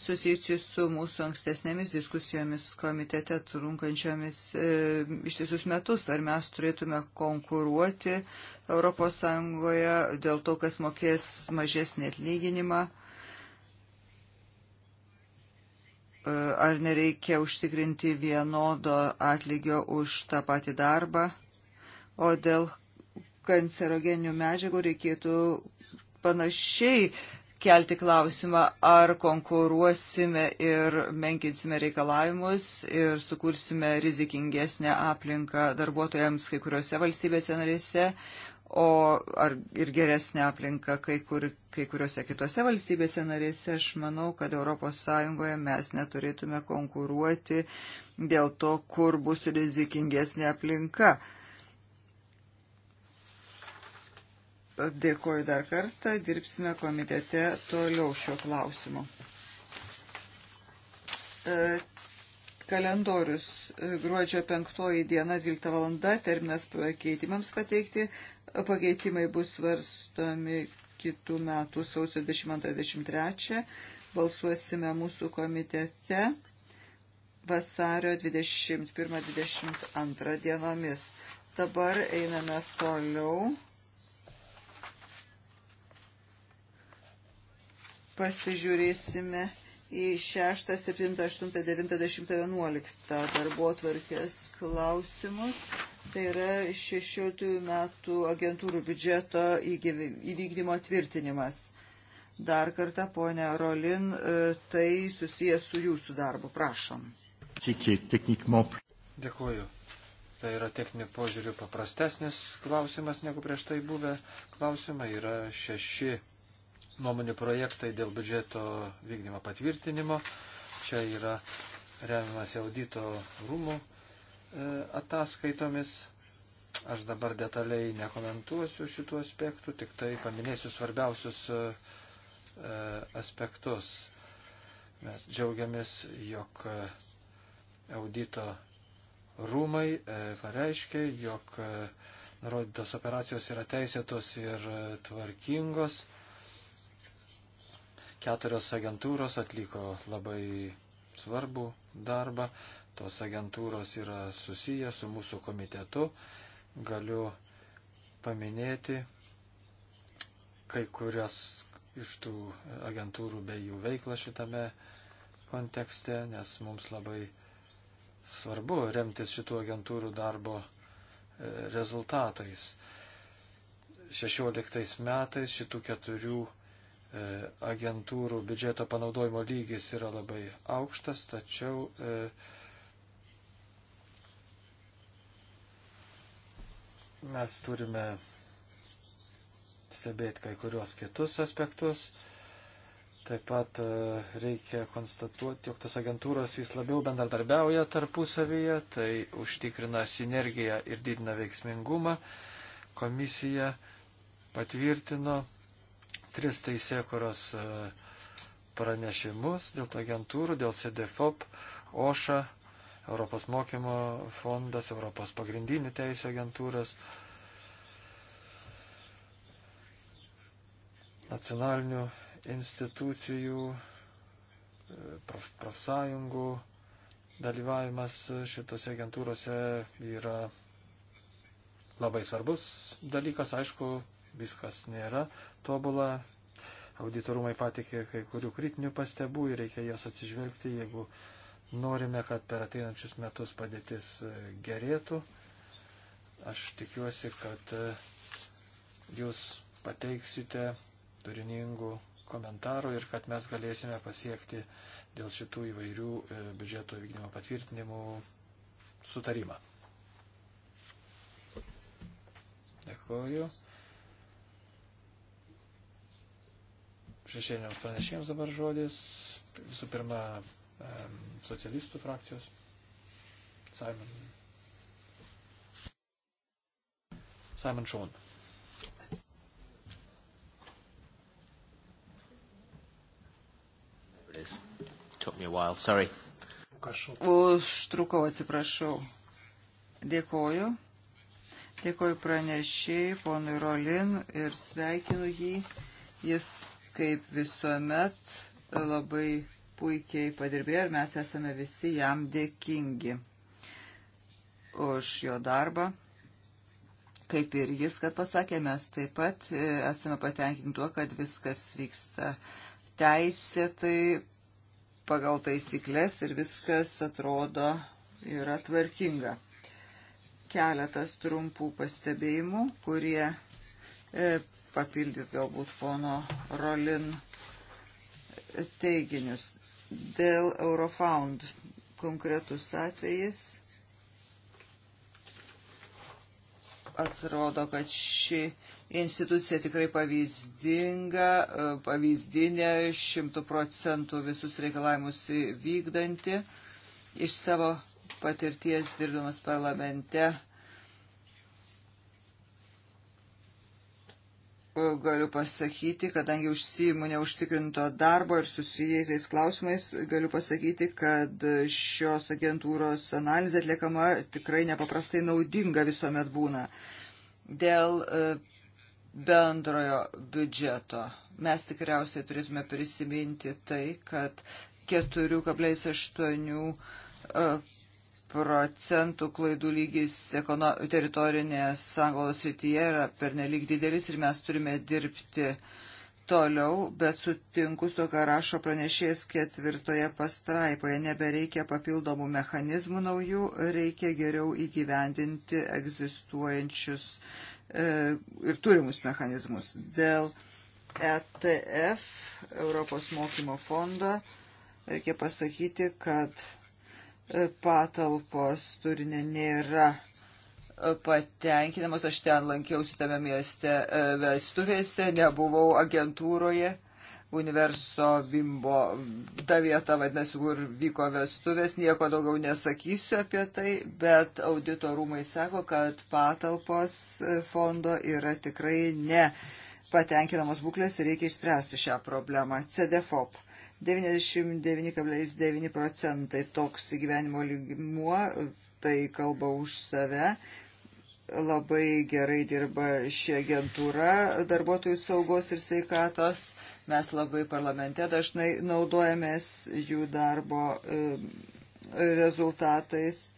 susijusi su mūsų ankstesnėmis diskusijomis komitete trunkančiomis e, ištisus metus, ar mes turėtume konkuruoti ES dėl to, kas mokės mažesnį atlyginimą. E, ar nereikia užtikrinti vienodo atlygio už tą patį darbą, o dėl kancerogeninių medžiagų reikėtų panašiai kelti klausimą, ar konkuruosime ir menkinsime reikalavimus ir sukursime rizikingesnę aplinką darbuotojams kai kuriuose valstybėse narėse, o ar ir geresnė aplinka kai, kur, kai kuriuose kitose valstybėse narėse, aš manau, kad ES mes neturėtume konkuruoti dėl to, kur bus rizikingesnė aplinka. Dėkoju dar kartą, dirbsime komitete toliau šio klausimu. E, kalendorius e, gruodžio 5 diena 12 valanda, terminas pakeitimams pateikti, Pakeitimai bus svarstomi kitų metų sausio 22-23. Balsuosime mūsų komitete vasario 21-22 dienomis. Dabar einame toliau. Pasižiūrėsime į 6, 7, 8, 9, 10, 11 darbo atvarkės klausimus. Tai yra 16 metų agentūrų biudžeto įvykdymo tvirtinimas. Dar kartą, ponia Rolin, e, tai susijęs su jūsų darbu. Prašom. Dėkuoju. Tai yra techninių požiūrių paprastesnis klausimas negu prieš tai buvę klausimai. Yra šeši nuomonių projektai dėl biudžeto vykdymo patvirtinimo. Čia yra remiamas audito rūmų e, ataskaitomis. Aš dabar detaliai nekomentuosiu šitų aspektų, tik tai paminėsiu svarbiausius e, e, aspektus. Mes džiaugiamės, jog audito rūmai pareiškė, jog nurodytos operacijos yra teisėtos ir tvarkingos. Keturios agentūros atliko labai svarbų darbą. Tos agentūros yra susiję su mūsų komitetu. Galiu paminėti kai kurias iš tų agentūrų bei jų veiklą šitame kontekste, nes mums labai svarbu remtis šitų agentūrų darbo e, rezultatais. 16 metais šitų keturių E, agentūrų biudžeto panaudojimo lygis yra labai aukštas, tačiau e, mes turime stebėti kai kurios kitus aspektus. Taip pat e, reikia konstatuoti, jog tos agentūros vis labiau bendradarbiauja tarpusavyje, tai užtikrina sinergiją ir didina veiksmingumą. Komisija patvirtino tris teisėkuros e, pranešimus dėl to agentūrų, dėl CDFOP, OŠA, Europos mokymo fondas, Europos pagrindinių teisų agentūros, nacionalinių institucijų, e, profsąjungų dalyvavimas šitose agentūrose yra labai svarbus dalykas, aišku, viskas nėra tobula. Auditorumai patikė kai kurių kritinių pastebų ir reikia jas atsižvelgti, jeigu norime, kad per ateinančius metus padėtis e, gerėtų. Aš tikiuosi, kad e, jūs pateiksite turiningų komentarų ir kad mes galėsime pasiekti dėl šitų įvairių e, biudžeto vykdymo patvirtinimų sutarimą. Dėkuoju. šešėliniams pranešėjams dabar žodis. Visų pirma, socialistų frakcijos. Simon. Simon Schon. Užtrukau, atsiprašau. Dėkoju. Dėkoju pranešėjai, ponui Rolin ir sveikinu jį. Jis kaip visuomet labai puikiai padirbėjo ir mes esame visi jam dėkingi už jo darbą. Kaip ir jis, kad pasakė, mes taip pat e, esame patenkinti tuo, kad viskas vyksta teisėtai pagal taisyklės ir viskas atrodo yra tvarkinga. Keletas trumpų pastebėjimų, kurie e, papildys galbūt pono Rolin teiginius. Dėl Eurofound konkretus atvejis atrodo, kad ši institucija tikrai pavyzdinga, pavyzdinė, šimtų procentų visus reikalavimus vykdanti. Iš savo patirties dirbdamas parlamente galiu pasakyti, kadangi užsijimu neužtikrinto darbo ir susijusiais klausimais, galiu pasakyti, kad šios agentūros analizė atliekama tikrai nepaprastai naudinga visuomet būna. Dėl e, bendrojo biudžeto mes tikriausiai turėtume prisiminti tai, kad 4,8 procentų klaidų lygis teritorinės sanglaus srityje yra pernelyg didelis ir mes turime dirbti toliau, bet sutinku su to, ką rašo pranešėjas ketvirtoje pastraipoje. Nebereikia papildomų mechanizmų naujų, reikia geriau įgyvendinti egzistuojančius e, ir turimus mechanizmus. Dėl ETF, Europos mokymo fondo, reikia pasakyti, kad patalpos turinė nėra patenkinamos. Aš ten lankiausi tame mieste e, vestuvėse, nebuvau agentūroje. Universo bimbo, ta vieta vadinasi, kur vyko vestuvės, nieko daugiau nesakysiu apie tai, bet audito rūmai sako, kad patalpos fondo yra tikrai ne patenkinamos būklės ir reikia išspręsti šią problemą. CDFOP 99,9 procentai toks gyvenimo lygmuo, tai kalba už save. Labai gerai dirba ši agentūra darbuotojų saugos ir sveikatos. Mes labai parlamente dažnai naudojamės jų darbo rezultatais.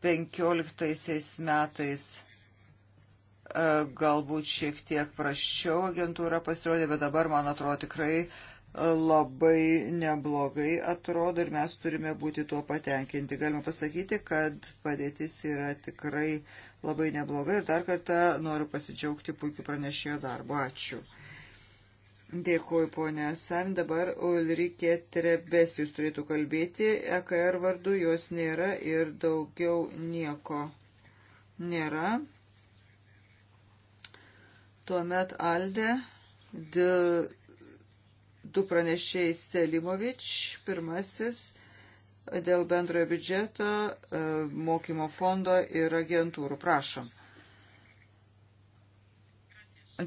15 e, metais e, galbūt šiek tiek praščiau agentūra pasirodė, bet dabar, man atrodo, tikrai uh, labai neblogai atrodo ir mes turime būti tuo patenkinti. Galima pasakyti, kad padėtis yra tikrai labai nebloga ir dar kartą noriu pasidžiaugti puikiu pranešėjo darbu. Ačiū. Dėkuoju, ponė Sam. Dabar Ulrike Trebes jūs turėtų kalbėti. EKR vardu jos nėra ir daugiau nieko nėra. Tuomet Alde. De du pranešėjai Selimovič, pirmasis dėl bendrojo biudžeto, e, mokymo fondo ir agentūrų. Prašom.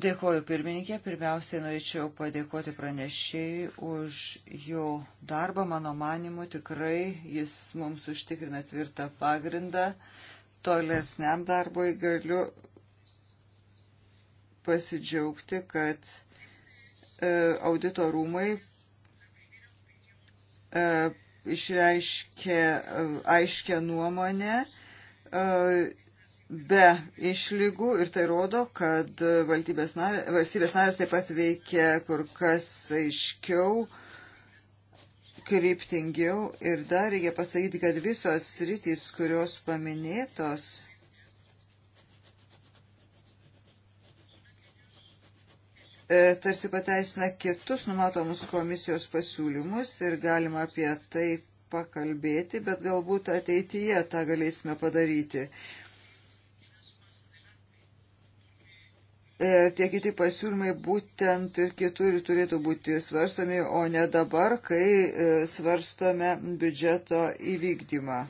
Dėkuoju pirmininkė. Pirmiausiai norėčiau padėkoti pranešėjui už jo darbą. Mano manimu, tikrai jis mums užtikrina tvirtą pagrindą. Tolesniam darbui galiu pasidžiaugti, kad E, audito rūmai e, išreiškė e, aiškę nuomonę be išlygų ir tai rodo, kad valstybės narės, valstybės narės taip pat veikia kur kas aiškiau, kryptingiau ir dar reikia pasakyti, kad visos sritys, kurios paminėtos, E, tarsi pateisina kitus numatomus komisijos pasiūlymus ir galima apie tai pakalbėti, bet galbūt ateityje tą galėsime padaryti. Ir e, tie kiti pasiūlymai būtent ir kitur turėtų būti svarstomi, o ne dabar, kai e, svarstome biudžeto įvykdymą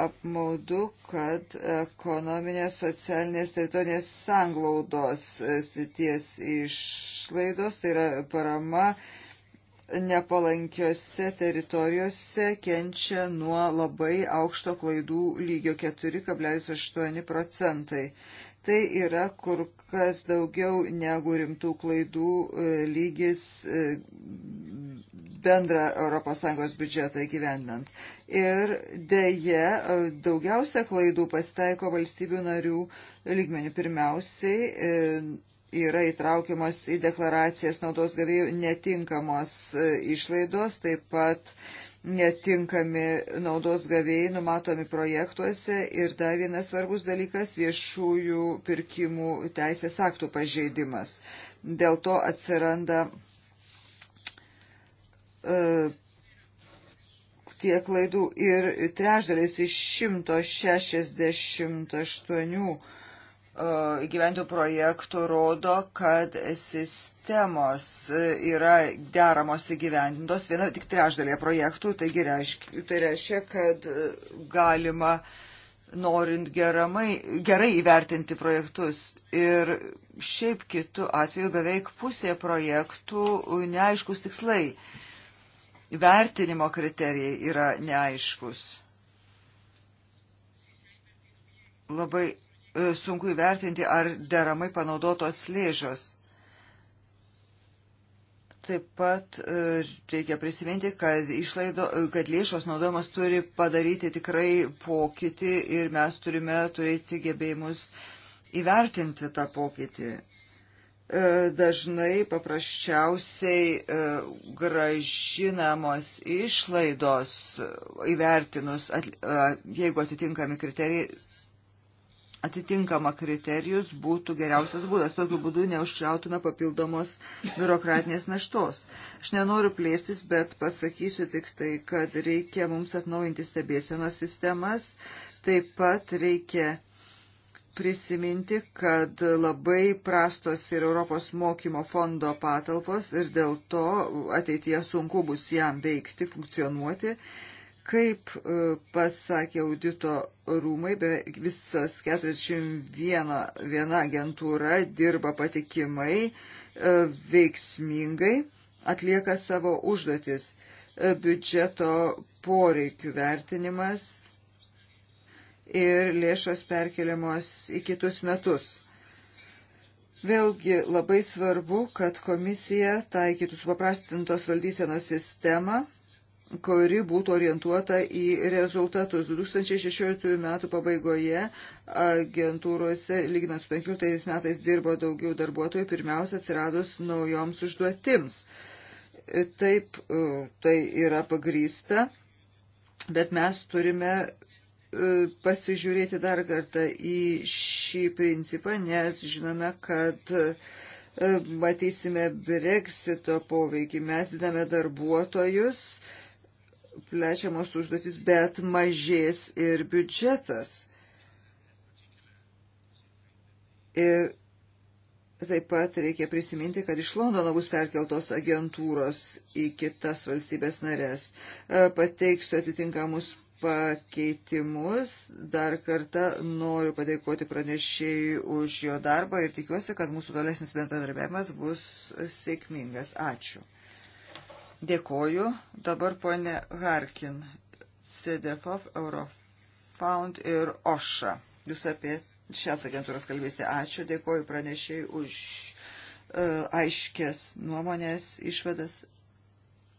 apmaudu, kad ekonominės, socialinės, teritorinės sanglaudos srities išlaidos, tai yra parama nepalankiose teritorijose kenčia nuo labai aukšto klaidų lygio 4,8 procentai. Tai yra kur kas daugiau negu rimtų klaidų e, lygis e, bendrą ES biudžetą įgyvendinant. Ir dėje e, daugiausia klaidų pasitaiko valstybių narių lygmenių. Pirmiausiai e, yra įtraukiamos į deklaracijas naudos gavėjų netinkamos e, išlaidos, taip pat netinkami naudos gavėjai numatomi projektuose ir dar vienas svarbus dalykas - viešųjų pirkimų teisės aktų pažeidimas. Dėl to atsiranda E, tiek klaidų ir trešdalis iš 168 e, gyventų projektų rodo, kad sistemos e, yra deramos įgyvendintos viena tik trešdalė projektų, taigi reiškia, tai reiškia, kad galima norint geramai, gerai įvertinti projektus. Ir šiaip kitų atveju beveik pusė projektų neaiškus tikslai vertinimo kriterijai yra neaiškus. Labai e, sunku įvertinti, ar deramai panaudotos lėžos. Taip pat e, reikia prisiminti, kad, išlaido, kad lėšos naudojimas turi padaryti tikrai pokytį ir mes turime turėti gebėjimus įvertinti tą pokytį. E, dažnai paprasčiausiai e, gražinamos išlaidos įvertinus, e, jeigu atitinkami kriterijai, atitinkama kriterijus būtų geriausias būdas. Tokiu būdu neužkrautume papildomos biurokratinės naštos. Aš nenoriu plėstis, bet pasakysiu tik tai, kad reikia mums atnaujinti stebėsenos sistemas, taip pat reikia prisiminti, kad labai prastos ir Europos mokymo fondo patalpos ir dėl to ateityje sunku bus jam veikti, funkcionuoti. Kaip e, pasakė audito rūmai, beveik visos 41 viena agentūra dirba patikimai, e, veiksmingai, atlieka savo užduotis. E, biudžeto poreikių vertinimas ir lėšos perkeliamos į kitus metus. Vėlgi labai svarbu, kad komisija taikytų supaprastintos valdysenos sistemą, kuri būtų orientuota į rezultatus. 2016 metų pabaigoje agentūrose, lyginant su 15 metais, dirbo daugiau darbuotojų, pirmiausia atsiradus naujoms užduotims. Taip, e, tai yra pagrysta, bet mes turime E, pasižiūrėti dar kartą į šį principą, nes žinome, kad e, matysime breksito poveikį. Mes didame darbuotojus, plečiamos užduotis, bet mažės ir biudžetas. Ir Taip pat reikia prisiminti, kad iš Londono bus perkeltos agentūros į kitas valstybės narės. E, pateiksiu atitinkamus pakeitimus. Dar kartą noriu padėkoti pranešėjui už jo darbą ir tikiuosi, kad mūsų tolesnis bendradarbiavimas bus sėkmingas. Ačiū. Dėkoju. Dabar ponė Harkin, CDFOF, Eurofound ir OŠA. Jūs apie šias agentūras kalbėsite. Ačiū. Dėkoju pranešėjui už uh, aiškės nuomonės išvedas.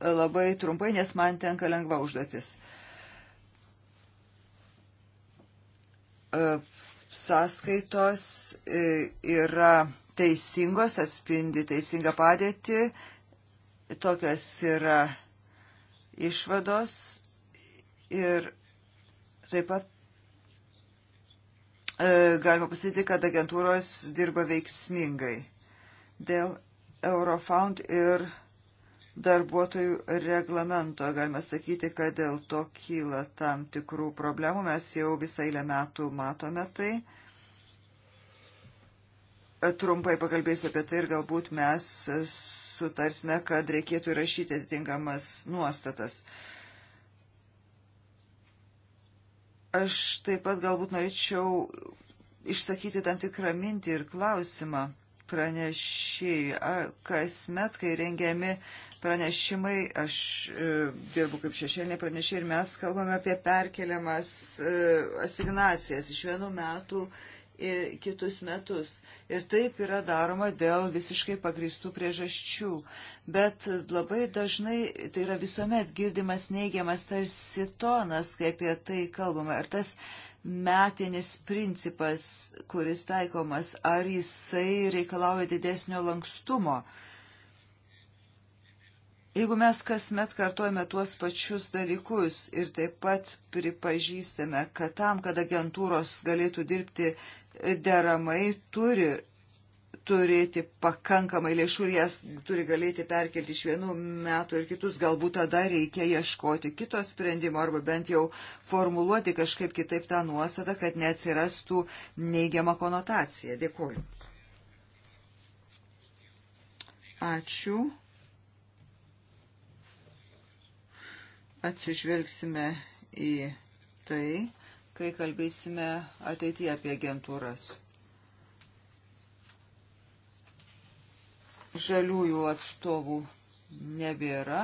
E, labai trumpai, nes man tenka lengva užduotis. Uh, E, sąskaitos e, yra teisingos, atspindi teisingą padėtį. Tokios yra išvados ir taip pat e, galima pasakyti, kad agentūros dirba veiksmingai. Dėl Eurofound ir darbuotojų reglamento. Galime sakyti, kad dėl to kyla tam tikrų problemų. Mes jau visą eilę metų matome tai. Trumpai pakalbėsiu apie tai ir galbūt mes sutarsime, kad reikėtų įrašyti atitinkamas nuostatas. Aš taip pat galbūt norėčiau išsakyti tam tikrą mintį ir klausimą pranešėjai. Kasmet, kai rengiami pranešimai, aš e, dirbu kaip šešėlinė pranešėjai ir mes kalbame apie perkeliamas e, asignacijas iš vienų metų į kitus metus. Ir taip yra daroma dėl visiškai pagristų priežasčių. Bet labai dažnai tai yra visuomet girdimas neigiamas tarsi tonas, kai apie tai kalbama. Ir tas metinis principas, kuris taikomas, ar jisai reikalauja didesnio lankstumo. Jeigu mes kasmet kartojame tuos pačius dalykus ir taip pat pripažįstame, kad tam, kad agentūros galėtų dirbti deramai, turi turėti pakankamai lėšų ir jas turi galėti perkelti iš vienų metų ir kitus, galbūt tada reikia ieškoti kito sprendimo arba bent jau formuluoti kažkaip kitaip tą nuostatą, kad neatsirastų neigiama konotacija. Dėkuoju. Ačiū. Atsižvelgsime į tai, kai kalbėsime ateityje apie agentūras. Žaliųjų atstovų nebėra.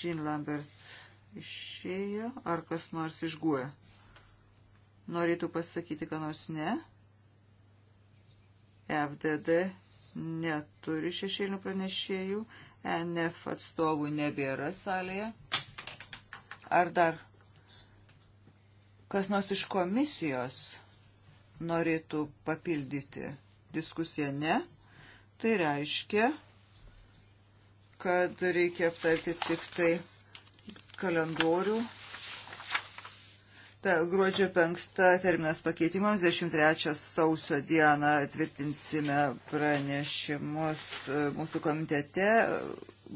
Jean Lambert išėjo. Ar kas nors išguoja? E norėtų pasakyti, ką nors ne? FDD neturi šešėlių pranešėjų. NF atstovų nebėra salėje. Ar dar kas nors iš komisijos norėtų papildyti diskusija ne. Tai reiškia, kad reikia aptarti tik tai kalendorių. Pe, gruodžio 5 terminas pakeitimams, 23 sausio dieną tvirtinsime pranešimus e, mūsų komitete,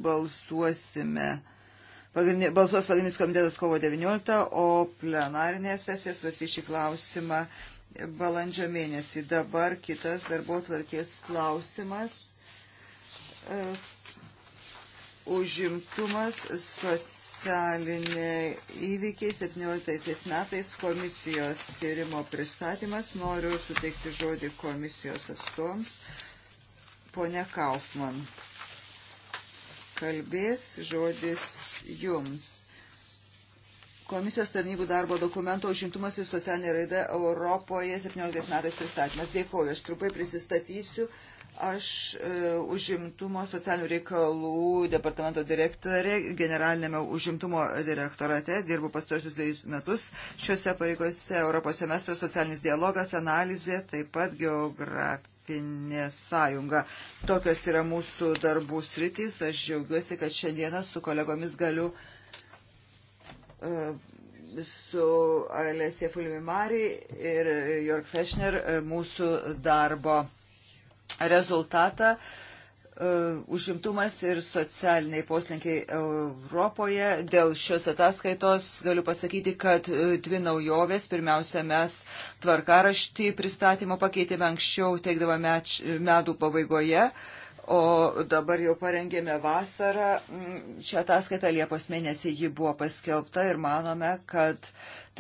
balsuosime pagrindinė, balsuos pagrindinis komitetas kovo 19, o plenarinė sesija svarstys šį klausimą balandžio mėnesį. Dabar kitas darbo tvarkės klausimas. E, užimtumas socialiniai įvykiai 17 metais komisijos tyrimo pristatymas. Noriu suteikti žodį komisijos atstovams. Pone Kaufman kalbės žodis jums. Komisijos tarnybų darbo dokumento užimtumas ir socialinė raida Europoje 17 metais pristatymas. Dėkoju, aš trupai prisistatysiu. Aš e, užimtumo socialinių reikalų departamento direktorė, generalinėme užimtumo direktorate, dirbu pastarosius dviejus metus. Šiuose pareigose Europos semestras socialinis dialogas, analizė, taip pat geografija terapinė sąjunga. Tokios yra mūsų darbų sritys. Aš džiaugiuosi, kad šiandieną su kolegomis galiu E, su Alesija Fulmimari ir Jork Fešner e, mūsų darbo rezultatą. E, užimtumas ir socialiniai poslinkiai Europoje. Dėl šios ataskaitos galiu pasakyti, kad dvi naujovės. Pirmiausia, mes tvarkaraštį pristatymo pakeitėme anksčiau, teikdavome medų pabaigoje. Uh, O dabar jau parengėme vasarą. Mm, šią ataskaitą Liepos mėnesį ji buvo paskelbta ir manome, kad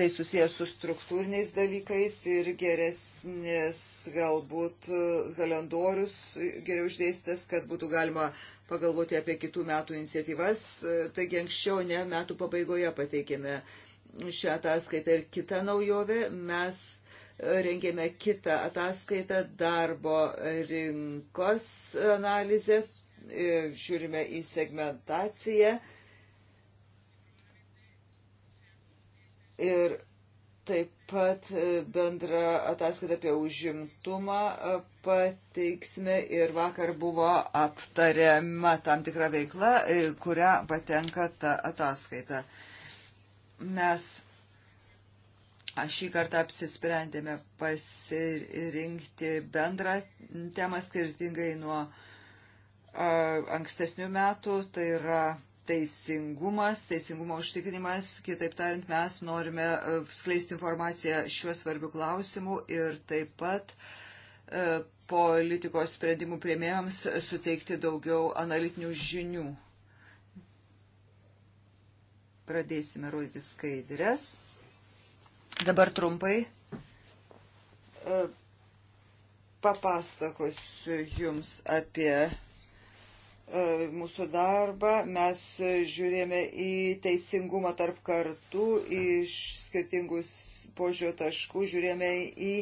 tai susijęs su struktūriniais dalykais ir geresnis galbūt e, kalendorius geriau išdėstas, kad būtų galima pagalvoti apie kitų metų iniciatyvas. E, Taigi anksčiau, ne, metų pabaigoje pateikėme šią ataskaitą ir kitą naujovę. Mes rengėme kitą ataskaitą darbo rinkos analizę, e, žiūrime į segmentaciją ir taip pat e, bendrą ataskaitą apie užimtumą e, pateiksime ir vakar buvo aptariama tam tikra veikla, kurią patenka ta ataskaita. Mes šį kartą apsisprendėme pasirinkti bendrą temą skirtingai nuo ankstesnių metų, tai yra teisingumas, teisingumo užtikrinimas, kitaip tariant, mes norime skleisti informaciją šiuo svarbiu klausimu ir taip pat politikos sprendimų prieimėjams suteikti daugiau analitinių žinių. Pradėsime rodyti skaidrės. Dabar trumpai e, papasakosiu Jums apie e, mūsų darbą. Mes žiūrėjome į teisingumą tarp kartų iš skirtingus požiūrio taškų, žiūrėjome į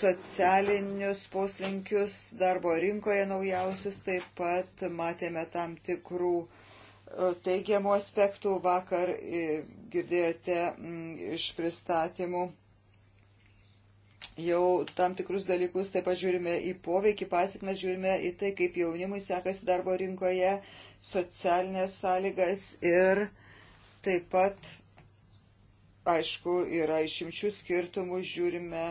socialinius poslinkius darbo rinkoje naujausius, taip pat matėme tam tikrų E, teigiamų aspektų. Vakar e, girdėjote iš pristatymų jau tam tikrus dalykus, taip pat žiūrime į poveikį, pasiekmes, žiūrime į tai, kaip jaunimui sekasi darbo rinkoje, socialinės sąlygas ir taip pat, aišku, yra išimčių skirtumų, žiūrime.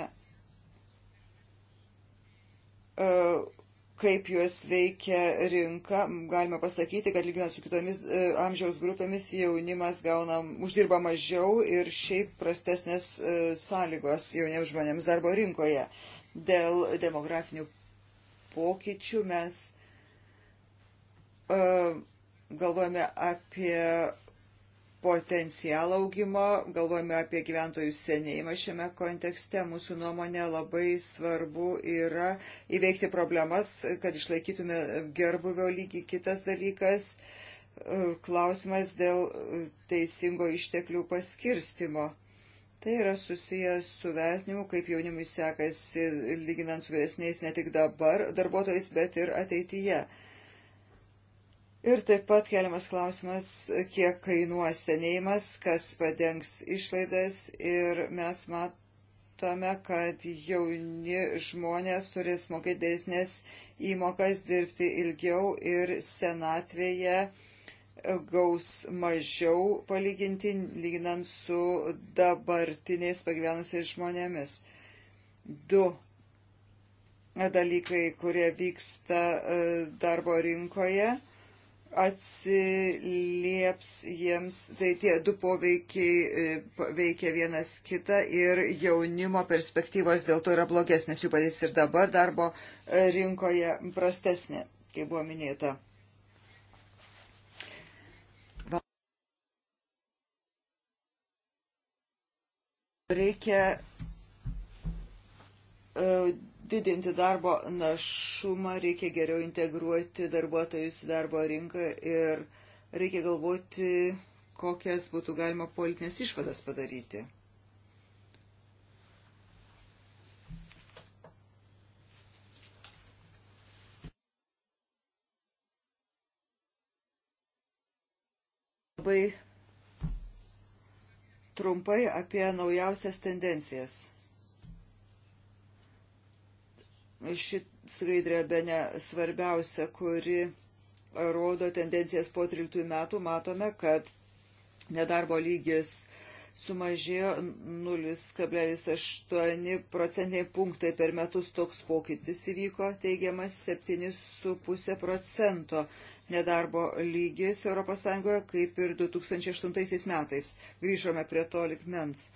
Uh, kaip juos veikia rinka, galima pasakyti, kad lyginant su kitomis e, amžiaus grupėmis jaunimas gauna, uždirba mažiau ir šiaip prastesnės e, sąlygos jauniems žmonėms darbo rinkoje. Dėl demografinių pokyčių mes e, galvojame apie potencialą augimo, galvojame apie gyventojų senėjimą šiame kontekste. Mūsų nuomonė labai svarbu yra įveikti problemas, kad išlaikytume gerbuvio lygį. Kitas dalykas e, - klausimas dėl teisingo išteklių paskirstimo. Tai yra susijęs su vertinimu, kaip jaunimui sekasi lyginant su vyresniais ne tik dabar darbuotojais, bet ir ateityje. Ir taip pat keliamas klausimas, kiek kainuos senėjimas, kas padengs išlaidas ir mes matome, kad jauni žmonės turės mokėti dėsnės įmokas dirbti ilgiau ir senatvėje gaus mažiau palyginti, lyginant su dabartiniais pagyvenusiais žmonėmis. Du dalykai, kurie vyksta e, darbo rinkoje atsilieps jiems, tai tie du poveikiai e, veikia vienas kitą ir jaunimo perspektyvos dėl to yra blogesnės, jų padės ir dabar darbo e, rinkoje prastesnė, kaip buvo minėta. Reikia e, didinti darbo našumą, reikia geriau integruoti darbuotojus į darbo rinką ir reikia galvoti, kokias būtų galima politinės išvadas padaryti. Labai trumpai apie naujausias tendencijas ši skaidrė be ne svarbiausia, kuri rodo tendencijas po 13 metų, matome, kad nedarbo lygis sumažėjo 0,8 procentiniai punktai per metus toks pokytis įvyko, teigiamas 7,5 procento nedarbo lygis ES kaip ir 2008 metais. Grįžome prie to likmens.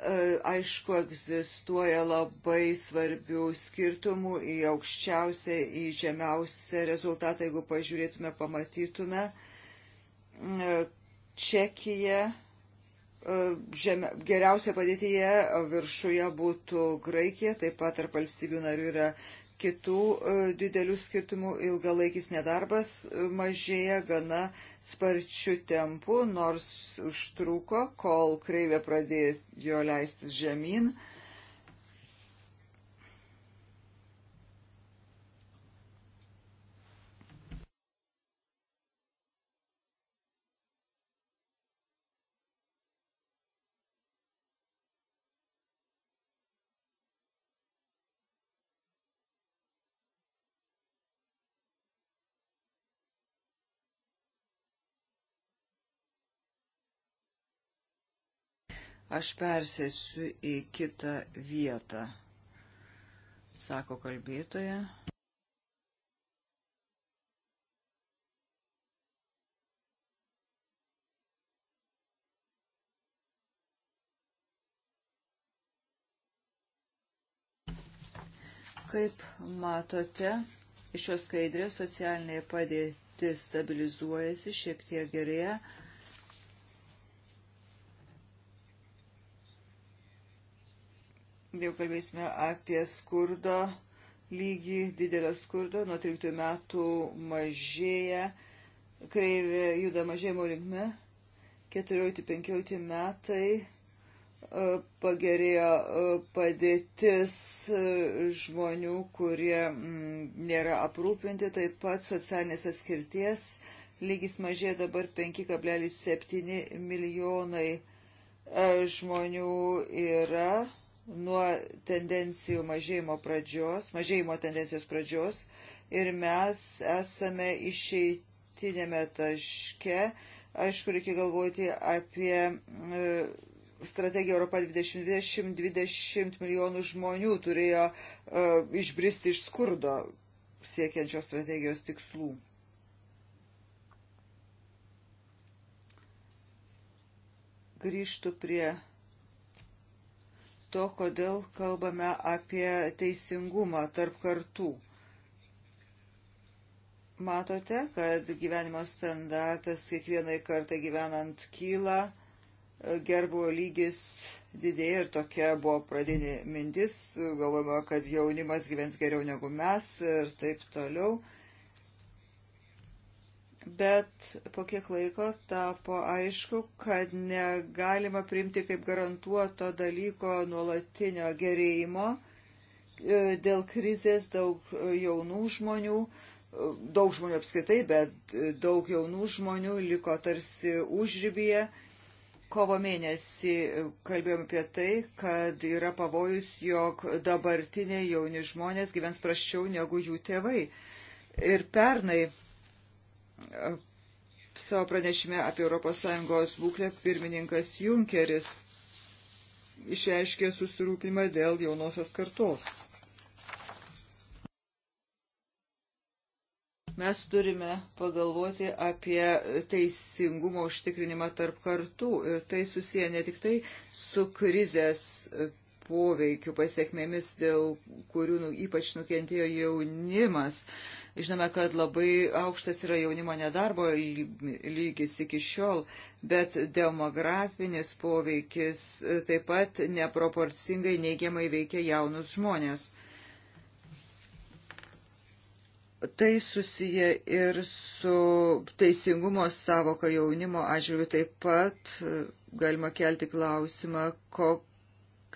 E, aišku, egzistuoja labai svarbių skirtumų į aukščiausią, į žemiausią rezultatą, jeigu pažiūrėtume, pamatytume. E, Čekija e, žemė, geriausia padėtyje viršuje būtų Graikija, taip pat tarp valstybių narių yra kitų e, didelių skirtumų ilgalaikis nedarbas e, mažėja gana sparčiu tempu, nors užtruko, kol kreivė pradėjo leistis žemyn. E, Aš persėsiu į kitą vietą, sako kalbėtoja. Kaip matote, iš šios skaidrės socialinė padėtis stabilizuojasi, šiek tiek gerėja. Jau kalbėsime apie skurdo lygį, didelio skurdo. Nuo 13 metų mažėja, kreivė juda mažėjimo linkme. 14-15 metai e, pagerėjo e, padėtis e, žmonių, kurie mm, nėra aprūpinti, taip pat socialinės atskirties lygis mažėja dabar 5,7 milijonai žmonių yra nuo tendencijų mažėjimo pradžios, mažėjimo tendencijos pradžios ir mes esame išeitinėme taške. Aišku, reikia galvoti apie e, strategiją Europa 2020, 20 milijonų žmonių turėjo e, išbristi iš skurdo siekiančios strategijos tikslų. Grįžtų prie to, kodėl kalbame apie teisingumą tarp kartų. Matote, kad gyvenimo standartas kiekvienai kartai gyvenant kyla, gerbuvo lygis didėja ir tokia buvo pradinė mintis, galvojama, kad jaunimas gyvens geriau negu mes ir taip toliau bet po kiek laiko tapo aišku, kad negalima priimti kaip garantuoto dalyko nuolatinio gerėjimo. E, dėl krizės daug e, jaunų žmonių, e, daug žmonių apskritai, bet daug jaunų žmonių liko tarsi užrybėje kovo mėnesį kalbėjom apie tai, kad yra pavojus, jog dabartiniai jauni žmonės gyvens praščiau negu jų tėvai. Ir pernai savo pranešime apie ES būklę pirmininkas Junkeris išreiškė susirūpimą dėl jaunosios kartos. Mes turime pagalvoti apie teisingumo užtikrinimą tarp kartų ir tai susiję ne tik tai su krizės poveikiu pasiekmėmis, dėl kurių nu, ypač nukentėjo jaunimas, Žinome, kad labai aukštas yra jaunimo nedarbo lygis iki šiol, bet demografinis poveikis e, taip pat neproporcingai neigiamai veikia jaunus žmonės. Tai susiję ir su teisingumo savoka jaunimo atžvilgiu taip pat e, galima kelti klausimą, ko,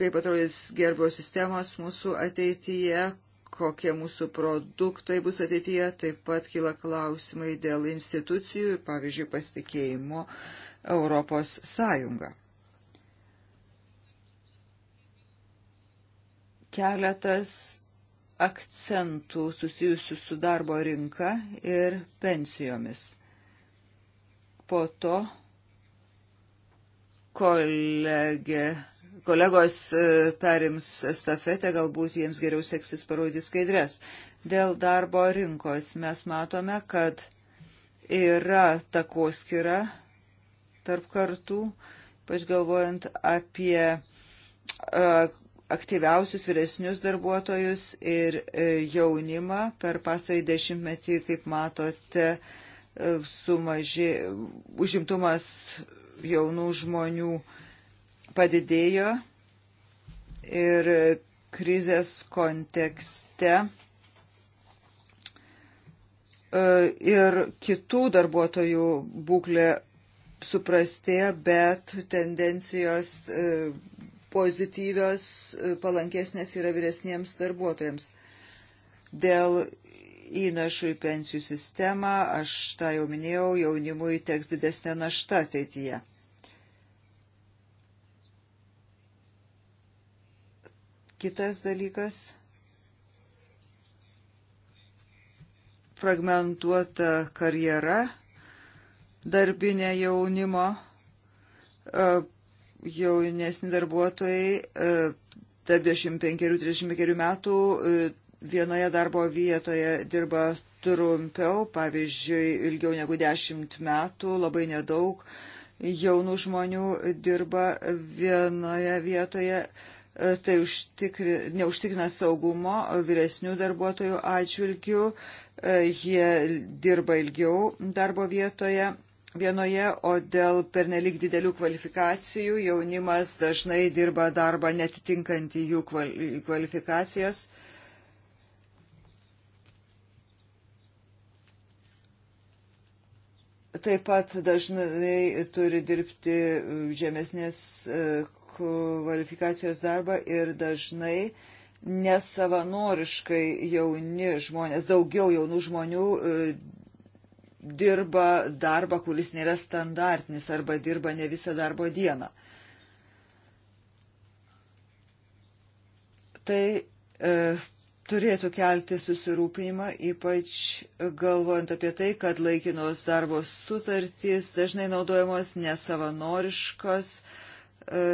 kaip atrodys gerbio sistemos mūsų ateityje, kokie mūsų produktai bus ateityje. Taip pat kyla klausimai dėl institucijų, pavyzdžiui, pasitikėjimo Europos Sąjunga. Keletas akcentų susijusių su darbo rinka ir pensijomis. Po to kolegė kolegos e, perims estafetę, galbūt jiems geriau seksis parodys skaidrės. Dėl darbo rinkos mes matome, kad yra takoskira tarp kartų, pač galvojant apie e, aktyviausius vyresnius darbuotojus ir e, jaunimą per pastarį dešimtmetį, kaip matote, sumažė užimtumas jaunų žmonių uh, padidėjo ir krizės kontekste e, ir kitų darbuotojų būklė suprastėjo, bet tendencijos e, pozityvios, e, palankesnės yra vyresniems darbuotojams. Dėl įnašų į pensijų sistemą, aš tą jau minėjau, jaunimui teks didesnė našta ateityje. Tai Kitas dalykas - fragmentuota karjera darbinė jaunimo. E, jaunesni darbuotojai e, tarp 25-35 metų e, vienoje darbo vietoje dirba trumpiau, pavyzdžiui, ilgiau negu 10 metų, labai nedaug jaunų žmonių dirba vienoje vietoje E, tai užtikri, neužtikrina saugumo vyresnių darbuotojų atžvilgių, e, jie dirba ilgiau darbo vietoje vienoje, o dėl pernelik didelių kvalifikacijų jaunimas dažnai dirba darbą netitinkantį jų kvalifikacijas. Taip pat dažnai turi dirbti žemesnės e, kvalifikacijos darbą ir dažnai nesavanoriškai jauni žmonės, daugiau jaunų žmonių e, dirba darbą, kuris nėra standartinis arba dirba ne visą darbo dieną. Tai e, turėtų kelti susirūpinimą, ypač galvojant apie tai, kad laikinos darbo sutartys dažnai naudojamos nesavanoriškos, e,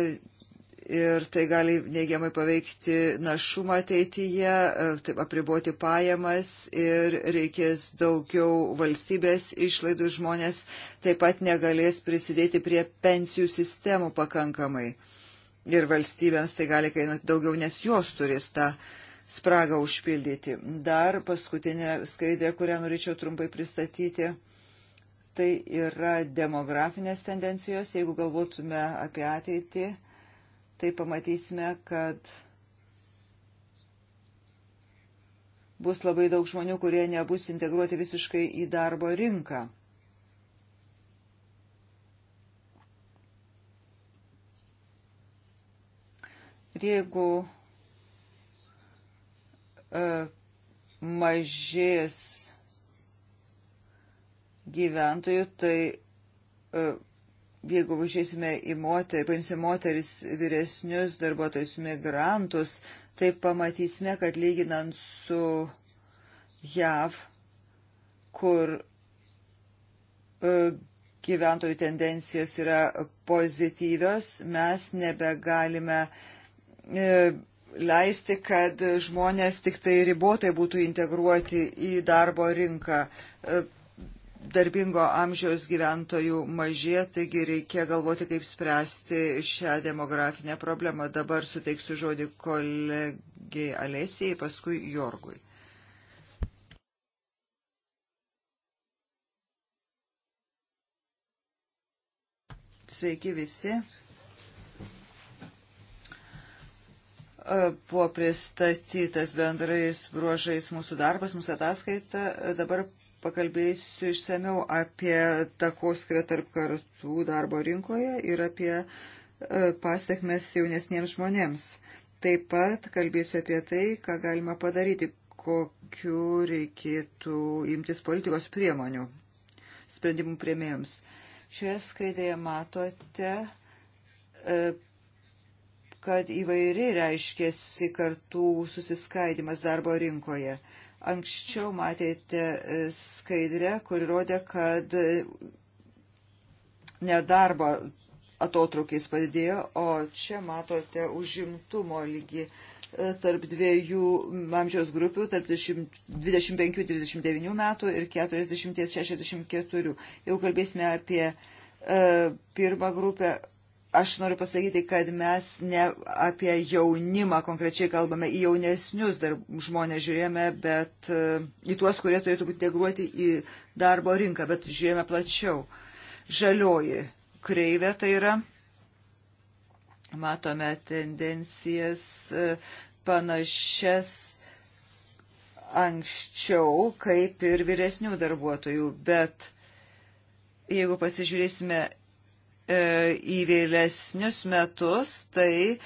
ir tai gali neigiamai paveikti našumą ateityje, e, taip apriboti pajamas ir reikės daugiau valstybės išlaidų žmonės taip pat negalės prisidėti prie pensijų sistemų pakankamai. Ir valstybėms tai gali kainuoti daugiau, nes jos turės tą spragą užpildyti. Dar paskutinė skaidrė, kurią norėčiau trumpai pristatyti tai yra demografinės tendencijos, jeigu galvotume apie ateitį, tai pamatysime, kad bus labai daug žmonių, kurie nebus integruoti visiškai į darbo rinką. Ir jeigu uh, mažės gyventojų, tai uh, jeigu važiuosime į moterį, paimsime moteris vyresnius darbuotojus migrantus, tai pamatysime, kad lyginant su JAV, kur e, gyventojų tendencijos yra pozityvios, mes nebegalime e, leisti, kad žmonės tik tai ribotai būtų integruoti į darbo rinką. E, darbingo amžiaus gyventojų mažė, taigi reikia galvoti, kaip spręsti šią demografinę problemą. Dabar suteiksiu žodį kolegiai Alesijai, paskui Jorgui. Sveiki visi. Buvo pristatytas bendrais bruožais mūsų darbas, mūsų ataskaita. Dabar pakalbėsiu išsameu apie takoskirą tarp kartų darbo rinkoje ir apie e, pasiekmes jaunesniems žmonėms. Taip pat kalbėsiu apie tai, ką galima padaryti, kokiu reikėtų imtis politikos priemonių sprendimų prieimėjams. Šioje skaidrėje matote, e, kad įvairiai reiškėsi kartų susiskaidimas darbo rinkoje. Anksčiau matėte e, skaidrę, kur rodė, kad nedarbo atotrukis padidėjo, o čia matote užimtumo lygį e, tarp dviejų amžiaus grupių, tarp 25-39 metų ir 40-64. Jau kalbėsime apie e, pirmą grupę, aš noriu pasakyti, kad mes ne apie jaunimą konkrečiai kalbame, į jaunesnius dar žmonės žiūrėjome, bet e, į tuos, kurie turėtų būti integruoti į darbo rinką, bet žiūrėjome plačiau. Žalioji kreivė tai yra. Matome tendencijas e, panašias anksčiau, kaip ir vyresnių darbuotojų, bet jeigu pasižiūrėsime E, į vėlesnius metus, tai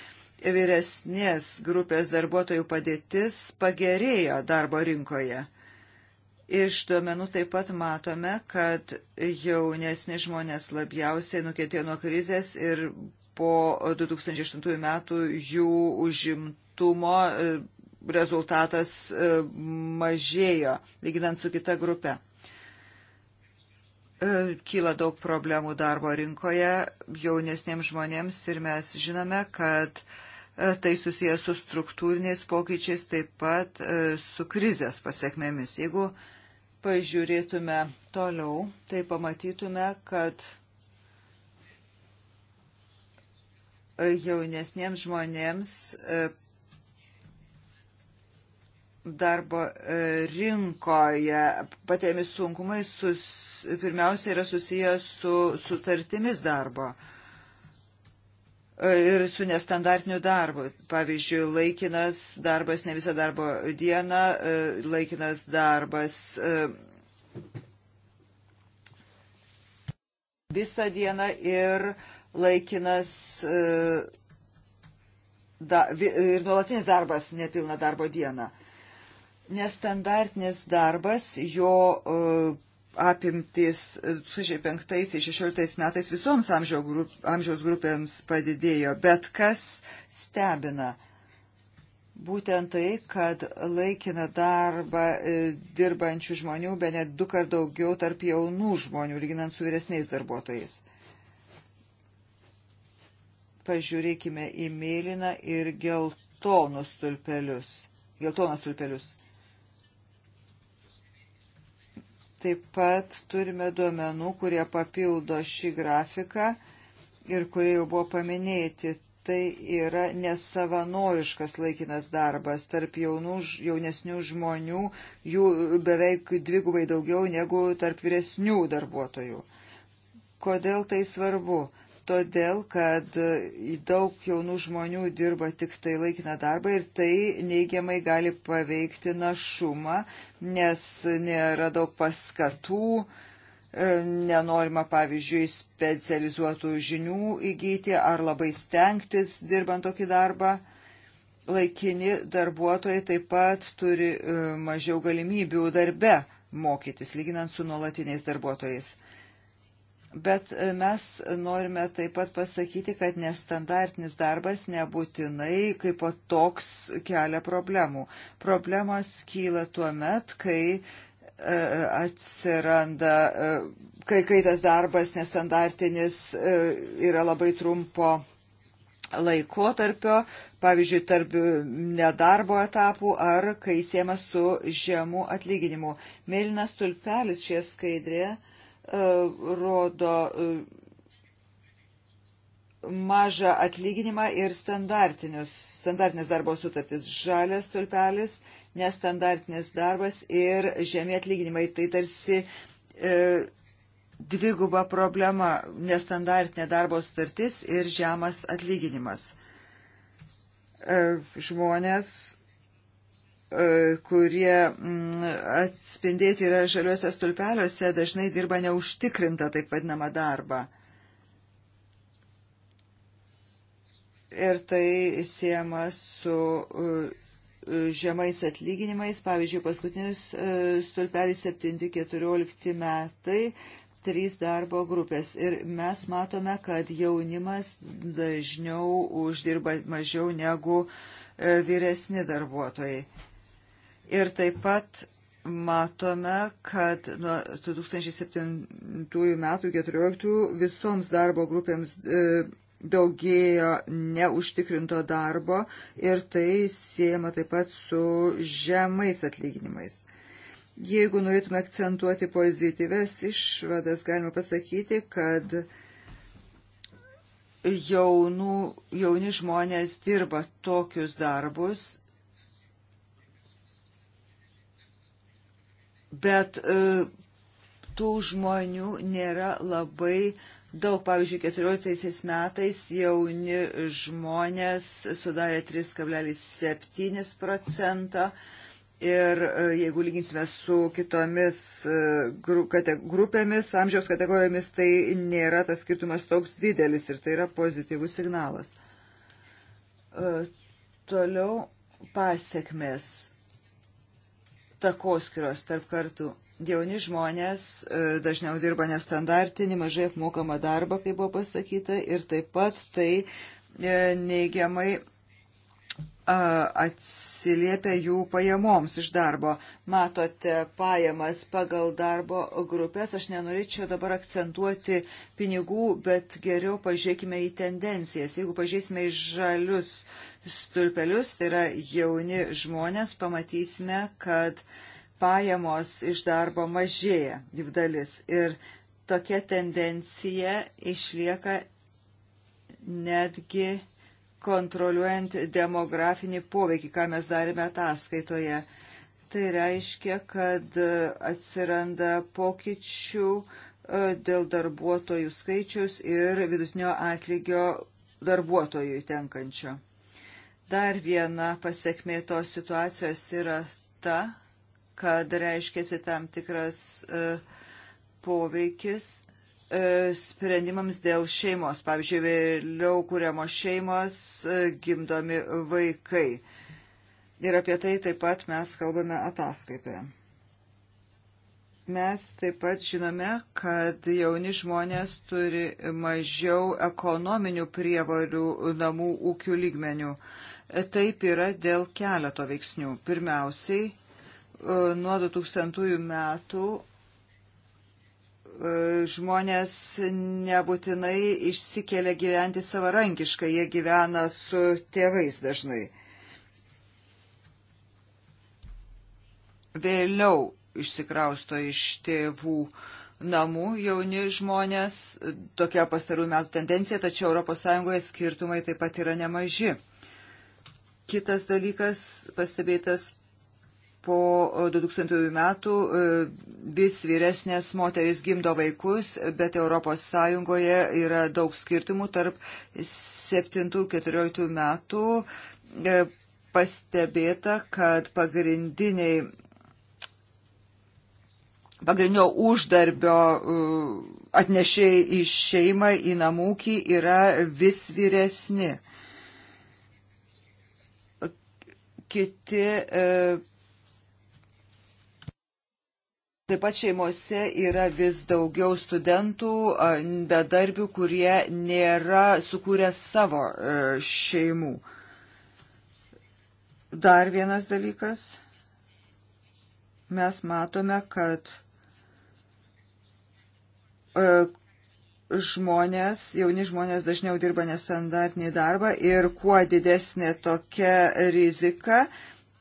vyresnės grupės darbuotojų padėtis pagerėjo darbo rinkoje. Iš duomenų taip pat matome, kad jaunesni žmonės labiausiai nukentėjo nuo krizės ir po 2008 metų jų užimtumo e, rezultatas e, mažėjo, lyginant su kita grupė. E, kyla daug problemų darbo rinkoje jaunesniems žmonėms ir mes žinome, kad e, tai susijęs su struktūriniais pokyčiais, taip pat e, su krizės pasiekmėmis. Jeigu pažiūrėtume toliau, tai pamatytume, kad jaunesniems žmonėms darbo e, rinkoje patiriami sunkumai sus, pirmiausia yra susijęs su sutartimis darbo e, ir su nestandartiniu darbu. Pavyzdžiui, laikinas darbas ne visą darbo dieną, e, laikinas darbas visą dieną ir laikinas da, ir nuolatinis darbas nepilna darbo diena. Uh, Nestandartinis darbas, jo e, apimtis 2005-2016 e, metais visoms amžiaus grupėms padidėjo, bet kas stebina? Būtent tai, kad laikina darbą e, dirbančių žmonių be net du kart daugiau tarp jaunų žmonių, lyginant su vyresniais darbuotojais. Pažiūrėkime į mėlyną ir geltonus tulpelius. Geltonas tulpelius. taip pat turime duomenų, kurie papildo šį grafiką ir kurie jau buvo paminėti. Tai yra nesavanoriškas laikinas darbas tarp jaunų, jaunesnių žmonių, jų beveik dvigubai daugiau negu tarp vyresnių darbuotojų. Kodėl tai svarbu? todėl, kad daug jaunų žmonių dirba tik tai laikiną darbą ir tai neigiamai gali paveikti našumą, nes nėra daug paskatų, e, nenorima, pavyzdžiui, specializuotų žinių įgyti ar labai stengtis dirbant tokį darbą. Laikini darbuotojai taip pat turi e, mažiau galimybių darbe mokytis, lyginant su nuolatiniais darbuotojais. Bet e, mes norime taip pat pasakyti, kad nestandartinis darbas nebūtinai kaip po toks kelia problemų. Problemos kyla tuo met, kai e, atsiranda, e, kai, kai tas darbas nestandartinis yra labai trumpo laikotarpio, pavyzdžiui, tarp nedarbo etapų ar kai siema su žemų atlyginimu. Mėlynas tulpelis šie skaidrė E, rodo e, mažą atlyginimą ir standartinės darbo sutartys. Žalias tulpelis, nestandartinis darbas ir žemė atlyginimai. Tai tarsi e, dviguba problema - nestandartinė darbo sutartis ir žemas atlyginimas. E, žmonės E, kurie mm, atspindėti yra žaliuose stulpeliuose, dažnai dirba neužtikrinta taip vadinamą darbą. Ir tai siema su e, žemais atlyginimais. Pavyzdžiui, paskutinis e, stulpelis 7-14 metai, trys darbo grupės. Ir mes matome, kad jaunimas dažniau uždirba mažiau negu vyresni darbuotojai. Ir taip pat matome, kad nuo 2007 metų 14 visoms darbo grupėms e, daugėjo neužtikrinto darbo ir tai siejama taip pat su žemais atlyginimais. Jeigu norėtume akcentuoti pozityves išvadas, galima pasakyti, kad jaunų, jauni žmonės dirba tokius darbus bet e, tų žmonių nėra labai daug. Pavyzdžiui, 14 metais jauni žmonės sudarė 3,7 procentą. Ir e, jeigu lyginsime su kitomis e, grupėmis, amžiaus kategorijomis, tai nėra tas skirtumas toks didelis ir tai yra pozityvus signalas. Toliau pasiekmes takoskiros tarp kartų. Jauni žmonės e, dažniau dirba nestandartinį, mažai apmokamą darbą, kaip buvo pasakyta, ir taip pat tai e, neigiamai atsiliepia jų pajamoms iš darbo. Matote pajamas pagal darbo grupės. Aš nenorėčiau dabar akcentuoti pinigų, bet geriau pažiūrėkime į tendencijas. Jeigu pažiūrėsime į žalius stulpelius, tai yra jauni žmonės, pamatysime, kad pajamos iš darbo mažėja jų dalis. Ir tokia tendencija išlieka netgi kontroliuojant demografinį poveikį, ką mes darėme ataskaitoje. Tai reiškia, kad atsiranda pokyčių e, dėl darbuotojų skaičius ir vidutinio atlygio darbuotojui tenkančio. Dar viena pasiekmė tos situacijos yra ta, kad reiškėsi tam tikras e, poveikis e, sprendimams dėl šeimos. Pavyzdžiui, vėliau kūriamos šeimos e, gimdomi vaikai. Ir apie tai taip pat mes kalbame ataskaitoje. Mes taip pat žinome, kad jauni žmonės turi mažiau ekonominių prievarių namų ūkių lygmenių. E, Taip yra dėl keleto veiksnių. Pirmiausiai, e, nuo 2000 metų e, žmonės nebūtinai išsikelia gyventi savarankiškai, jie gyvena su tėvais dažnai. Vėliau išsikrausto iš tėvų namų jauni žmonės, tokia pastarų metų tendencija, tačiau ES skirtumai taip pat yra nemaži. Kitas dalykas pastebėtas po 2000 metų e, vis vyresnės moteris gimdo vaikus, bet ES yra daug skirtumų tarp 7-14 metų e, pastebėta, kad pagrindiniai pagrindinio uždarbio e, atnešėjai į šeimą, į namūkį yra vis vyresni. kiti e, Taip pat šeimose yra vis daugiau studentų, bedarbių, kurie nėra sukūrę savo e, šeimų. Dar vienas dalykas. Mes matome, kad e, žmonės, jauni žmonės dažniau dirba nestandartinį darbą ir kuo didesnė tokia rizika,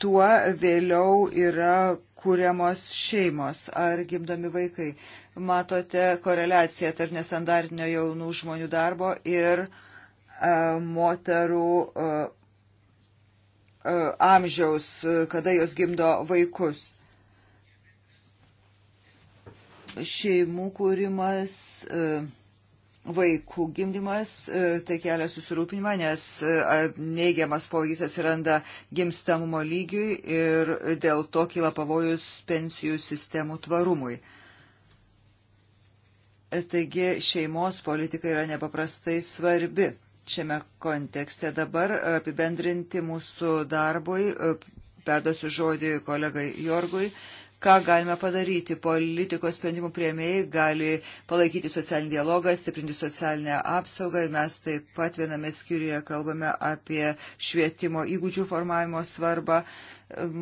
tuo vėliau yra kūriamos šeimos ar gimdomi vaikai. Matote koreliaciją tarp nestandartinio jaunų žmonių darbo ir e, moterų e, e, amžiaus, kada jos gimdo vaikus šeimų kūrimas, e, vaikų gimdymas, e, tai kelia susirūpinimą, nes e, neigiamas poveikis atsiranda gimstamumo lygiui ir dėl to kyla pavojus pensijų sistemų tvarumui. E, taigi šeimos politika yra nepaprastai svarbi. Šiame kontekste dabar apibendrinti mūsų darbui, perduosiu žodį kolegai Jorgui ką galime padaryti. Politikos sprendimų prieimėjai gali palaikyti socialinį dialogą, stiprinti socialinę apsaugą ir mes taip pat viename skyriuje kalbame apie švietimo įgūdžių formavimo svarbą.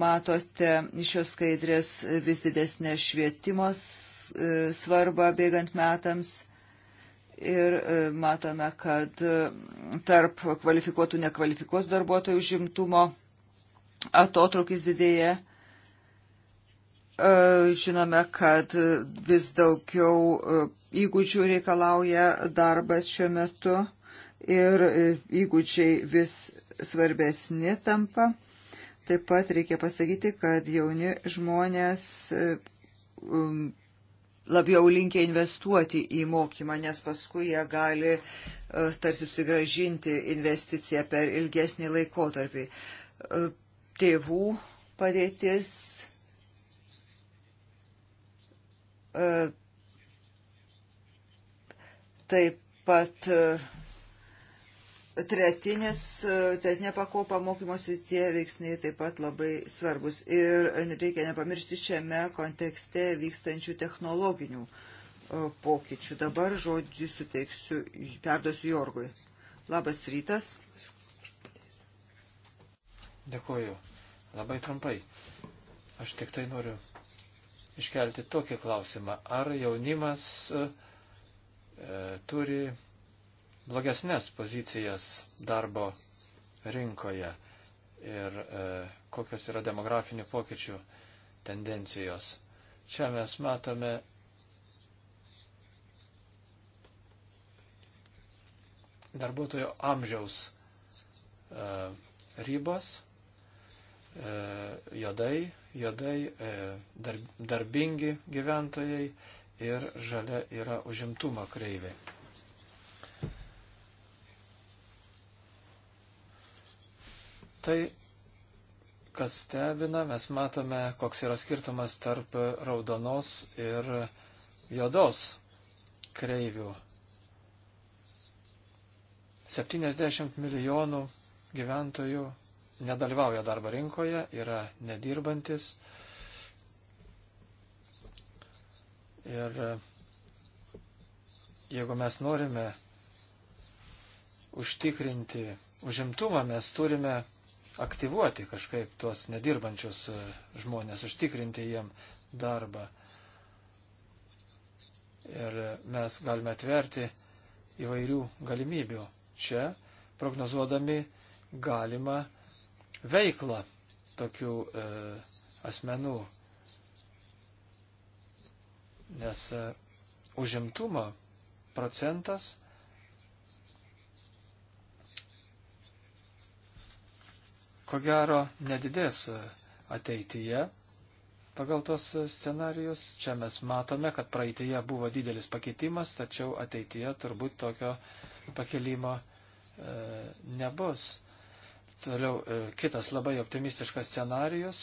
Matote iš šios skaidrės vis didesnę švietimo e, svarbą bėgant metams ir e, matome, kad e, tarp kvalifikuotų, nekvalifikuotų darbuotojų žimtumo atotrukis didėja E, žinome, kad vis daugiau e, įgūdžių reikalauja darbas šiuo metu ir e, įgūdžiai vis svarbesni tampa. Taip pat reikia pasakyti, kad jauni žmonės um, labiau linkia investuoti į mokymą, nes paskui jie gali tarsi sugražinti investiciją per ilgesnį laikotarpį. Tėvų padėtis E, taip pat e, Tretinės, e, tretinė pakopa mokymosi tie veiksniai taip pat labai svarbus. Ir reikia nepamiršti šiame kontekste vykstančių technologinių pokyčių. Dabar žodį suteiksiu, perduosiu Jorgui. Labas rytas. Dėkuoju. Labai trumpai. Aš tik tai noriu iškelti tokį klausimą. Ar jaunimas e, turi blogesnės pozicijas darbo rinkoje ir e, kokios yra demografinių pokyčių tendencijos. Čia mes matome darbuotojo amžiaus e, ribos, e, jodai juodai e, darbingi gyventojai ir žalia yra užimtumo kreivė. Tai, kas stebina, mes matome, koks yra skirtumas tarp raudonos ir juodos kreivių. 70 milijonų gyventojų nedalyvauja darbo rinkoje, yra nedirbantis. Ir e, jeigu mes norime užtikrinti užimtumą, mes turime aktyvuoti kažkaip tuos nedirbančius e, žmonės, užtikrinti jiem darbą. Ir e, mes galime atverti įvairių galimybių čia, prognozuodami galimą veiklą tokių e, asmenų. Nes e, užimtumo procentas ko gero nedidės e, ateityje pagal tos e, scenarius. Čia mes matome, kad praeitėje buvo didelis pakitimas, tačiau ateityje turbūt tokio pakelimo e, nebus. Toliau e, kitas labai optimistiškas scenarius.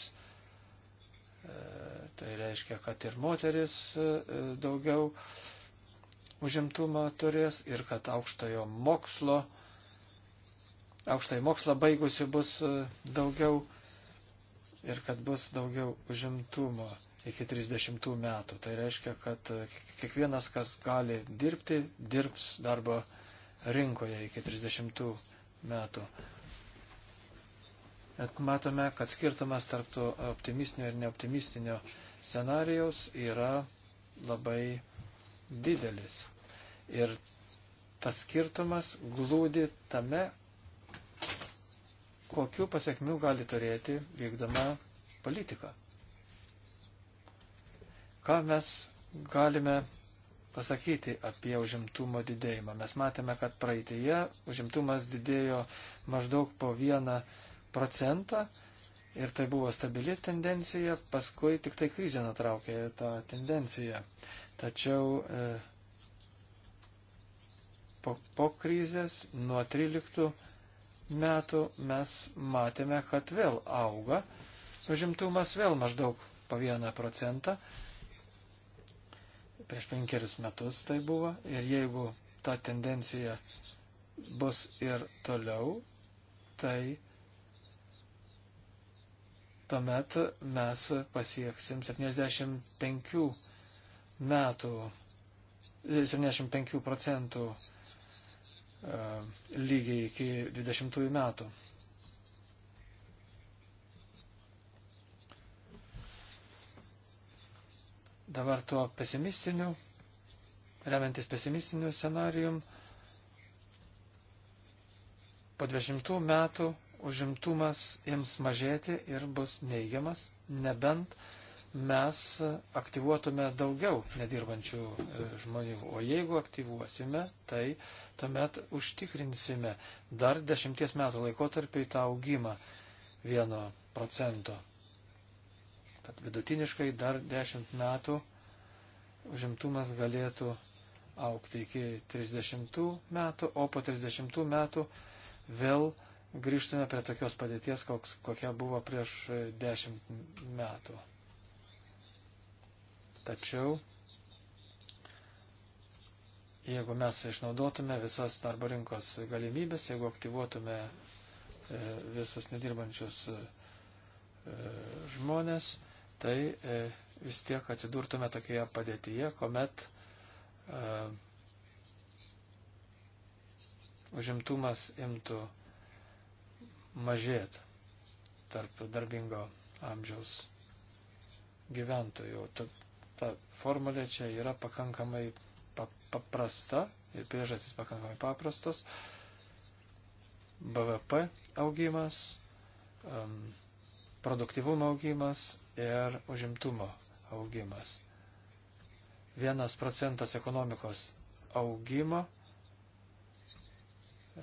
E, tai reiškia, kad ir moteris e, daugiau užimtumo turės ir kad aukštojo mokslo, aukštojo mokslo baigusių bus daugiau ir kad bus daugiau užimtumo iki 30 metų. Tai reiškia, kad kiekvienas, kas gali dirbti, dirbs darbo rinkoje iki 30 metų. Bet matome, kad skirtumas tarp optimistinio ir neoptimistinio scenarijaus yra labai didelis. Ir tas skirtumas glūdi tame, kokiu pasiekmių gali turėti vykdama politika. Ką mes galime pasakyti apie užimtumo didėjimą? Mes matėme, kad praeitėje užimtumas didėjo maždaug po vieną procentą ir tai buvo stabili tendencija, paskui tik tai krizė nutraukė tą tendenciją. Tačiau e, po, po krizės nuo 13 metų mes matėme, kad vėl auga, užimtumas vėl maždaug po 1 procentą. Prieš penkeris metus tai buvo ir jeigu ta tendencija bus ir toliau, tai tuomet mes pasieksim 75 metų, 75 procentų e, lygiai iki 20 metų. Dabar tuo pesimistiniu, remiantis pesimistiniu scenarijum, po 20 metų užimtumas jiems mažėti ir bus neigiamas, nebent mes aktyvuotume daugiau nedirbančių e, žmonių. O jeigu aktyvuosime, tai tuomet užtikrinsime dar dešimties metų laikotarpį tą augimą vieno procento. Tad vidutiniškai dar dešimt metų užimtumas galėtų aukti iki 30 metų, o po 30 metų vėl uh, grįžtume prie tokios padėties, koks, kokia buvo prieš e, dešimt metų. Tačiau, jeigu mes išnaudotume visas darbo rinkos galimybės, jeigu aktyvuotume e, visus nedirbančius e, žmonės, tai vis tiek atsidurtume tokioje padėtyje, kuomet užimtumas imtų mažėti tarp darbingo amžiaus gyventojų. Ta, ta formulė čia yra pakankamai paprasta ir priežastys pakankamai paprastos. BVP augimas, produktivumo augimas ir užimtumo augimas. Vienas procentas ekonomikos augimo e,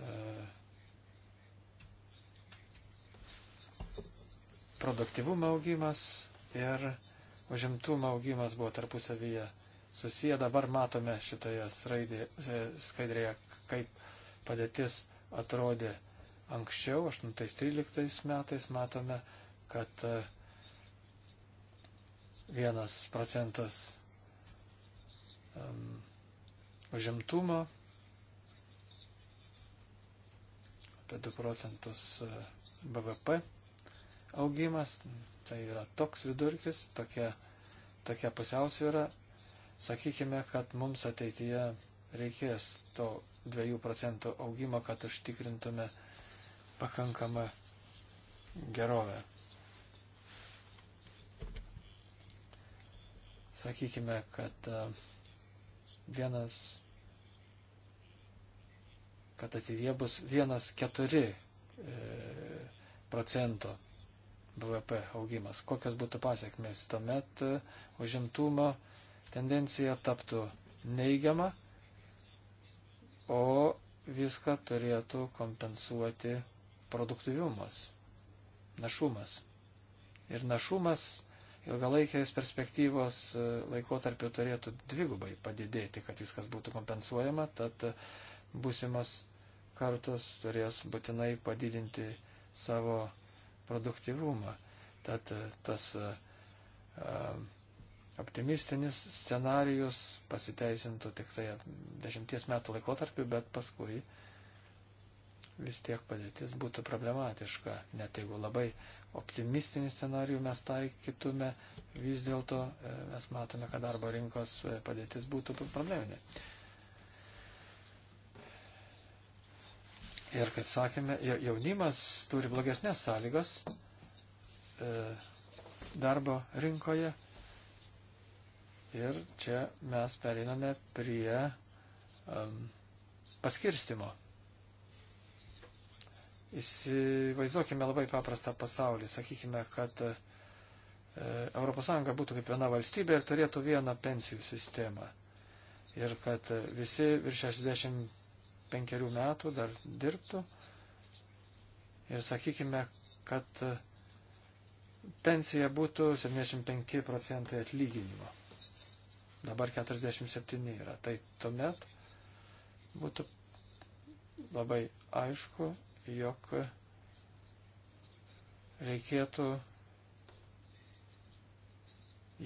produktivumo augimas ir užimtumo augimas buvo tarpusavyje susiję. Dabar matome šitoje sraidė, e, skaidrėje, kaip padėtis atrodė anksčiau, 8-13 metais matome, kad e, vienas procentas um, užimtumo, apie 2 procentus e, BVP augimas, tai yra toks vidurkis, tokia, tokia pusiausvyrą. Sakykime, kad mums ateityje reikės to 2 procentų augimo, kad užtikrintume pakankamą gerovę. Sakykime, kad e, vienas kad ateityje bus 1,4 e, procento BVP augimas. Kokios būtų pasiekmes? Tuomet e, užimtumo tendencija taptų neigiama, o viską turėtų kompensuoti produktyvumas, našumas. Ir našumas ilgalaikės perspektyvos e, laikotarpiu turėtų dvigubai padidėti, kad viskas būtų kompensuojama, tad e, būsimas kartos turės būtinai padidinti savo produktivumą. Tad e, tas e, e, optimistinis scenarius pasiteisintų tik tai dešimties metų laikotarpiu, bet paskui vis tiek padėtis būtų problematiška. Net jeigu labai optimistinį scenarijų mes taikytume, vis dėlto mes matome, kad darbo rinkos padėtis būtų probleminė. Ir, kaip sakėme, jaunimas turi blogesnės sąlygas e, darbo rinkoje. Ir čia mes pereiname prie um, paskirstimo. Įsivaizduokime labai paprastą pasaulį. Sakykime, kad e, ES būtų kaip viena valstybė ir turėtų vieną pensijų sistemą. Ir kad e, visi virš 60 penkerių metų dar dirbtų ir sakykime, kad e, pensija būtų 75 procentai atlyginimo. Dabar 47 yra. Tai tuomet būtų labai aišku, jog reikėtų,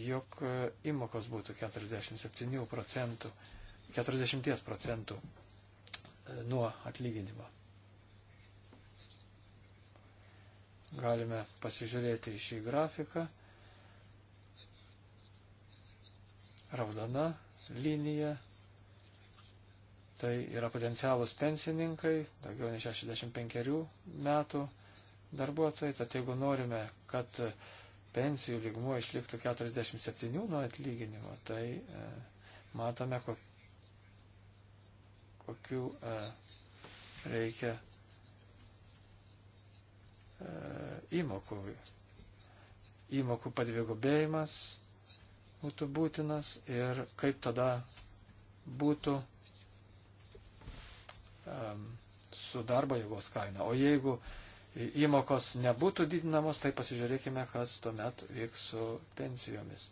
jog e, įmokos būtų 47 procentų, 40 procentų nuo atlyginimo. Galime pasižiūrėti į šį grafiką. Raudona linija. Tai yra potencialus pensininkai, daugiau nei 65 metų darbuotojai. Tad jeigu norime, kad pensijų lygmuo išliktų 47 nuo atlyginimo, tai e, matome, kokie kokių e, reikia e, įmokų. Įmokų padvigubėjimas būtų būtinas ir kaip tada būtų e, su darbo jėgos kaina. O jeigu įmokos nebūtų didinamos, tai pasižiūrėkime, kas tuomet vyks su pensijomis.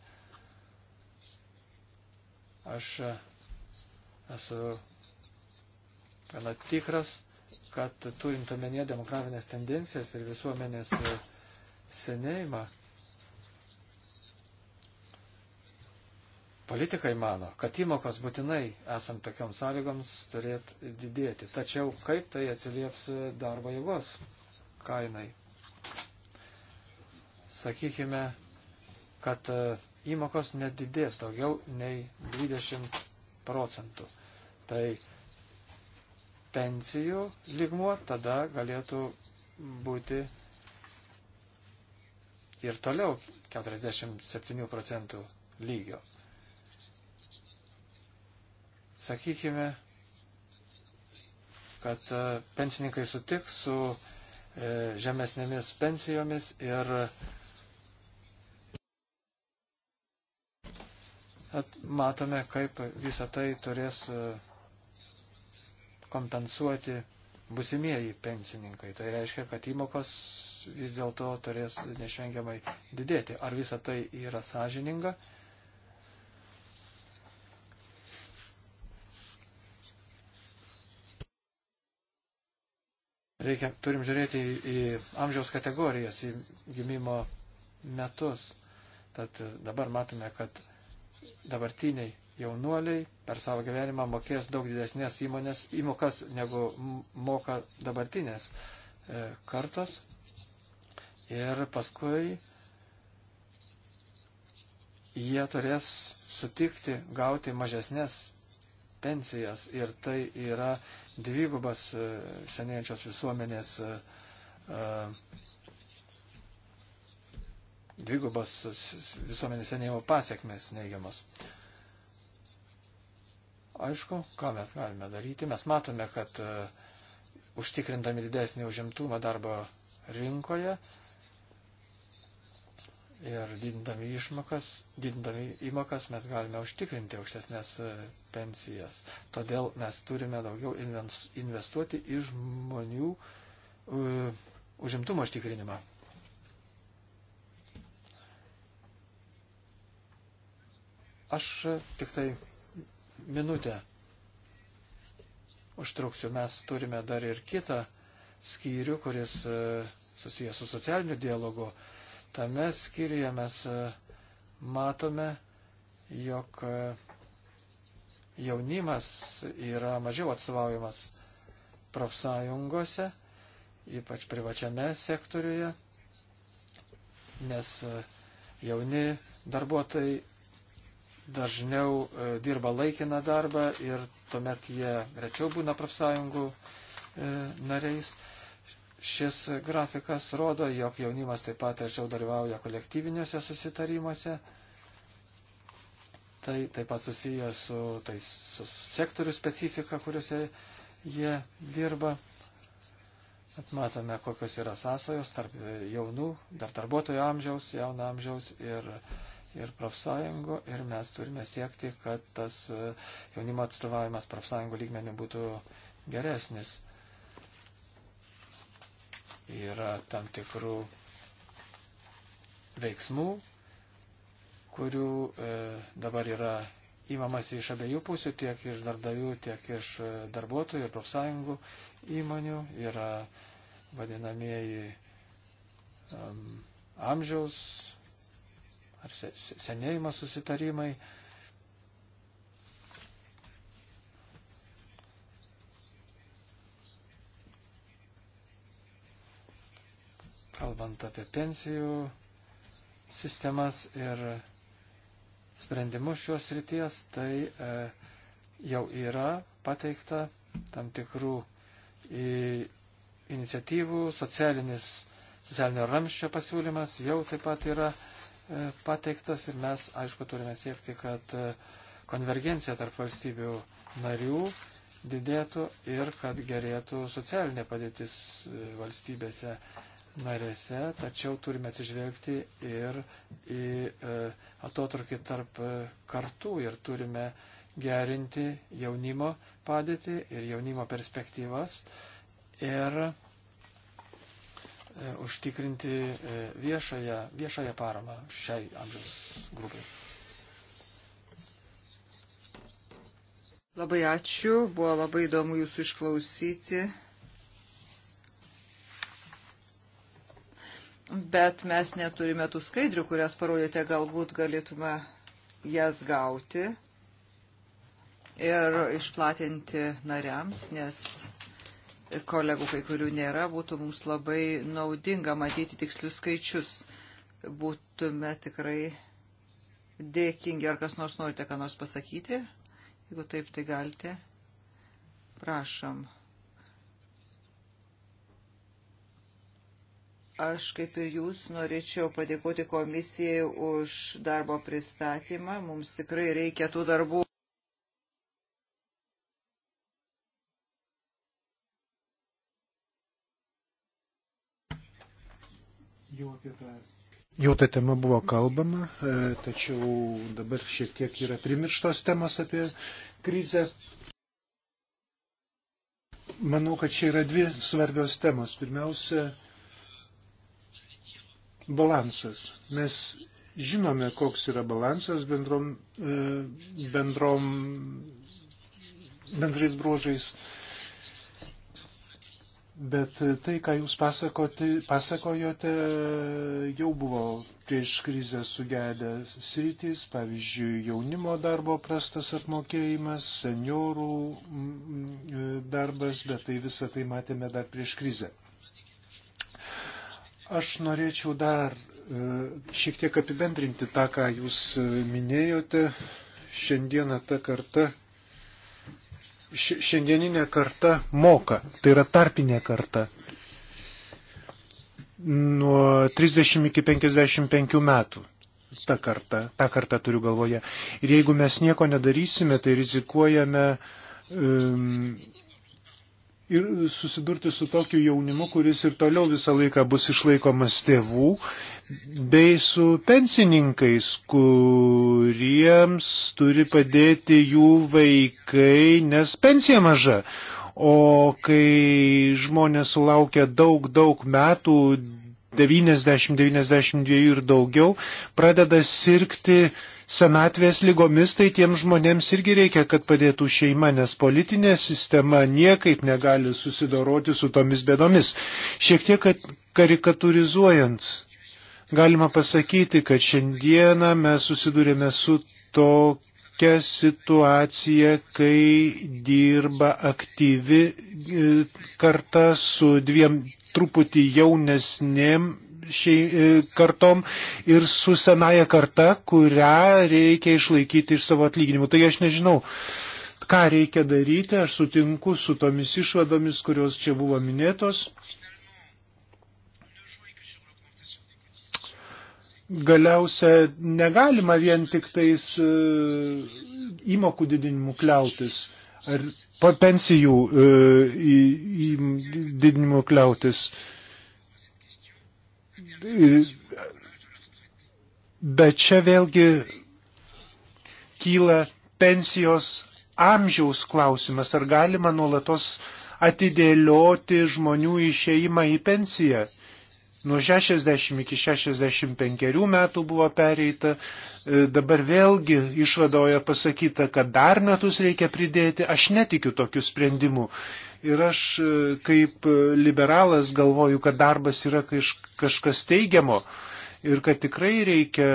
Aš e, esu gana tikras, kad turint omenyje demografinės tendencijas ir visuomenės e, senėjimą, politikai mano, kad įmokos būtinai esant tokioms sąlygoms turėtų didėti. Tačiau kaip tai atsilieps darbo jėgos kainai? Sakykime, kad e, įmokos nedidės daugiau nei 20 procentų. Tai pensijų lygmuo, tada galėtų būti ir toliau 47 procentų lygio. Sakykime, kad e, pensininkai sutiks su e, žemesnėmis pensijomis ir matome, kaip visą tai turės e, kompensuoti busimieji pensininkai. Tai reiškia, kad įmokos vis dėlto turės nešvengiamai didėti. Ar visa tai yra sąžininga? Reikia, turim žiūrėti į, į amžiaus kategorijas, į gimimo metus. Tad dabar matome, kad dabartiniai jaunuoliai per savo gyvenimą mokės daug didesnės įmonės įmokas, negu moka dabartinės e, kartos. Ir paskui jie turės sutikti gauti mažesnės pensijas ir tai yra dvigubas e, senėjančios visuomenės, e, dvigubas visuomenės senėjimo pasiekmes neigiamas. Aišku, ką mes galime daryti. Mes matome, kad e, užtikrindami didesnį užimtumą darbo rinkoje ir didindami išmokas, didindami įmokas mes galime užtikrinti aukštesnės e, pensijas. Todėl mes turime daugiau investuoti į žmonių e, užimtumo užtikrinimą. Aš tik tai minutę užtruksiu. Mes turime dar ir kitą skyrių, kuris e, susijęs su socialiniu dialogu. Tame skyriuje mes e, matome, jog e, jaunimas yra mažiau atsvaujamas profsąjungose, ypač privačiame sektoriuje, nes jauni darbuotojai dažniau e, dirba laikiną darbą ir tuomet jie rečiau būna profsąjungų e, nariais. Šis grafikas rodo, jog jaunimas taip pat rečiau dalyvauja kolektyviniuose susitarimuose. Tai taip pat susiję su, tai, su sektorių specifika, kuriuose jie dirba. Bet matome, kokios yra sąsajos tarp jaunų, dar darbuotojų amžiaus, jauno amžiaus ir uh, ir profsąjungų ir mes turime siekti, kad tas e, jaunimo atstovavimas profsąjungų lygmenių būtų geresnis. Yra tam tikrų veiksmų, kurių e, dabar yra įmamas iš abiejų pusių, tiek iš darbdavių, tiek iš e, darbuotojų ir profsąjungų įmonių. Yra vadinamieji um, amžiaus ar senėjimo susitarimai. Kalbant apie pensijų sistemas ir sprendimus šios ryties, tai e, jau yra pateikta tam tikrų į, iniciatyvų, socialinis, socialinio ramščio pasiūlymas jau taip pat yra E, pateiktas ir mes, aišku, turime siekti, kad e, konvergencija tarp valstybių narių didėtų ir kad gerėtų socialinė padėtis e, valstybėse narėse, tačiau turime atsižvelgti ir į atotrukį tarp kartų ir turime gerinti jaunimo padėtį ir jaunimo perspektyvas ir E, užtikrinti e, viešąją, viešąją paramą šiai amžiaus grupiai. Labai ačiū, buvo labai įdomu jūsų išklausyti. Bet mes neturime tų skaidrių, kurias parodėte, galbūt galėtume jas gauti ir išplatinti nariams, nes kolegų kai kurių nėra, būtų mums labai naudinga matyti tikslius skaičius. Būtume tikrai dėkingi, ar kas nors norite ką nors pasakyti. Jeigu taip, tai galite. Prašom. Aš kaip ir jūs norėčiau padėkoti komisijai už darbo pristatymą. Mums tikrai reikia tų darbų. jau apie tą. Jau ta tema buvo kalbama, e, tačiau dabar šiek tiek yra primirštos temos apie krizę. Manau, kad čia yra dvi svarbios temos. Pirmiausia, balansas. Mes žinome, koks yra balansas bendrom, e, bendrom, bendrais bruožais Bet tai, ką jūs pasakojote, jau buvo prieš krizę sugedę sritys, pavyzdžiui, jaunimo darbo prastas apmokėjimas, seniorų darbas, bet tai visą tai matėme dar prieš krizę. Aš norėčiau dar e, šiek tiek apibendrinti tą, ką jūs minėjote. Šiandieną ta karta šiandieninė karta moka, tai yra tarpinė karta. Nuo 30 iki 55 metų ta karta, ta karta turiu galvoje. Ir jeigu mes nieko nedarysime, tai rizikuojame um, ir susidurti su tokiu jaunimu, kuris ir toliau visą laiką bus išlaikomas tėvų, bei su pensininkais, kuriems turi padėti jų vaikai, nes pensija maža. O kai žmonės sulaukia daug, daug metų, 90, 92 ir daugiau, pradeda sirgti senatvės lygomis, tai tiems žmonėms irgi reikia, kad padėtų šeima, nes politinė sistema niekaip negali susidoroti su tomis bėdomis. Šiek tiek karikaturizuojant, galima pasakyti, kad šiandieną mes susidurėme su tokiu tokia situacija, kai dirba aktyvi e, karta su dviem truputį jaunesnėm šiai e, kartom ir su senaja karta, kurią reikia išlaikyti iš savo atlyginimų. Tai aš nežinau, ką reikia daryti, aš sutinku su tomis išvadomis, kurios čia buvo minėtos. Galiausia, negalima vien tik tais e, įmokų didinimu kliautis ar pensijų e, didinimu kliautis. E, Bet čia vėlgi kyla pensijos amžiaus klausimas, ar galima nuolatos atidėlioti žmonių išeimą į pensiją. Nuo 60 iki 65 metų buvo pereita, e, dabar vėlgi išvadoje pasakyta, kad dar metus reikia pridėti, aš netikiu tokiu sprendimu. Ir aš e, kaip e, liberalas galvoju, kad darbas yra kažkas teigiamo ir kad tikrai reikia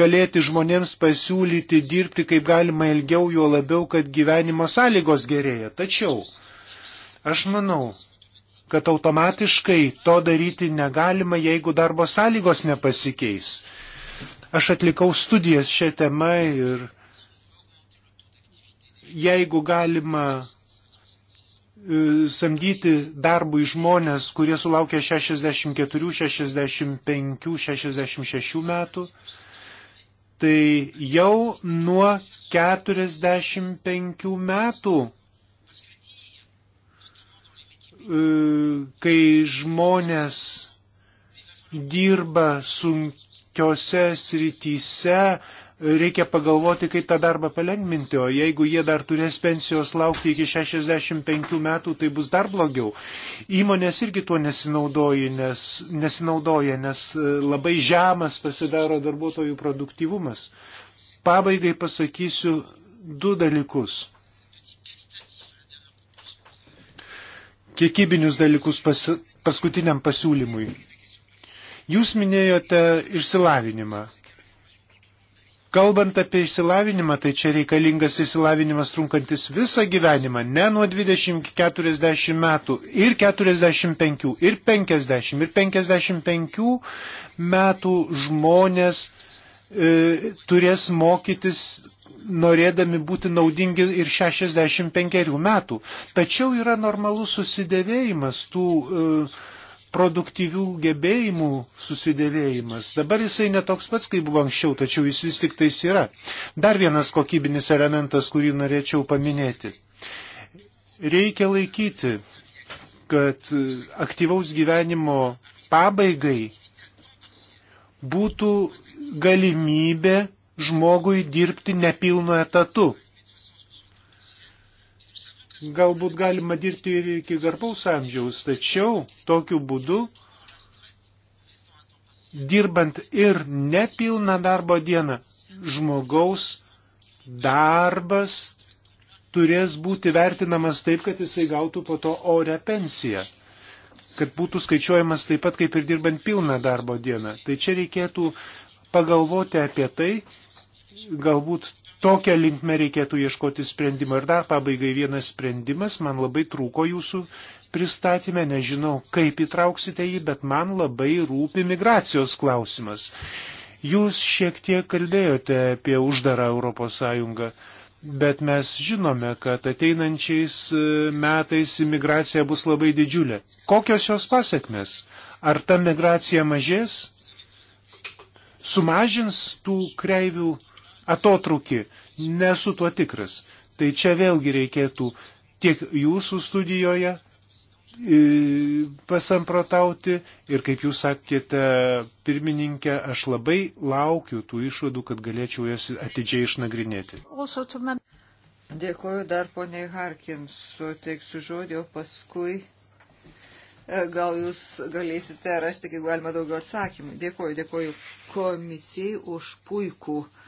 galėti žmonėms pasiūlyti dirbti kaip galima ilgiau, juo labiau, kad gyvenimo sąlygos gerėja. Tačiau aš manau, kad automatiškai to daryti negalima, jeigu darbo sąlygos nepasikeis. Aš atlikau studijas šią temą ir jeigu galima e, samdyti darbui žmonės, kurie sulaukia 64, 65, 66 metų, tai jau nuo 45 metų, e, kai žmonės dirba sunkiose srityse, reikia pagalvoti, kaip tą darbą palengvinti, o jeigu jie dar turės pensijos laukti iki 65 metų, tai bus dar blogiau. Įmonės irgi tuo nesinaudoja, nes, nesinaudoja, nes e, labai žemas pasidaro darbuotojų produktyvumas. Pabaigai pasakysiu du dalykus. Kiekybinius dalykus pas, paskutiniam pasiūlymui. Jūs minėjote išsilavinimą. Kalbant apie išsilavinimą, tai čia reikalingas išsilavinimas trunkantis visą gyvenimą, ne nuo 20 iki 40 metų, ir 45, ir 50, ir 55 metų žmonės e, turės mokytis norėdami būti naudingi ir 65 metų. Tačiau yra normalus susidėvėjimas tų e, produktyvių gebėjimų susidėvėjimas. Dabar jisai netoks pats, kaip buvo anksčiau, tačiau jis vis tik tais yra. Dar vienas kokybinis elementas, kurį norėčiau paminėti. Reikia laikyti, kad aktyvaus gyvenimo pabaigai būtų galimybė žmogui dirbti nepilnu etatu galbūt galima dirbti ir iki garbaus amžiaus, tačiau tokiu būdu, dirbant ir nepilną darbo dieną, žmogaus darbas turės būti vertinamas taip, kad jisai gautų po to orę pensiją, kad būtų skaičiuojamas taip pat kaip ir dirbant pilną darbo dieną. Tai čia reikėtų pagalvoti apie tai, galbūt tokią linkmę reikėtų ieškoti sprendimą. Ir dar pabaigai vienas sprendimas, man labai trūko jūsų pristatymę, nežinau, kaip įtrauksite jį, bet man labai rūpi migracijos klausimas. Jūs šiek tiek kalbėjote apie uždarą Europos Sąjungą. Bet mes žinome, kad ateinančiais e, metais imigracija bus labai didžiulė. Kokios jos pasiekmes? Ar ta migracija mažės? Sumažins tų kreivių atotrukį. Nesu tuo tikras. Tai čia vėlgi reikėtų tiek jūsų studijoje e, pasamprotauti ir kaip jūs sakėte, pirmininkė, aš labai laukiu tų išvadų, kad galėčiau jas atidžiai išnagrinėti. Dėkuoju dar poniai Harkins, suteiksiu žodį, o paskui e, gal jūs galėsite rasti, jeigu galima, daugiau atsakymų. Dėkuoju, dėkuoju komisijai už puikų uh,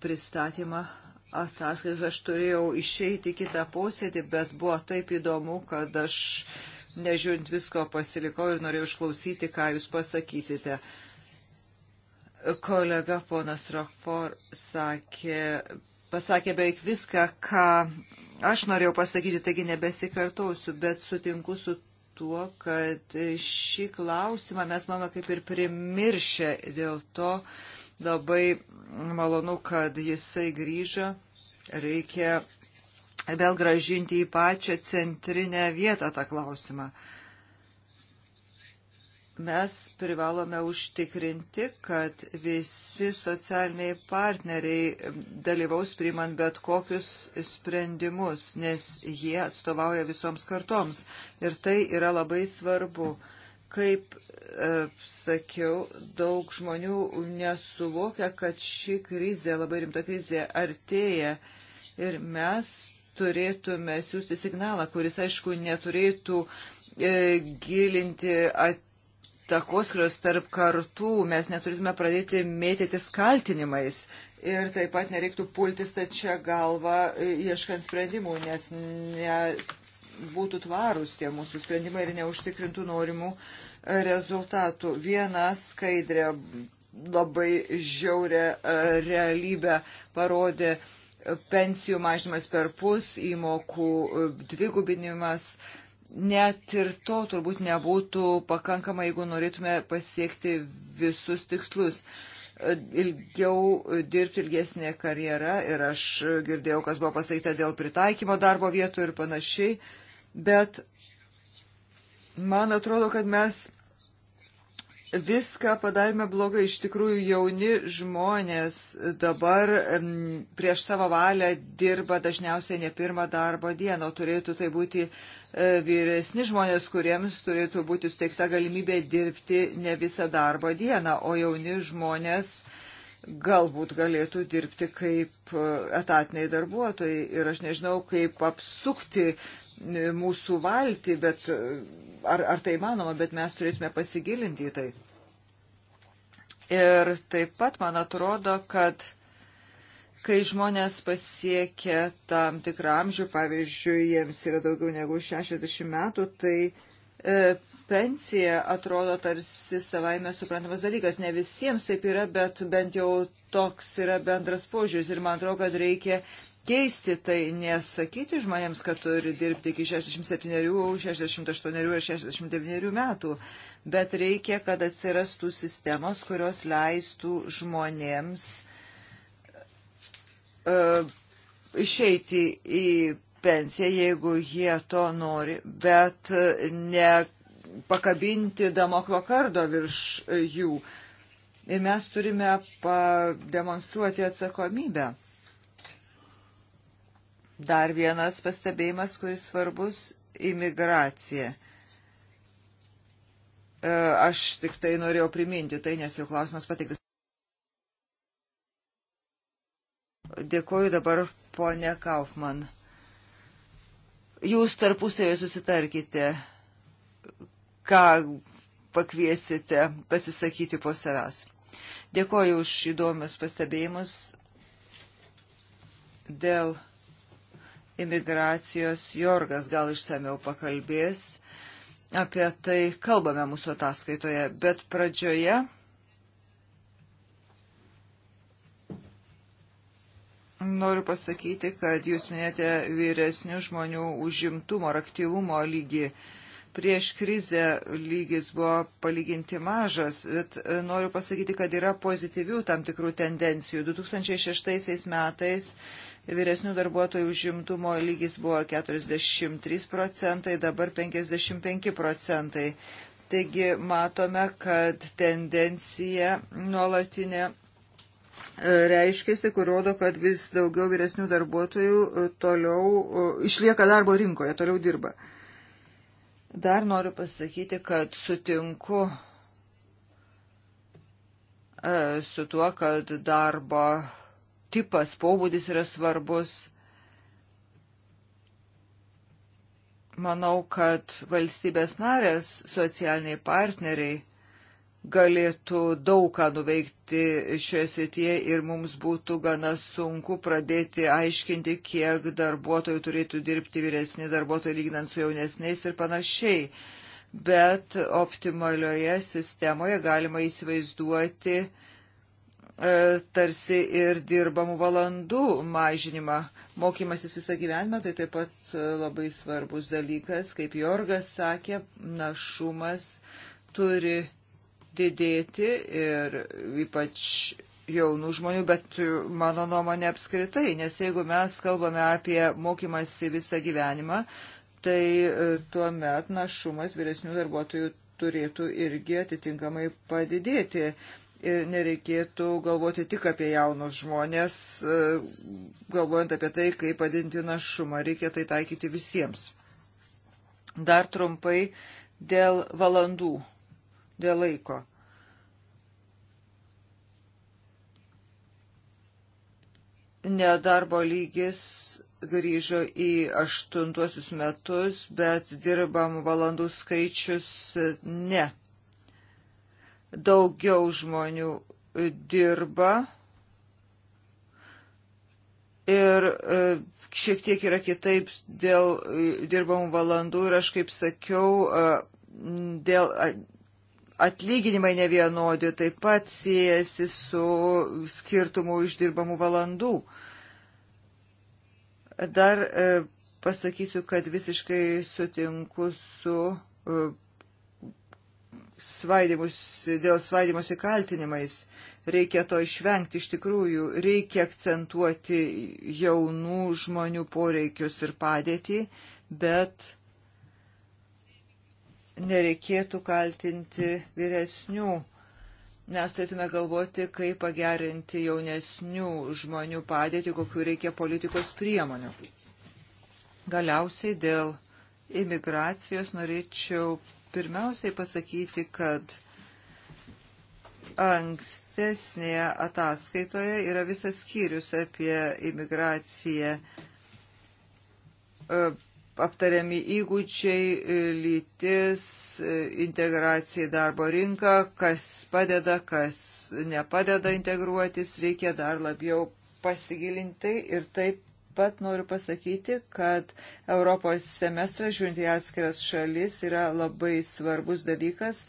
pristatymą ataskaitas. Aš turėjau išeiti kitą posėdį, bet buvo taip įdomu, kad aš nežiūrint visko pasilikau ir norėjau išklausyti, ką jūs pasakysite. Kolega ponas Rochfor sakė, pasakė beveik viską, ką aš norėjau pasakyti, taigi nebesikartosiu, bet sutinku su tuo, kad šį klausimą mes, mama, kaip ir primiršę, dėl to labai malonu, kad jisai grįžo. Reikia vėl gražinti į pačią centrinę vietą tą klausimą. Mes privalome užtikrinti, kad visi socialiniai partneriai dalyvaus priimant bet kokius sprendimus, nes jie atstovauja visoms kartoms. Ir tai yra labai svarbu. Mm Kaip e, sakiau, daug žmonių nesuvokia, kad ši krizė, labai rimta krizė, artėja ir mes turėtume siūsti signalą, kuris, aišku, neturėtų e, gilinti takoskrios tarp kartų, mes neturėtume pradėti mėtytis kaltinimais. Ir taip pat nereiktų pulti stačia galva e, ieškant sprendimų, nes ne, būtų tvarūs tie mūsų sprendimai ir neužtikrintų norimų e, rezultatų. Viena skaidrė labai žiaurę e, realybę parodė e, pensijų mažinimas per pus, įmokų dvigubinimas. Net ir to turbūt nebūtų pakankama, jeigu norėtume pasiekti visus tikslus ilgiau dirbti ilgesnė karjera ir aš girdėjau, kas buvo pasakyta dėl pritaikymo darbo vietų ir panašiai bet man atrodo, kad mes viską padarėme blogai. Iš tikrųjų, jauni žmonės dabar prieš savo valią dirba dažniausiai ne pirmą darbo dieną, o turėtų tai būti e, vyresni žmonės, kuriems turėtų būti suteikta galimybė dirbti ne visą darbo dieną, o jauni žmonės galbūt galėtų dirbti kaip e, etatiniai darbuotojai. Ir aš nežinau, kaip apsukti mūsų valti, bet ar, ar tai manoma, bet mes turėtume pasigilinti į tai. Ir taip pat man atrodo, kad kai žmonės pasiekia tam tikrą amžių, pavyzdžiui, jiems yra daugiau negu 60 metų, tai e, pensija atrodo tarsi savaime suprantamas dalykas. Ne visiems taip yra, bet bent jau toks yra bendras požiūris. Ir man atrodo, kad reikia keisti tai, nesakyti žmonėms, kad turi dirbti iki 67, 68 ar 69 metų, bet reikia, kad atsirastų sistemos, kurios leistų žmonėms uh, išeiti į pensiją, jeigu jie to nori, bet ne pakabinti damoklo kardo virš jų. Ir mes turime pademonstruoti atsakomybę. Dar vienas pastebėjimas, kuris svarbus - imigracija. E, aš tik tai norėjau priminti tai, nes jau klausimas patiktas. Dėkoju dabar ponė Kaufman. Jūs tarpusėje susitarkite, ką pakviesite pasisakyti po savęs. Dėkoju už įdomius pastebėjimus dėl imigracijos. Jorgas gal išsameu pakalbės. Apie tai kalbame mūsų ataskaitoje, bet pradžioje Noriu pasakyti, kad jūs minėjote vyresnių žmonių užimtumo ar aktyvumo lygį. Prieš krizę lygis buvo palyginti mažas, bet e, noriu pasakyti, kad yra pozityvių tam tikrų tendencijų. 2006 metais vyresnių darbuotojų užimtumo lygis buvo 43 procentai, dabar 55 procentai. Taigi matome, kad tendencija nuolatinė e, reiškiasi, kur rodo, kad vis daugiau vyresnių darbuotojų e, toliau e, išlieka darbo rinkoje, toliau dirba. Dar noriu pasakyti, kad sutinku su tuo, kad darbo tipas, pobūdis yra svarbus. Manau, kad valstybės narės socialiniai partneriai galėtų daug ką nuveikti šioje srityje ir mums būtų gana sunku pradėti aiškinti, kiek darbuotojų turėtų dirbti vyresni darbuotojai lyginant su jaunesniais ir panašiai. Bet optimalioje sistemoje galima įsivaizduoti E, tarsi ir dirbamų valandų mažinimą. Mokymasis visą gyvenimą tai taip pat e, labai svarbus dalykas, kaip Jorgas sakė, našumas turi didėti ir ypač jaunų žmonių, bet mano nuomonė apskritai, nes jeigu mes kalbame apie mokymasi visą gyvenimą, tai e, tuo met našumas vyresnių darbuotojų turėtų irgi atitinkamai padidėti ir nereikėtų galvoti tik apie jaunus žmonės, e, galvojant apie tai, kaip padinti našumą. Reikia tai taikyti visiems. Dar trumpai dėl valandų, dėl laiko. Nedarbo lygis grįžo į aštuntuosius metus, bet dirbam valandų skaičius ne daugiau žmonių e, dirba ir e, šiek tiek yra kitaip dėl e, dirbamų valandų ir aš kaip sakiau, dėl atlyginimai nevienodi taip pat siejasi su skirtumu uždirbamų valandų. Dar pasakysiu, kad visiškai sutinku su svaidimus, dėl svaidimusi kaltinimais. Reikia to išvengti iš tikrųjų, reikia akcentuoti jaunų žmonių poreikius ir padėtį, bet nereikėtų kaltinti vyresnių. Mes turėtume galvoti, kaip pagerinti jaunesnių žmonių padėtį, kokiu reikia politikos priemonių. Galiausiai dėl imigracijos norėčiau pirmiausiai pasakyti, kad ankstesnėje ataskaitoje yra visas skyrius apie imigraciją e, aptariami įgūdžiai, e, lytis, e, integracija į darbo rinką, kas padeda, kas nepadeda integruotis, reikia dar labiau pasigilinti ir taip pat noriu pasakyti, kad Europos semestras, žiūrint į atskiras šalis, yra labai svarbus dalykas,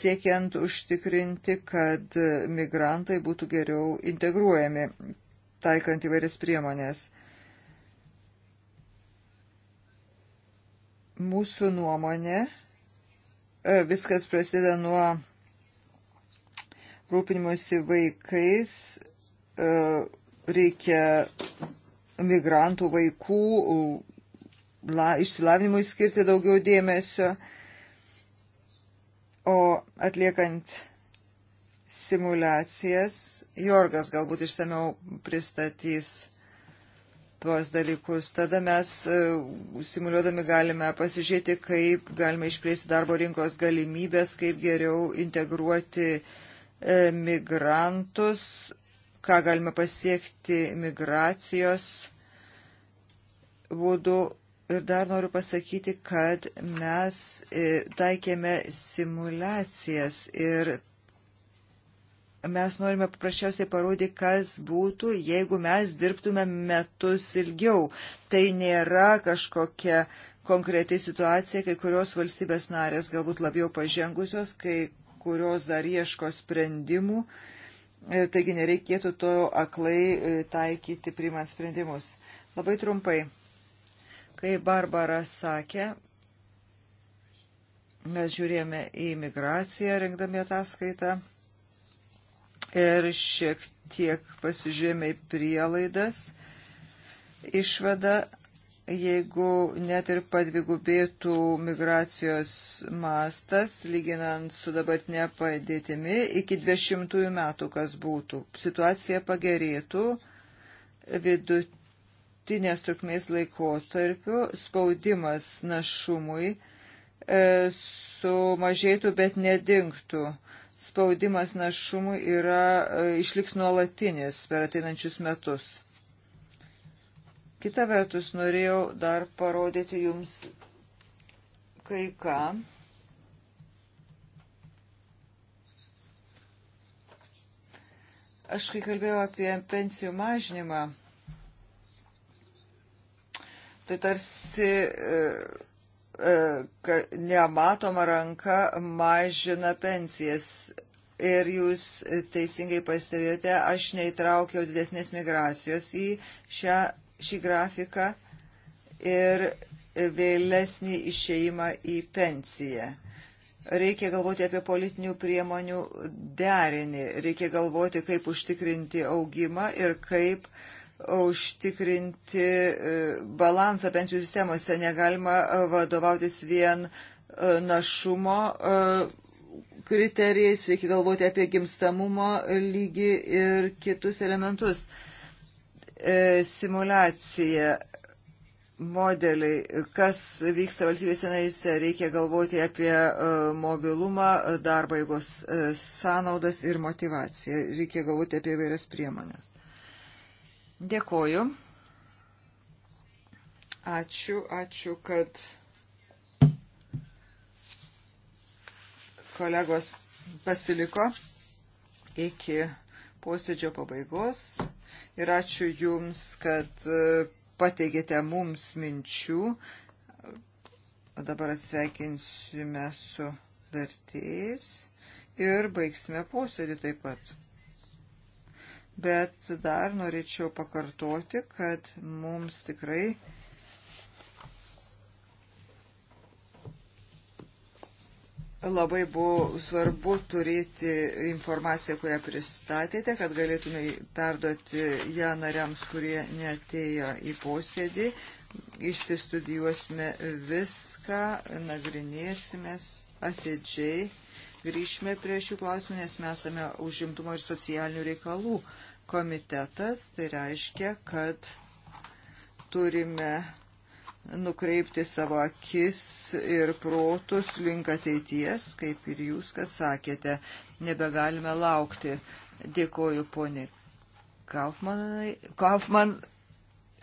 siekiant užtikrinti, kad migrantai būtų geriau integruojami, taikant įvairias priemonės. Mūsų nuomonė, e, viskas prasideda nuo rūpinimuose vaikais e, reikia migrantų vaikų la, išsilavinimui skirti daugiau dėmesio, o atliekant simulacijas, Jorgas galbūt išsameu pristatys tuos dalykus. Tada mes e, simuliuodami galime pasižiūrėti, kaip galime išplėsti darbo rinkos galimybės, kaip geriau integruoti e, migrantus, ką galime pasiekti migracijos būdu ir dar noriu pasakyti, kad mes e, taikėme simulacijas ir mes norime paprasčiausiai parodyti, kas būtų, jeigu mes dirbtume metus ilgiau. Tai nėra kažkokia konkreti situacija, kai kurios valstybės narės galbūt labiau pažengusios, kai kurios dar ieško sprendimų. Ir taigi nereikėtų to aklai e, taikyti, primant sprendimus. Labai trumpai. Kaip Barbara sakė, mes žiūrėjome į migraciją rengdami ataskaitą ir šiek tiek pasižiūrėjome į prielaidas. Išvada, jeigu net ir padvigubėtų migracijos mastas, lyginant su dabartinė padėtimi, iki 20 metų kas būtų, situacija pagerėtų vidutinė vidutinės trukmės laikotarpiu spaudimas našumui e, sumažėtų, bet nedingtų. Spaudimas našumui yra, e, išliks nuolatinis per ateinančius metus. Kita vertus, norėjau dar parodyti jums kai ką. Aš kai kalbėjau apie pensijų mažinimą, Tai tarsi e, e, nematoma ranka mažina pensijas. Ir jūs teisingai pastebėjote, aš neįtraukiau didesnės migracijos į šią, šį grafiką ir vėlesnį išeimą į pensiją. Reikia galvoti apie politinių priemonių derinį, reikia galvoti, kaip užtikrinti augimą ir kaip uh, užtikrinti e, balansą pensijų sistemose. Negalima e, vadovautis vien e, našumo kriterijais, reikia galvoti apie gimstamumo lygį ir kitus elementus. Simulacija, modeliai, kas vyksta valstybėse narėse, reikia galvoti apie mobilumą, darbo jėgos sąnaudas ir motivaciją. Reikia galvoti apie vairias priemonės. Dėkoju. Ačiū, ačiū, kad kolegos pasiliko iki posėdžio pabaigos ir ačiū Jums, kad e, pateikėte mums minčių. Dabar atsveikinsime su vertėjais ir baigsime posėdį taip pat bet dar norėčiau pakartoti, kad mums tikrai labai buvo svarbu turėti informaciją, kurią pristatėte, kad galėtume perduoti ją nariams, kurie neatėjo į posėdį. Išsistudijuosime viską, nagrinėsimės atidžiai grįžime prie šių klausimų, nes mes esame užimtumo ir socialinių reikalų komitetas. Tai reiškia, kad turime nukreipti savo akis ir protus link ateities, kaip ir jūs, kas sakėte, nebegalime laukti. Dėkoju poniai Kaufmanai, Kaufman,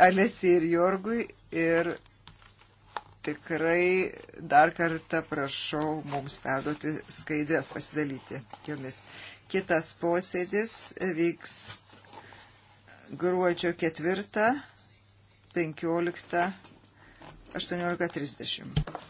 Alesi ir Jorgui ir tikrai dar kartą prašau mums perduoti skaidrės, pasidalyti jomis. Kitas posėdis vyks gruodžio 4, 15, 18.30.